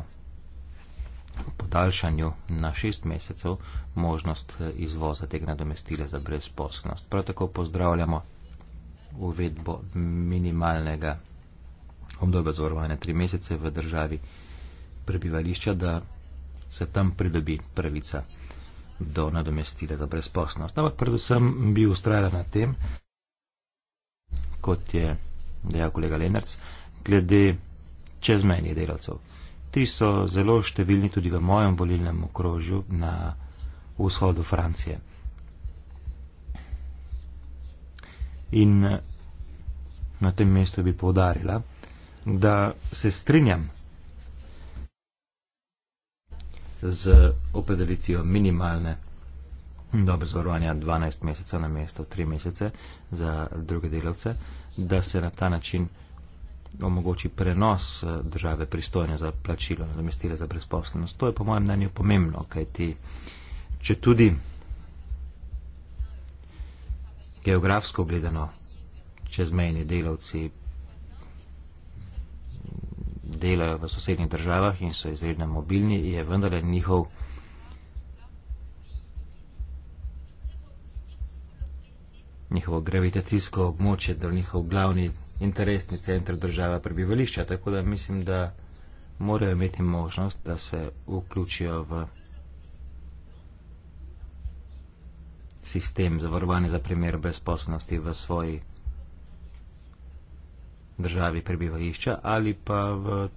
podaljšanju na šest mesecev možnost eh, izvoza tega nadomestila za brezposobnost. Prav tako pozdravljamo uvedbo minimalnega obdobja zavarovanja tri mesece v državi prebivališča, da se tam pridobi pravica do nadomestila za brezposobnost. Ampak predvsem bi ustrajala na tem, kot je dejal kolega Lenarc, glede čezmejnih delavcev. Ti so zelo številni tudi v mojem volilnem okrožju na vzhodu Francije. In na tem mestu bi povdarila, da se strinjam z opredelitvijo minimalne dobe zvarovanja 12 mesecev na mesto 3 mesece za druge delavce, da se na ta način omogoči prenos eh, države pristojne za plačilo in zamestile za brezposlenost. To je po mojem mnenju pomembno, kajti če tudi geografsko gledano čezmejni delavci delajo v sosednjih državah in so izredno mobilni, je vendarle njihov njihovo gravitacijsko območje, da njihov glavni interesni center države prebivališča, tako da mislim, da morajo imeti možnost, da se vključijo v sistem zavarovanja za primer brezposobnosti v svoji državi prebivališča ali pa v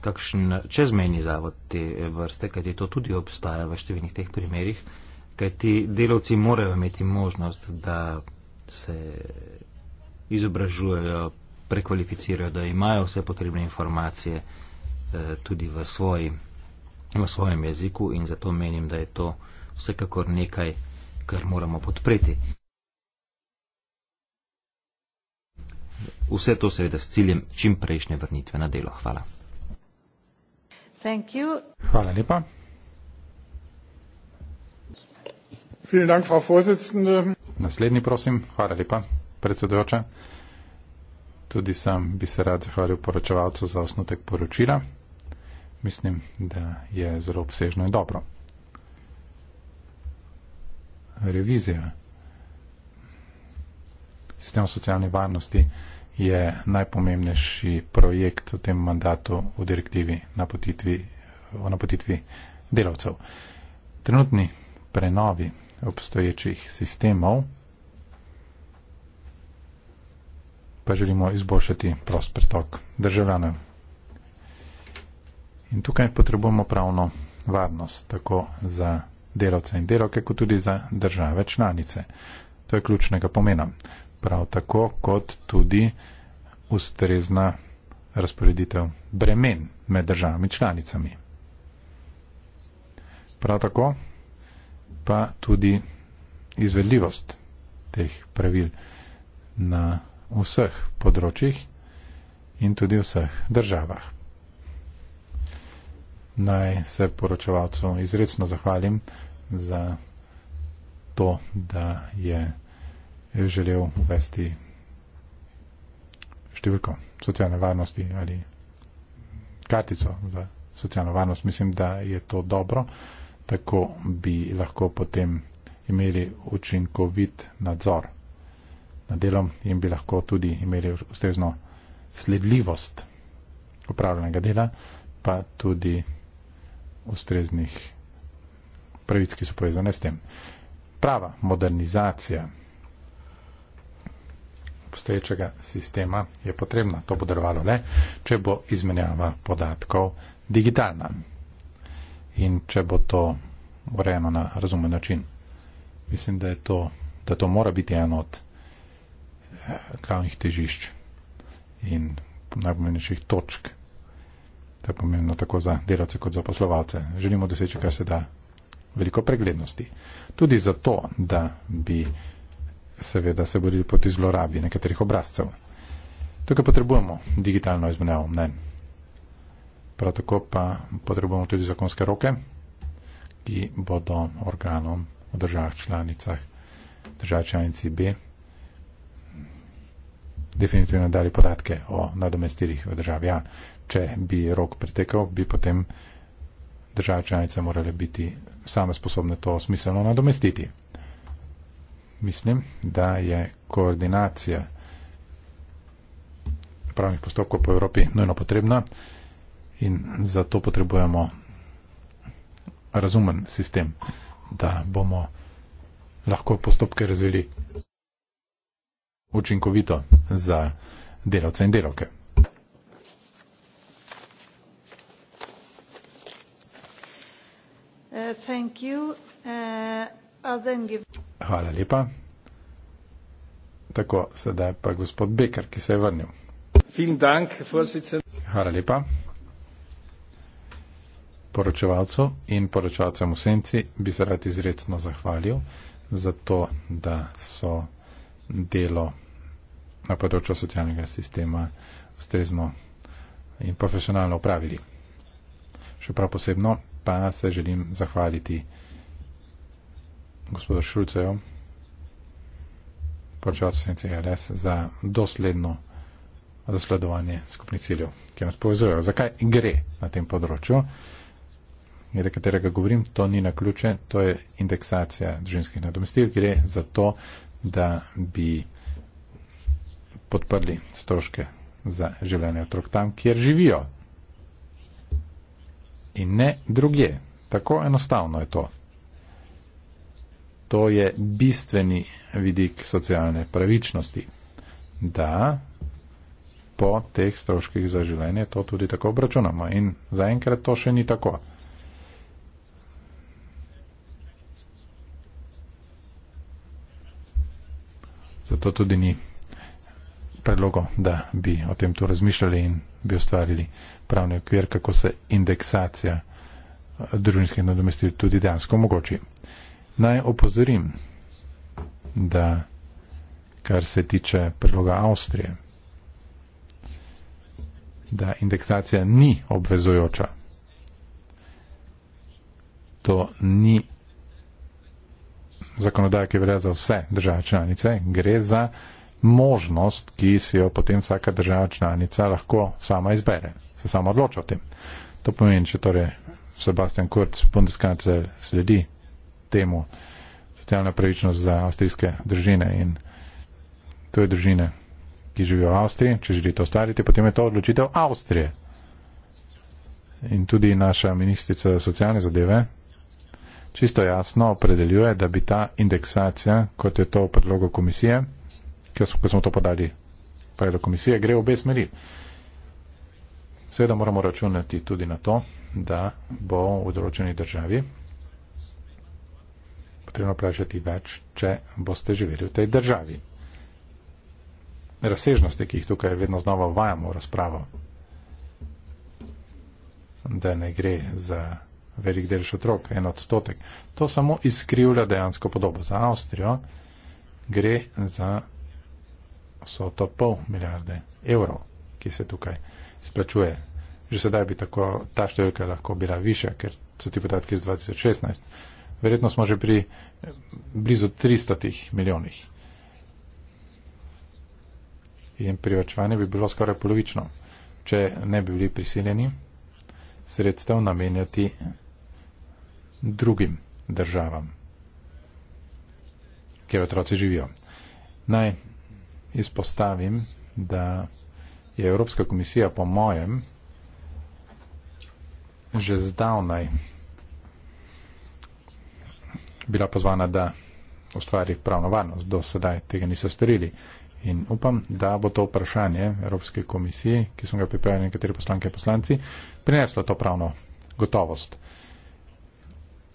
kakšen čezmeni zavod te vrste, kajti to tudi obstaja v številnih teh primerjih, kajti delavci morajo imeti možnost, da se izobražujejo, prekvalificirajo, da imajo vse potrebne informacije eh, tudi v, svoji, v svojem jeziku in zato menim, da je to vsekakor nekaj, kar moramo podpreti. Vse to seveda s ciljem čim prejšnje vrnitve na delo. Hvala. Hvala lepa. Naslednji, prosim. Hvala lepa predsedojoča. Tudi sam bi se rad zahvalil poročevalcu za osnutek poročila. Mislim, da je zelo obsežno in dobro. Revizija. Sistem socialne varnosti je najpomembnejši projekt v tem mandatu v direktivi napotitvi, o napotitvi delavcev. Trenutni prenovi obstoječih sistemov pa želimo izboljšati prost pretok državljanov. In tukaj potrebujemo pravno varnost, tako za delavce in delavke, kot tudi za države članice. To je ključnega pomena. Prav tako, kot tudi ustrezna razporeditev bremen med državami članicami. Prav tako pa tudi izvedljivost teh pravil na v vseh področjih in tudi v vseh državah. Naj se poročevalcu izredno zahvalim za to, da je želel uvesti številko socialne varnosti ali kartico za socialno varnost. Mislim, da je to dobro, tako bi lahko potem imeli učinkovit nadzor nad delom in bi lahko tudi imeli ustrezno sledljivost upravljenega dela, pa tudi ustreznih pravic, ki so povezane s tem. Prava modernizacija postoječega sistema je potrebna. To bo darovalo le, če bo izmenjava podatkov digitalna in če bo to urejeno na razumen način. Mislim, da je to, da to mora biti eno od glavnih težišč in najpomembnejših točk. To je pomembno tako za delavce kot za poslovalce. Želimo doseči, kar se da, veliko preglednosti. Tudi zato, da bi seveda se borili proti zlorabi nekaterih obrazcev. Tukaj potrebujemo digitalno izmenjavo mnen. Prav tako pa potrebujemo tudi zakonske roke, ki bodo organom v državah članicah, državah članici B definitivno dali podatke o nadomestilih v državi. Ja, če bi rok pretekel, bi potem države članice morale biti same sposobne to smiselno nadomestiti. Mislim, da je koordinacija pravnih postopkov po Evropi nujno potrebna in zato potrebujemo razumen sistem, da bomo lahko postopke razvili učinkovito za delavce in delavke. Uh, uh Hvala lepa. Tako, sedaj pa gospod Beker, ki se je vrnil. Dank, Hvala lepa poročevalcu in poročevalcem v senci bi se rad izredno zahvalil za to, da so delo na področju socialnega sistema ustrezno in profesionalno upravili. Še prav posebno pa se želim zahvaliti gospodu Šulcejo, poročevalcu CLS, za dosledno zasledovanje skupnih ciljev, ki nas povezujejo. Zakaj gre na tem področju? glede katerega govorim, to ni na ključe, to je indeksacija družinskih nadomestil, gre za to, da bi podprli stroške za življenje otrok tam, kjer živijo. In ne druge. Tako enostavno je to. To je bistveni vidik socialne pravičnosti, da po teh stroških za življenje to tudi tako obračunamo. In zaenkrat to še ni tako. Zato tudi ni predlogo, da bi o tem tu razmišljali in bi ustvarili pravni okvir, kako se indeksacija eh, družinskih nadomestil tudi dejansko omogoči. Naj opozorim, da kar se tiče predloga Avstrije, da indeksacija ni obvezujoča. To ni zakonodaja, ki velja za vse države članice, gre za možnost, ki si jo potem vsaka država članica lahko sama izbere, se sama odloča o tem. To pomeni, če torej Sebastian Kurz, Bundeskancler, sledi temu socialna pravičnost za avstrijske družine in to je družine, ki živijo v Avstriji, če želite ostariti, potem je to odločitev Avstrije. In tudi naša ministrica socialne zadeve, čisto jasno opredeljuje, da bi ta indeksacija, kot je to v predlogu komisije, ko smo to podali predlog komisije, gre v obe smeri. Seveda moramo računati tudi na to, da bo v določeni državi potrebno plačati več, če boste živeli v tej državi. Razsežnosti, ki jih tukaj vedno znova uvajamo v razpravo, da ne gre za velik delž otrok, en odstotek. To samo izkrivlja dejansko podobo. Za Avstrijo gre za vso to pol milijarde evrov, ki se tukaj splačuje. Že sedaj bi tako ta številka lahko bila višja, ker so ti podatki iz 2016. Verjetno smo že pri eh, blizu 300 milijonih. In privačevanje bi bilo skoraj polovično, če ne bi bili prisiljeni sredstev namenjati drugim državam, kjer otroci živijo. Naj izpostavim, da je Evropska komisija po mojem že zdavnaj bila pozvana, da ustvari pravno varnost. Do sedaj tega niso storili. In upam, da bo to vprašanje Evropske komisije, ki smo ga pripravili nekateri poslanke in poslanci, prineslo to pravno gotovost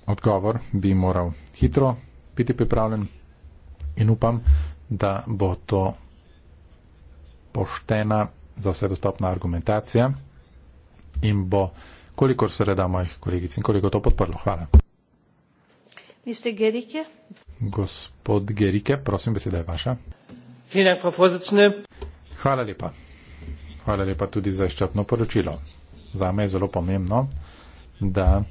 odgovor bi moral hitro biti pripravljen in upam, da bo to poštena za vse dostopna argumentacija in bo, kolikor se reda mojih kolegic in koliko to podprlo. Hvala. Mr. Gerike. Gospod Gerike, prosim, beseda je vaša. Hvala lepa. Hvala lepa tudi za izčrpno poročilo. Za me je zelo pomembno, da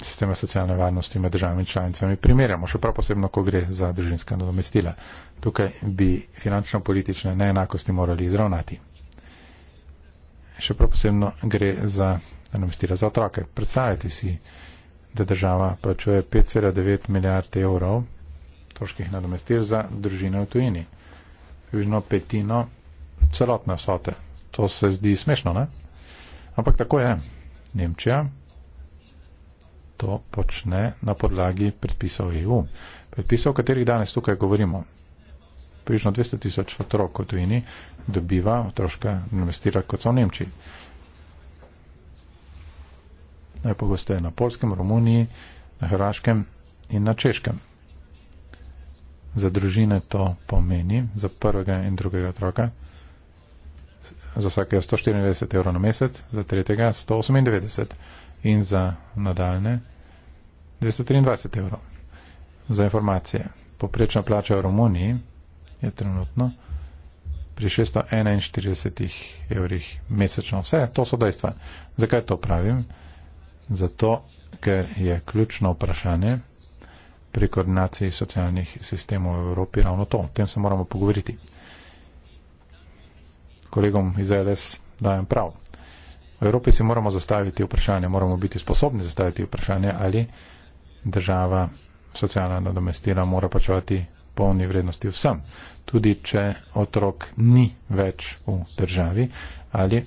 sistema socialne varnosti med državami članicami primerjamo, še prav posebno, ko gre za družinska nadomestila. Tukaj bi finančno-politične neenakosti morali izravnati. Še prav posebno gre za nadomestila za otroke. Predstavljajte si, da država plačuje 5,9 milijard evrov troških nadomestil za družine v tujini. Približno petino celotne vsote. To se zdi smešno, ne? Ampak tako je. Nemčija, to počne na podlagi predpisov EU. Predpisov, o katerih danes tukaj govorimo. Prižno 200 tisoč otrok kot vini dobiva otroška investira kot so v Nemčiji. Najpogosteje na Polskem, Romuniji, na Hrvaškem in na Češkem. Za družine to pomeni, za prvega in drugega otroka, za vsakega 194 evrov na mesec, za tretjega 198 evrov in za nadaljne 223 evrov za informacije. Poprečna plača v Romuniji je trenutno pri 641 evrih mesečno. Vse to so dejstva. Zakaj to pravim? Zato, ker je ključno vprašanje pri koordinaciji socialnih sistemov v Evropi ravno to. O tem se moramo pogovoriti. Kolegom iz LS dajem prav. Evropi si moramo zastaviti vprašanje, moramo biti sposobni zastaviti vprašanje, ali država socialna nadomestila mora plačevati polni vrednosti vsem, tudi če otrok ni več v državi ali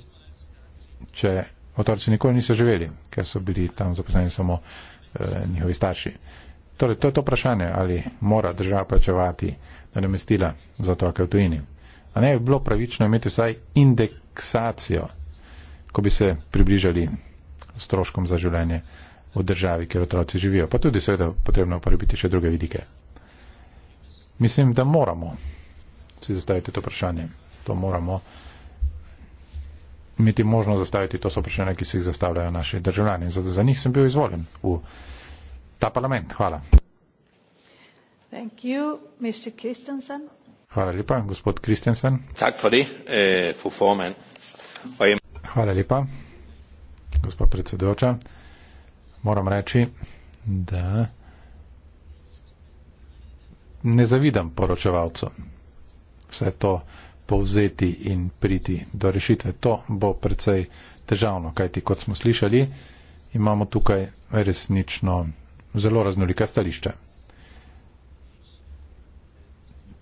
če otroci nikoli niso živeli, ker so bili tam zaposleni samo eh, njihovi starši. Torej, to je to vprašanje, ali mora država plačevati nadomestila za otroke v tujini. A ne bi bilo pravično imeti vsaj indeksacijo ko bi se približali stroškom za življenje v državi, kjer otroci živijo. Pa tudi seveda potrebno uporabiti še druge vidike. Mislim, da moramo si zastaviti to vprašanje. To moramo imeti možnost zastaviti. To so vprašanja, ki se jih zastavljajo naši državljani. Zato za njih sem bil izvoljen v ta parlament. Hvala. You, Hvala lepa, gospod Kristensen. Tak for det, uh, fru formand. Hvala lepa, gospod predsedoča. Moram reči, da ne zavidam poročevalcu vse to povzeti in priti do rešitve. To bo precej težavno, kajti kot smo slišali, imamo tukaj resnično zelo raznolika stališča.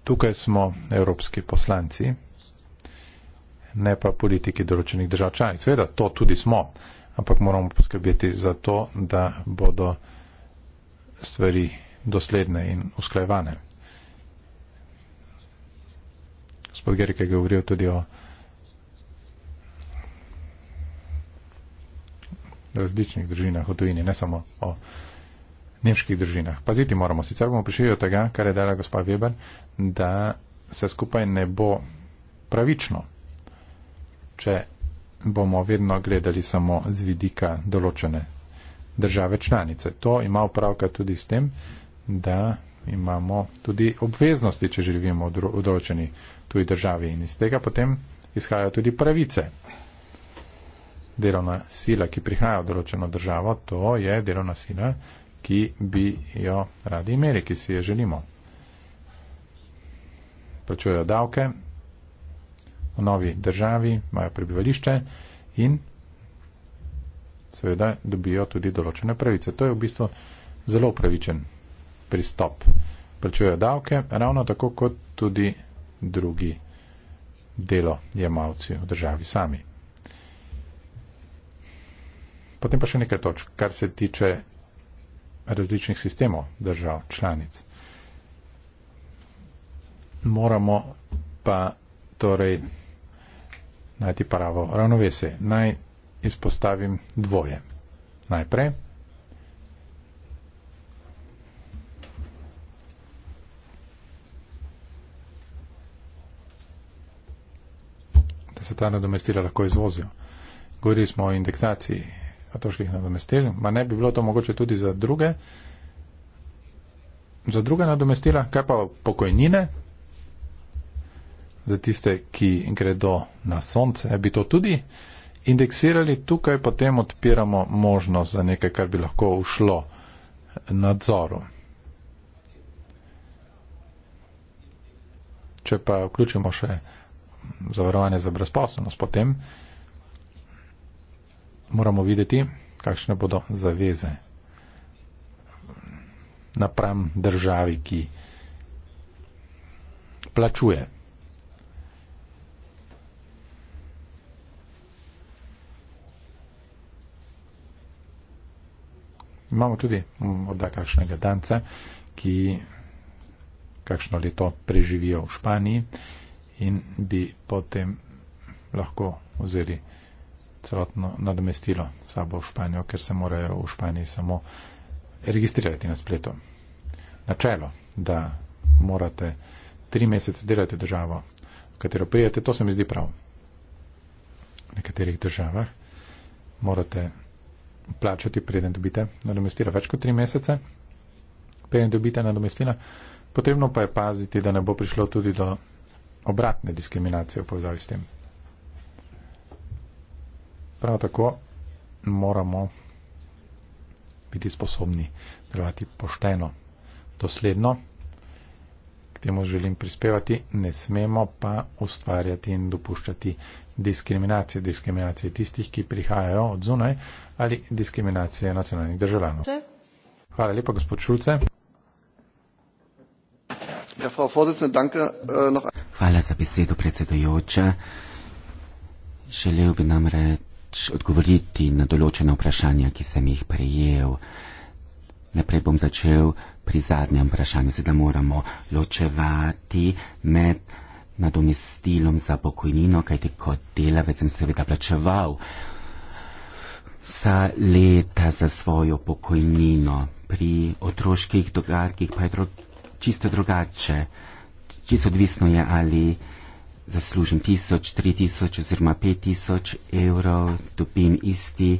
Tukaj smo evropski poslanci ne pa politiki določenih držav članic. Seveda, to tudi smo, ampak moramo poskrbeti za to, da bodo stvari dosledne in usklajevane. Gospod Gerik je govoril tudi o različnih družinah v tujini, ne samo o nemških družinah. Paziti moramo, sicer bomo prišli do tega, kar je dala gospod Weber, da se skupaj ne bo pravično če bomo vedno gledali samo z vidika določene države članice. To ima upravka tudi s tem, da imamo tudi obveznosti, če živimo v, dro, v določeni tuji državi in iz tega potem izhajajo tudi pravice. Delovna sila, ki prihaja v določeno državo, to je delovna sila, ki bi jo radi imeli, ki si jo želimo. Plačujejo davke, v novi državi, imajo prebivališče in seveda dobijo tudi določene pravice. To je v bistvu zelo upravičen pristop. Plačujejo davke, ravno tako kot tudi drugi delo jemalci v državi sami. Potem pa še nekaj točk, kar se tiče različnih sistemov držav članic. Moramo pa torej najti pravo ravnovesje. Naj izpostavim dvoje. Najprej. Da se ta nadomestila lahko izvozijo. Govorili smo o indeksaciji otroških nadomestil, ma ne bi bilo to mogoče tudi za druge. Za druge nadomestila, kaj pa pokojnine, za tiste, ki gredo na sonce, bi to tudi indeksirali, tukaj potem odpiramo možnost za nekaj, kar bi lahko ušlo nadzoru. Če pa vključimo še zavarovanje za brezposobnost, potem moramo videti, kakšne bodo zaveze napram državi, ki plačuje. Imamo tudi morda kakšnega danca, ki kakšno leto preživijo v Španiji in bi potem lahko vzeli celotno nadomestilo sabo v Španijo, ker se morajo v Španiji samo registrirati na spletu. Načelo, da morate tri mesece delati državo, v katero prijete, to se mi zdi prav. V nekaterih državah morate plačati, preden dobite nadomestila več kot tri mesece, preden dobite nadomestila. Potrebno pa je paziti, da ne bo prišlo tudi do obratne diskriminacije v povezavi s tem. Prav tako moramo biti sposobni delovati pošteno, dosledno k temu želim prispevati, ne smemo pa ustvarjati in dopuščati diskriminacije, diskriminacije tistih, ki prihajajo od zunaj ali diskriminacije nacionalnih državljanov. Hvala lepa, gospod Šulce. Ja, äh, Hvala za besedo, predsedojoča. Želel bi namreč odgovoriti na določena vprašanja, ki sem jih prejel. Najprej bom začel pri zadnjem vprašanju, da moramo ločevati med nadomestilom za pokojnino, kajti kot delavec sem seveda plačeval vsa leta za svojo pokojnino. Pri otroških dogodkih pa je dro čisto drugače. Čisto odvisno je, ali zaslužim tisoč, tri tisoč oziroma pet tisoč evrov, dobim isti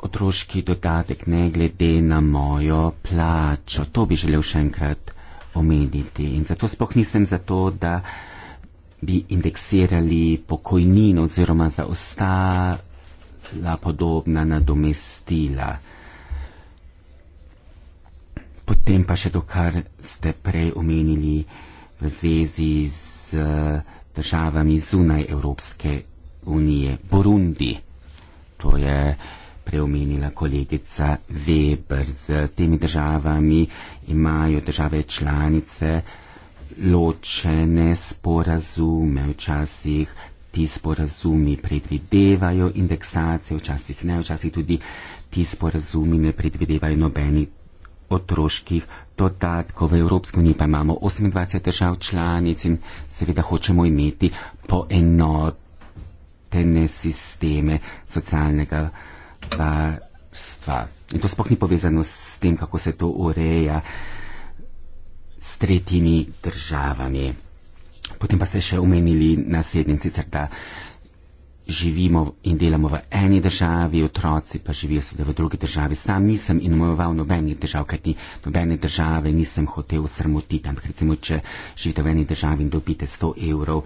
otroški dodatek ne glede na mojo plačo. To bi želel še enkrat omeniti. In zato spoh nisem zato, da bi indeksirali pokojnino oziroma za ostala podobna nadomestila. Potem pa še to, kar ste prej omenili v zvezi z eh, državami zunaj Evropske unije. Burundi. To je preomenila kolegica Weber. Z temi državami imajo države članice ločene sporazume, včasih ti sporazumi predvidevajo indeksacijo, včasih ne, včasih tudi ti sporazumi ne predvidevajo nobenih otroških dodatkov. V Evropski uniji pa imamo 28 držav članic in seveda hočemo imeti poenotene sisteme socialnega varstva. In to spohni povezano s tem, kako se to ureja s tretjimi državami. Potem pa ste še omenili naslednji sicer, da živimo in delamo v eni državi, otroci pa živijo seveda v drugi državi. Sam nisem inumoval nobenih držav, kajti nobene države nisem hotel sramotiti. Ampak recimo, če živite v eni državi in dobite 100 evrov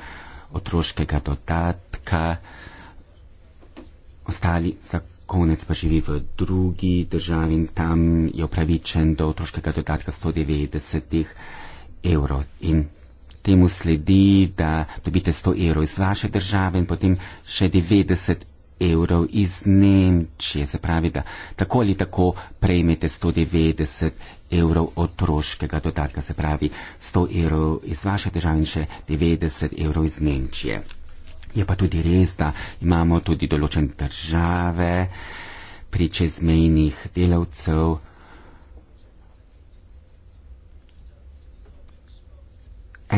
otroškega dodatka, ostali zakonodajni konec pa živi v drugi državi in tam je upravičen do otroškega dodatka 190 evrov. In temu sledi, da dobite 100 evrov iz vaše države in potem še 90 evrov iz Nemčije. Se pravi, da tako ali tako prejmete 190 evrov otroškega dodatka, se pravi 100 evrov iz vaše države in še 90 evrov iz Nemčije. Je pa tudi res, da imamo tudi določene države pri čezmejnih delavcev.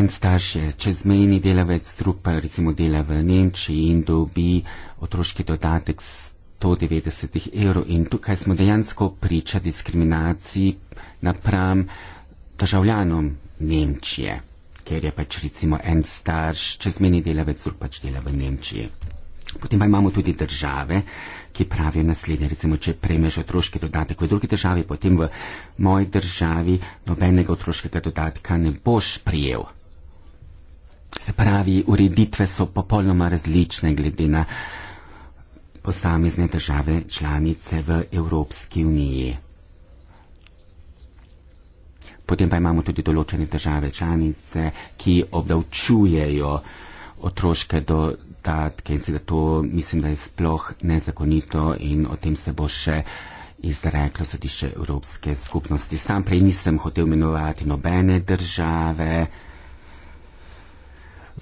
En starš je čezmejni delavec, drug pa recimo dela v Nemčiji in dobi otroški dodatek 190 evrov. In tukaj smo dejansko priča diskriminaciji napram državljanom Nemčije ker je pač recimo en starš čezmeni delavec ali pač dela v Nemčiji. Potem pa imamo tudi države, ki pravijo naslednje, recimo, če prejmeš otroški dodatek v drugi državi, potem v moji državi nobenega otroškega dodatka ne boš prijel. Se pravi, ureditve so popolnoma različne glede na posamezne države članice v Evropski uniji. Potem pa imamo tudi določene države članice, ki obdavčujejo otroške dodatke in seveda to mislim, da je sploh nezakonito in o tem se bo še izreklo sodišče Evropske skupnosti. Sam prej nisem hotel imenovati nobene države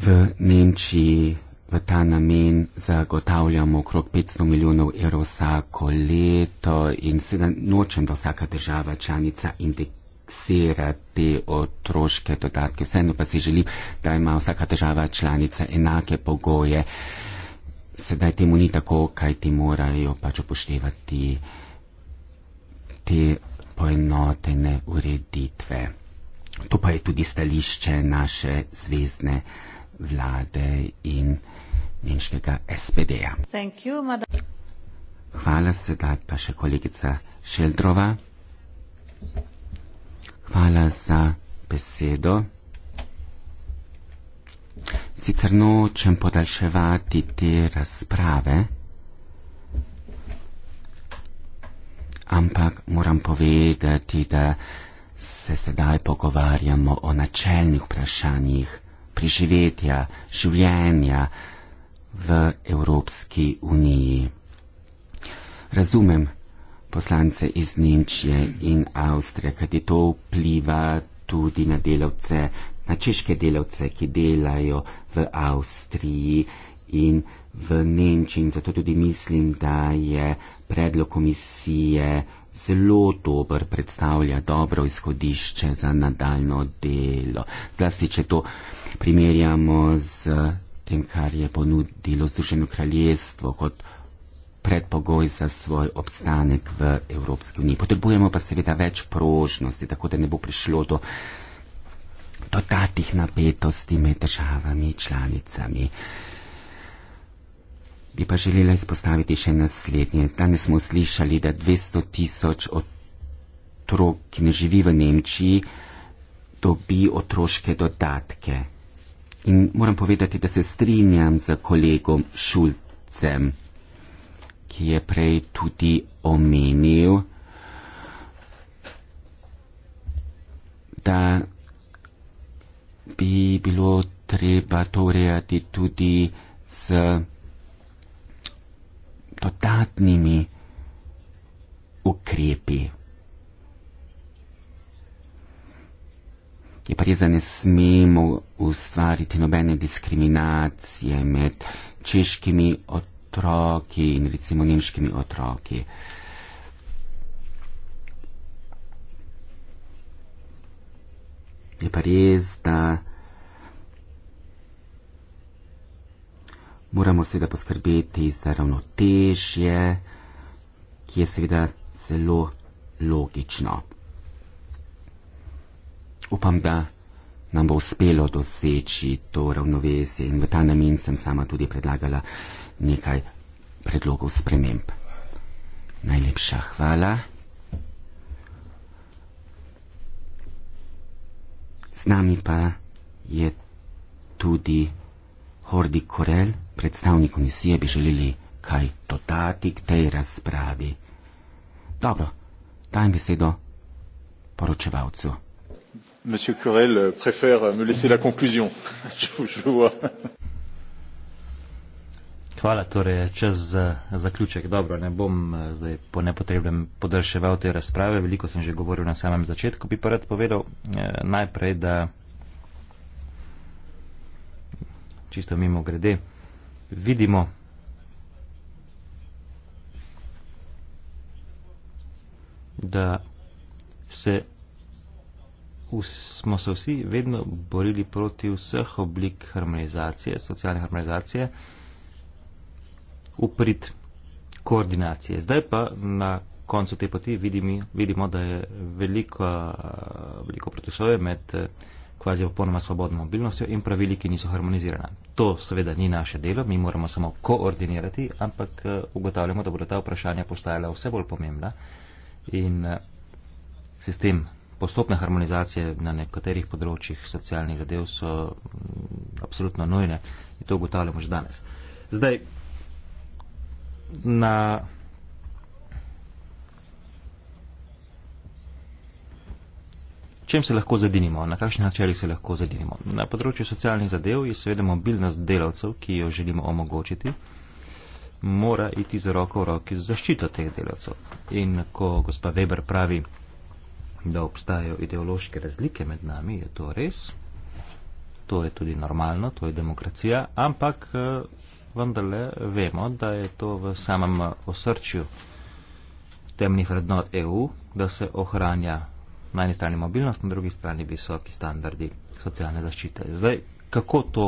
v Nemčiji. V ta namen zagotavljamo okrog 500 milijonov evrov vsako leto in sedaj nočem, da vsaka država članica indikira indeksira te otroške dodatke. Vseeno pa si želim, da ima vsaka država članica enake pogoje. Sedaj temu ni tako, kaj ti morajo pač upoštevati te poenotene ureditve. To pa je tudi stališče naše zvezdne vlade in nemškega SPD-ja. Hvala sedaj pa še kolegica Šeldrova. Hvala za besedo. Sicer nočem podaljševati te razprave, ampak moram povedati, da se sedaj pogovarjamo o načelnih vprašanjih priživetja, življenja v Evropski uniji. Razumem poslance iz Nemčije in Avstrije, kajti to vpliva tudi na delavce, na češke delavce, ki delajo v Avstriji in v Nemčiji. In zato tudi mislim, da je predlog komisije zelo dober, predstavlja dobro izhodišče za nadaljno delo. Zlasti, če to primerjamo z tem, kar je ponudilo Združeno kraljestvo kot predpogoj za svoj obstanek v Evropski uniji. Potrebujemo pa seveda več prožnosti, tako da ne bo prišlo do dodatnih napetosti med državami članicami. Bi pa želela izpostaviti še naslednje. Danes smo slišali, da 200 tisoč otrok, ki ne živi v Nemčiji, dobi otroške dodatke. In moram povedati, da se strinjam z kolegom Šulcem ki je prej tudi omenil, da bi bilo treba to urejati tudi z dodatnimi ukrepi. Je pa res, da ne smemo ustvariti nobene diskriminacije med češkimi otroki, otroki in recimo nemškimi otroki. Je pa res, da moramo seveda poskrbeti za ravnotežje, ki je seveda zelo logično. Upam, da nam bo uspelo doseči to ravnovesje in v ta namen sem sama tudi predlagala nekaj predlogov sprememb. Najlepša hvala. Z nami pa je tudi Hordi Korel, predstavnik komisije, bi želeli kaj dodati k tej razpravi. Dobro, dajem besedo poročevalcu. Monsieur Corel euh, préfère euh, me laisser la conclusion. je vous, je vous vois. Hvala, torej čas za zaključek. Dobro, ne bom eh, zdaj po nepotrebnem podrševal te razprave, veliko sem že govoril na samem začetku, bi pa rad povedal eh, najprej, da čisto mimo grede vidimo, da se, smo se vsi vedno borili proti vseh oblik harmonizacije, socialne harmonizacije uprit koordinacije. Zdaj pa na koncu te poti vidimo, vidimo da je veliko, veliko protisoje med kvazi popolnoma svobodno mobilnostjo in pravili, ki niso harmonizirana. To seveda ni naše delo, mi moramo samo koordinirati, ampak ugotavljamo, da bodo ta vprašanja postajala vse bolj pomembna in sistem postopne harmonizacije na nekaterih področjih socialnih zadev so absolutno nojne in to ugotavljamo že danes. Zdaj, na čem se lahko zadinimo, na kakšni načeli se lahko zadinimo. Na področju socialnih zadev je seveda mobilnost delavcev, ki jo želimo omogočiti, mora iti za roko v roki z zaščito teh delavcev. In ko gospa Weber pravi, da obstajajo ideološke razlike med nami, je to res, to je tudi normalno, to je demokracija, ampak eh, vendarle vemo, da je to v samem osrčju temnih vrednot EU, da se ohranja na eni strani mobilnost, na drugi strani visoki standardi socialne zaščite. Zdaj, kako to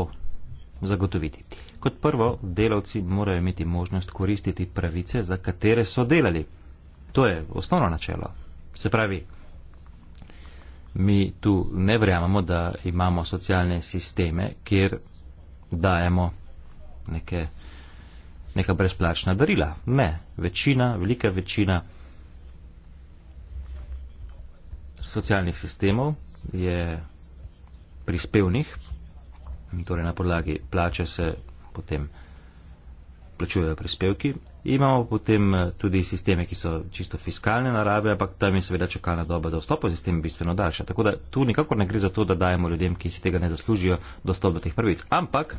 zagotoviti? Kot prvo, delavci morajo imeti možnost koristiti pravice, za katere so delali. To je osnovno načelo. Se pravi, mi tu ne verjamemo, da imamo socialne sisteme, kjer dajemo neke, neka brezplačna darila. Ne, večina, velika večina socialnih sistemov je prispevnih, torej na podlagi plače se potem plačujejo prispevki. Imamo potem eh, tudi sisteme, ki so čisto fiskalne narave, ampak tam je seveda čakalna doba za vstop v sistem bistveno daljša. Tako da tu nikakor ne gre za to, da dajemo ljudem, ki si tega ne zaslužijo, dostop do teh prvic. Ampak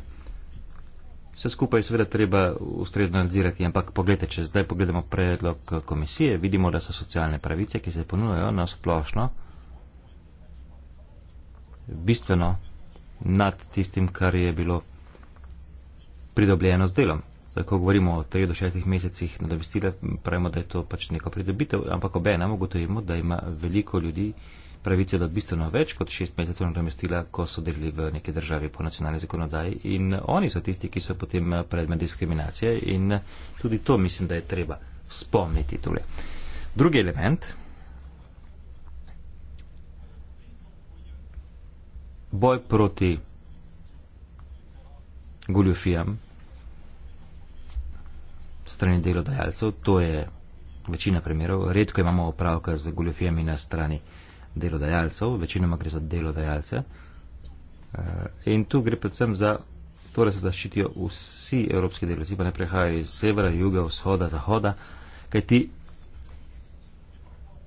Vse skupaj seveda treba ustrezno nadzirati, ampak pogledajte, če zdaj pogledamo predlog komisije, vidimo, da so socialne pravice, ki se ponujajo na splošno, bistveno nad tistim, kar je bilo pridobljeno z delom. Zdaj, ko govorimo o 3 do 6 mesecih nadomestila, pravimo, da je to pač neko pridobitev, ampak obe nam ugotovimo, da ima veliko ljudi, pravice do bistveno več kot šest mesecev nadomestila, ko so delili v neki državi po nacionalni zakonodaji in oni so tisti, ki so potem predmet diskriminacije in tudi to mislim, da je treba spomniti tule. Drugi element. Boj proti goljofijam strani delodajalcev, to je večina primerov, redko imamo opravka z goljofijami na strani delodajalcev delodajalcev, večinoma gre za delodajalce. Eh, in tu gre predvsem za to, da se zaščitijo vsi evropski delovci, pa ne prehajajo iz severa, juga, vzhoda, zahoda, kaj ti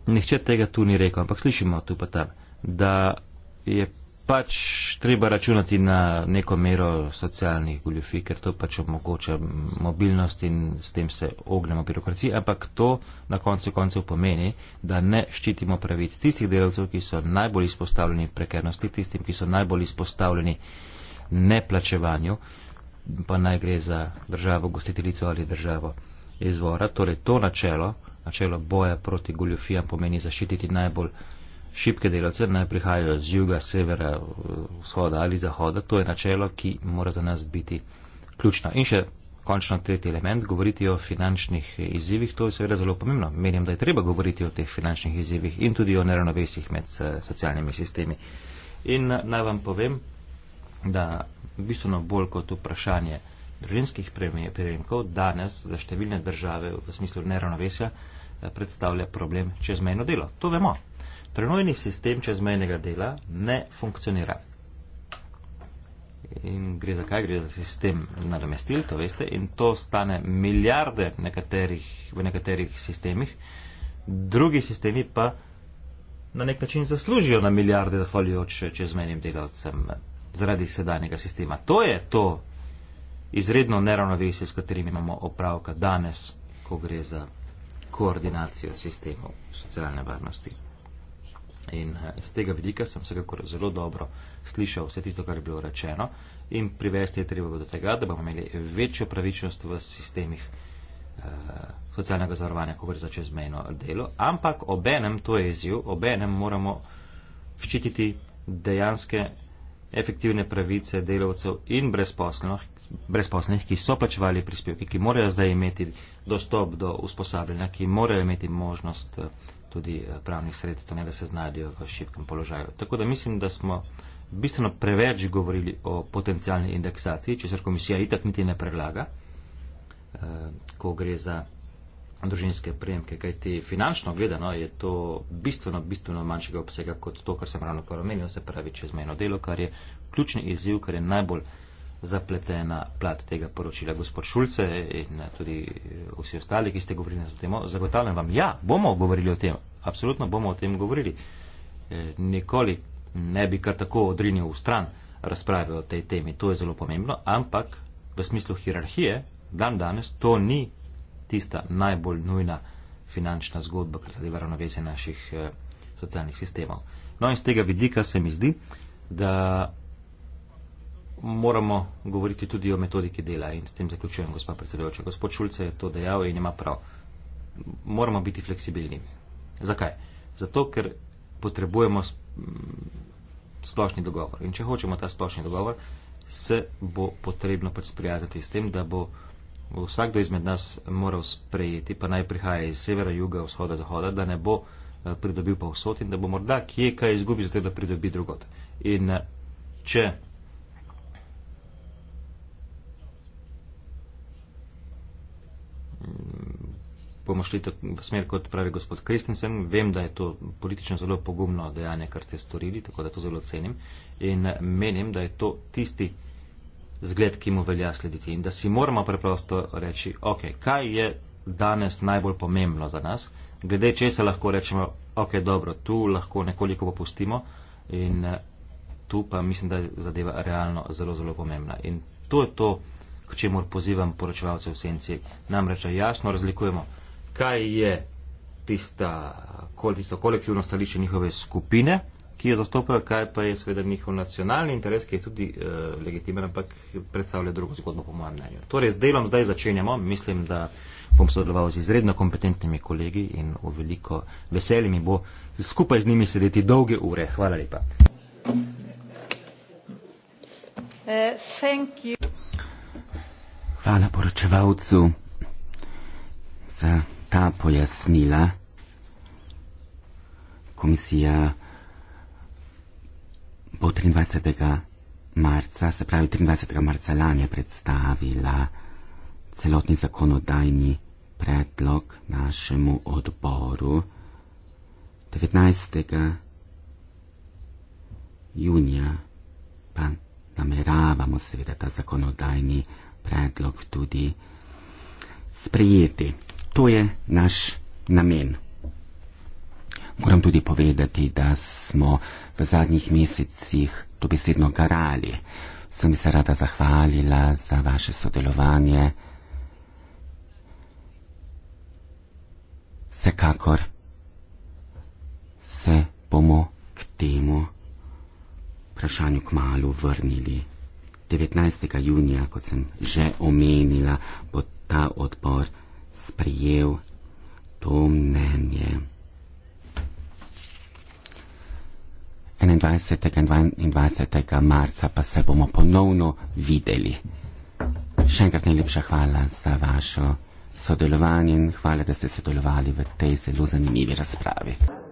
nihče tega tu ni rekel, ampak slišimo tu pa tam, da je pač treba računati na neko mero socialnih goljufij, ker to pač omogoča mobilnost in s tem se ognemo birokraciji, ampak to na koncu koncev pomeni, da ne ščitimo pravic tistih delavcev, ki so najbolj izpostavljeni prekernosti, tistim, ki so najbolj izpostavljeni neplačevanju, pa naj gre za državo gostiteljico ali državo izvora. Torej to načelo, načelo boja proti goljufijam pomeni zaščititi najbolj šibke delavce, naj prihajajo z juga, severa, vzhoda ali zahoda, to je načelo, ki mora za nas biti ključno. In še končno tretji element, govoriti o finančnih izzivih, to je seveda zelo pomembno. Menim, da je treba govoriti o teh finančnih izzivih in tudi o neravnovesjih med eh, socialnimi sistemi. In eh, naj vam povem, da bistveno bolj kot vprašanje družinskih prejemkov danes za številne države v smislu neravnovesja eh, predstavlja problem čezmejno delo. To vemo. Prenojni sistem čezmejnega dela ne funkcionira. In gre za kaj? Gre za sistem nadomestil, to veste, in to stane milijarde nekaterih, v nekaterih sistemih, drugi sistemi pa na nek način zaslužijo na milijarde, zahvaljujoč čezmejnim delavcem zaradi sedanjega sistema. To je to izredno neravnovesje, s katerim imamo opravka danes, ko gre za koordinacijo sistemov socialne varnosti. In z eh, tega vidika sem vsekakor zelo dobro slišal vse tisto, kar je bilo rečeno in privesti je treba do tega, da bomo imeli večjo pravičnost v sistemih eh, socialnega zavarovanja, ko gre za čezmejno delo. Ampak obenem, to je izjiv, obenem moramo ščititi dejanske efektivne pravice delavcev in brezposlenih, brezposlenih ki so plačevali prispevke, ki morajo zdaj imeti dostop do usposabljanja, ki morajo imeti možnost. Eh, tudi eh, pravnih sredstev, ne da se znajdejo v šibkem položaju. Tako da mislim, da smo bistveno preveč govorili o potencijalni indeksaciji, če se komisija itak niti ne predlaga, eh, ko gre za družinske prejemke, kajti finančno gledano je to bistveno, bistveno manjšega obsega kot to, kar sem ravno kar omenil, se pravi čezmejno delo, kar je ključni izziv, kar je najbolj zapletena plat tega poročila. Gospod Šulce in tudi eh, vsi ostali, ki ste govorili o tem, zagotavljam vam, ja, bomo govorili o tem, absolutno bomo o tem govorili. Eh, nikoli ne bi kar tako odrinil v stran razprave o tej temi, to je zelo pomembno, ampak v smislu hierarhije, dan danes, to ni tista najbolj nujna finančna zgodba, kar zadeva ravnovesje naših eh, socialnih sistemov. No in z tega vidika se mi zdi, da moramo govoriti tudi o metodiki dela in s tem zaključujem, gospod predsedujoča. Gospod Šulce je to dejal in ima prav. Moramo biti fleksibilni. Zakaj? Zato, ker potrebujemo mm, splošni dogovor. In če hočemo ta splošni dogovor, se bo potrebno pač sprijazniti s tem, da bo vsakdo izmed nas moral sprejeti, pa naj prihaja iz severa, juga, vzhoda, zahoda, da ne bo eh, pridobil pa vsot in da bo morda kje kaj izgubil, zato da pridobi drugot. In eh, če pomošljite v smer, kot pravi gospod Kristensen. Vem, da je to politično zelo pogumno dejanje, kar ste storili, tako da to zelo cenim. In menim, da je to tisti zgled, ki mu velja slediti. In da si moramo preprosto reči, ok, kaj je danes najbolj pomembno za nas, glede če se lahko rečemo, ok, dobro, tu lahko nekoliko popustimo in eh, tu pa mislim, da je zadeva realno zelo, zelo pomembna. In to je to k čemu pozivam poročevalce v senci. Namreč jasno razlikujemo, kaj je tista, kol, tisto kolektivno stališče njihove skupine, ki jo zastopajo, kaj pa je seveda njihov nacionalni interes, ki je tudi e, legitimen, ampak predstavlja drugo zgodbo, po mojem mnenju. Torej, z delom zdaj začenjamo. Mislim, da bom sodeloval z izredno kompetentnimi kolegi in v veliko veselje mi bo skupaj z njimi sedeti dolge ure. Hvala lepa. Uh, thank you. Hvala poročevalcu za ta pojasnila. Komisija bo 23. marca, se pravi 23. marca lani, predstavila celotni zakonodajni predlog našemu odboru. 19. junija pa nameravamo seveda ta zakonodajni predlog predlog tudi sprejeti. To je naš namen. Moram tudi povedati, da smo v zadnjih mesecih to besedno garali. Sem se rada zahvalila za vaše sodelovanje. Vsekakor se bomo k temu vprašanju k malu vrnili. 19. junija, kot sem že omenila, bo ta odbor sprijel to mnenje. 21. in 22. marca pa se bomo ponovno videli. Še enkrat najlepša hvala za vašo sodelovanje in hvala, da ste sodelovali v tej zelo zanimivi razpravi.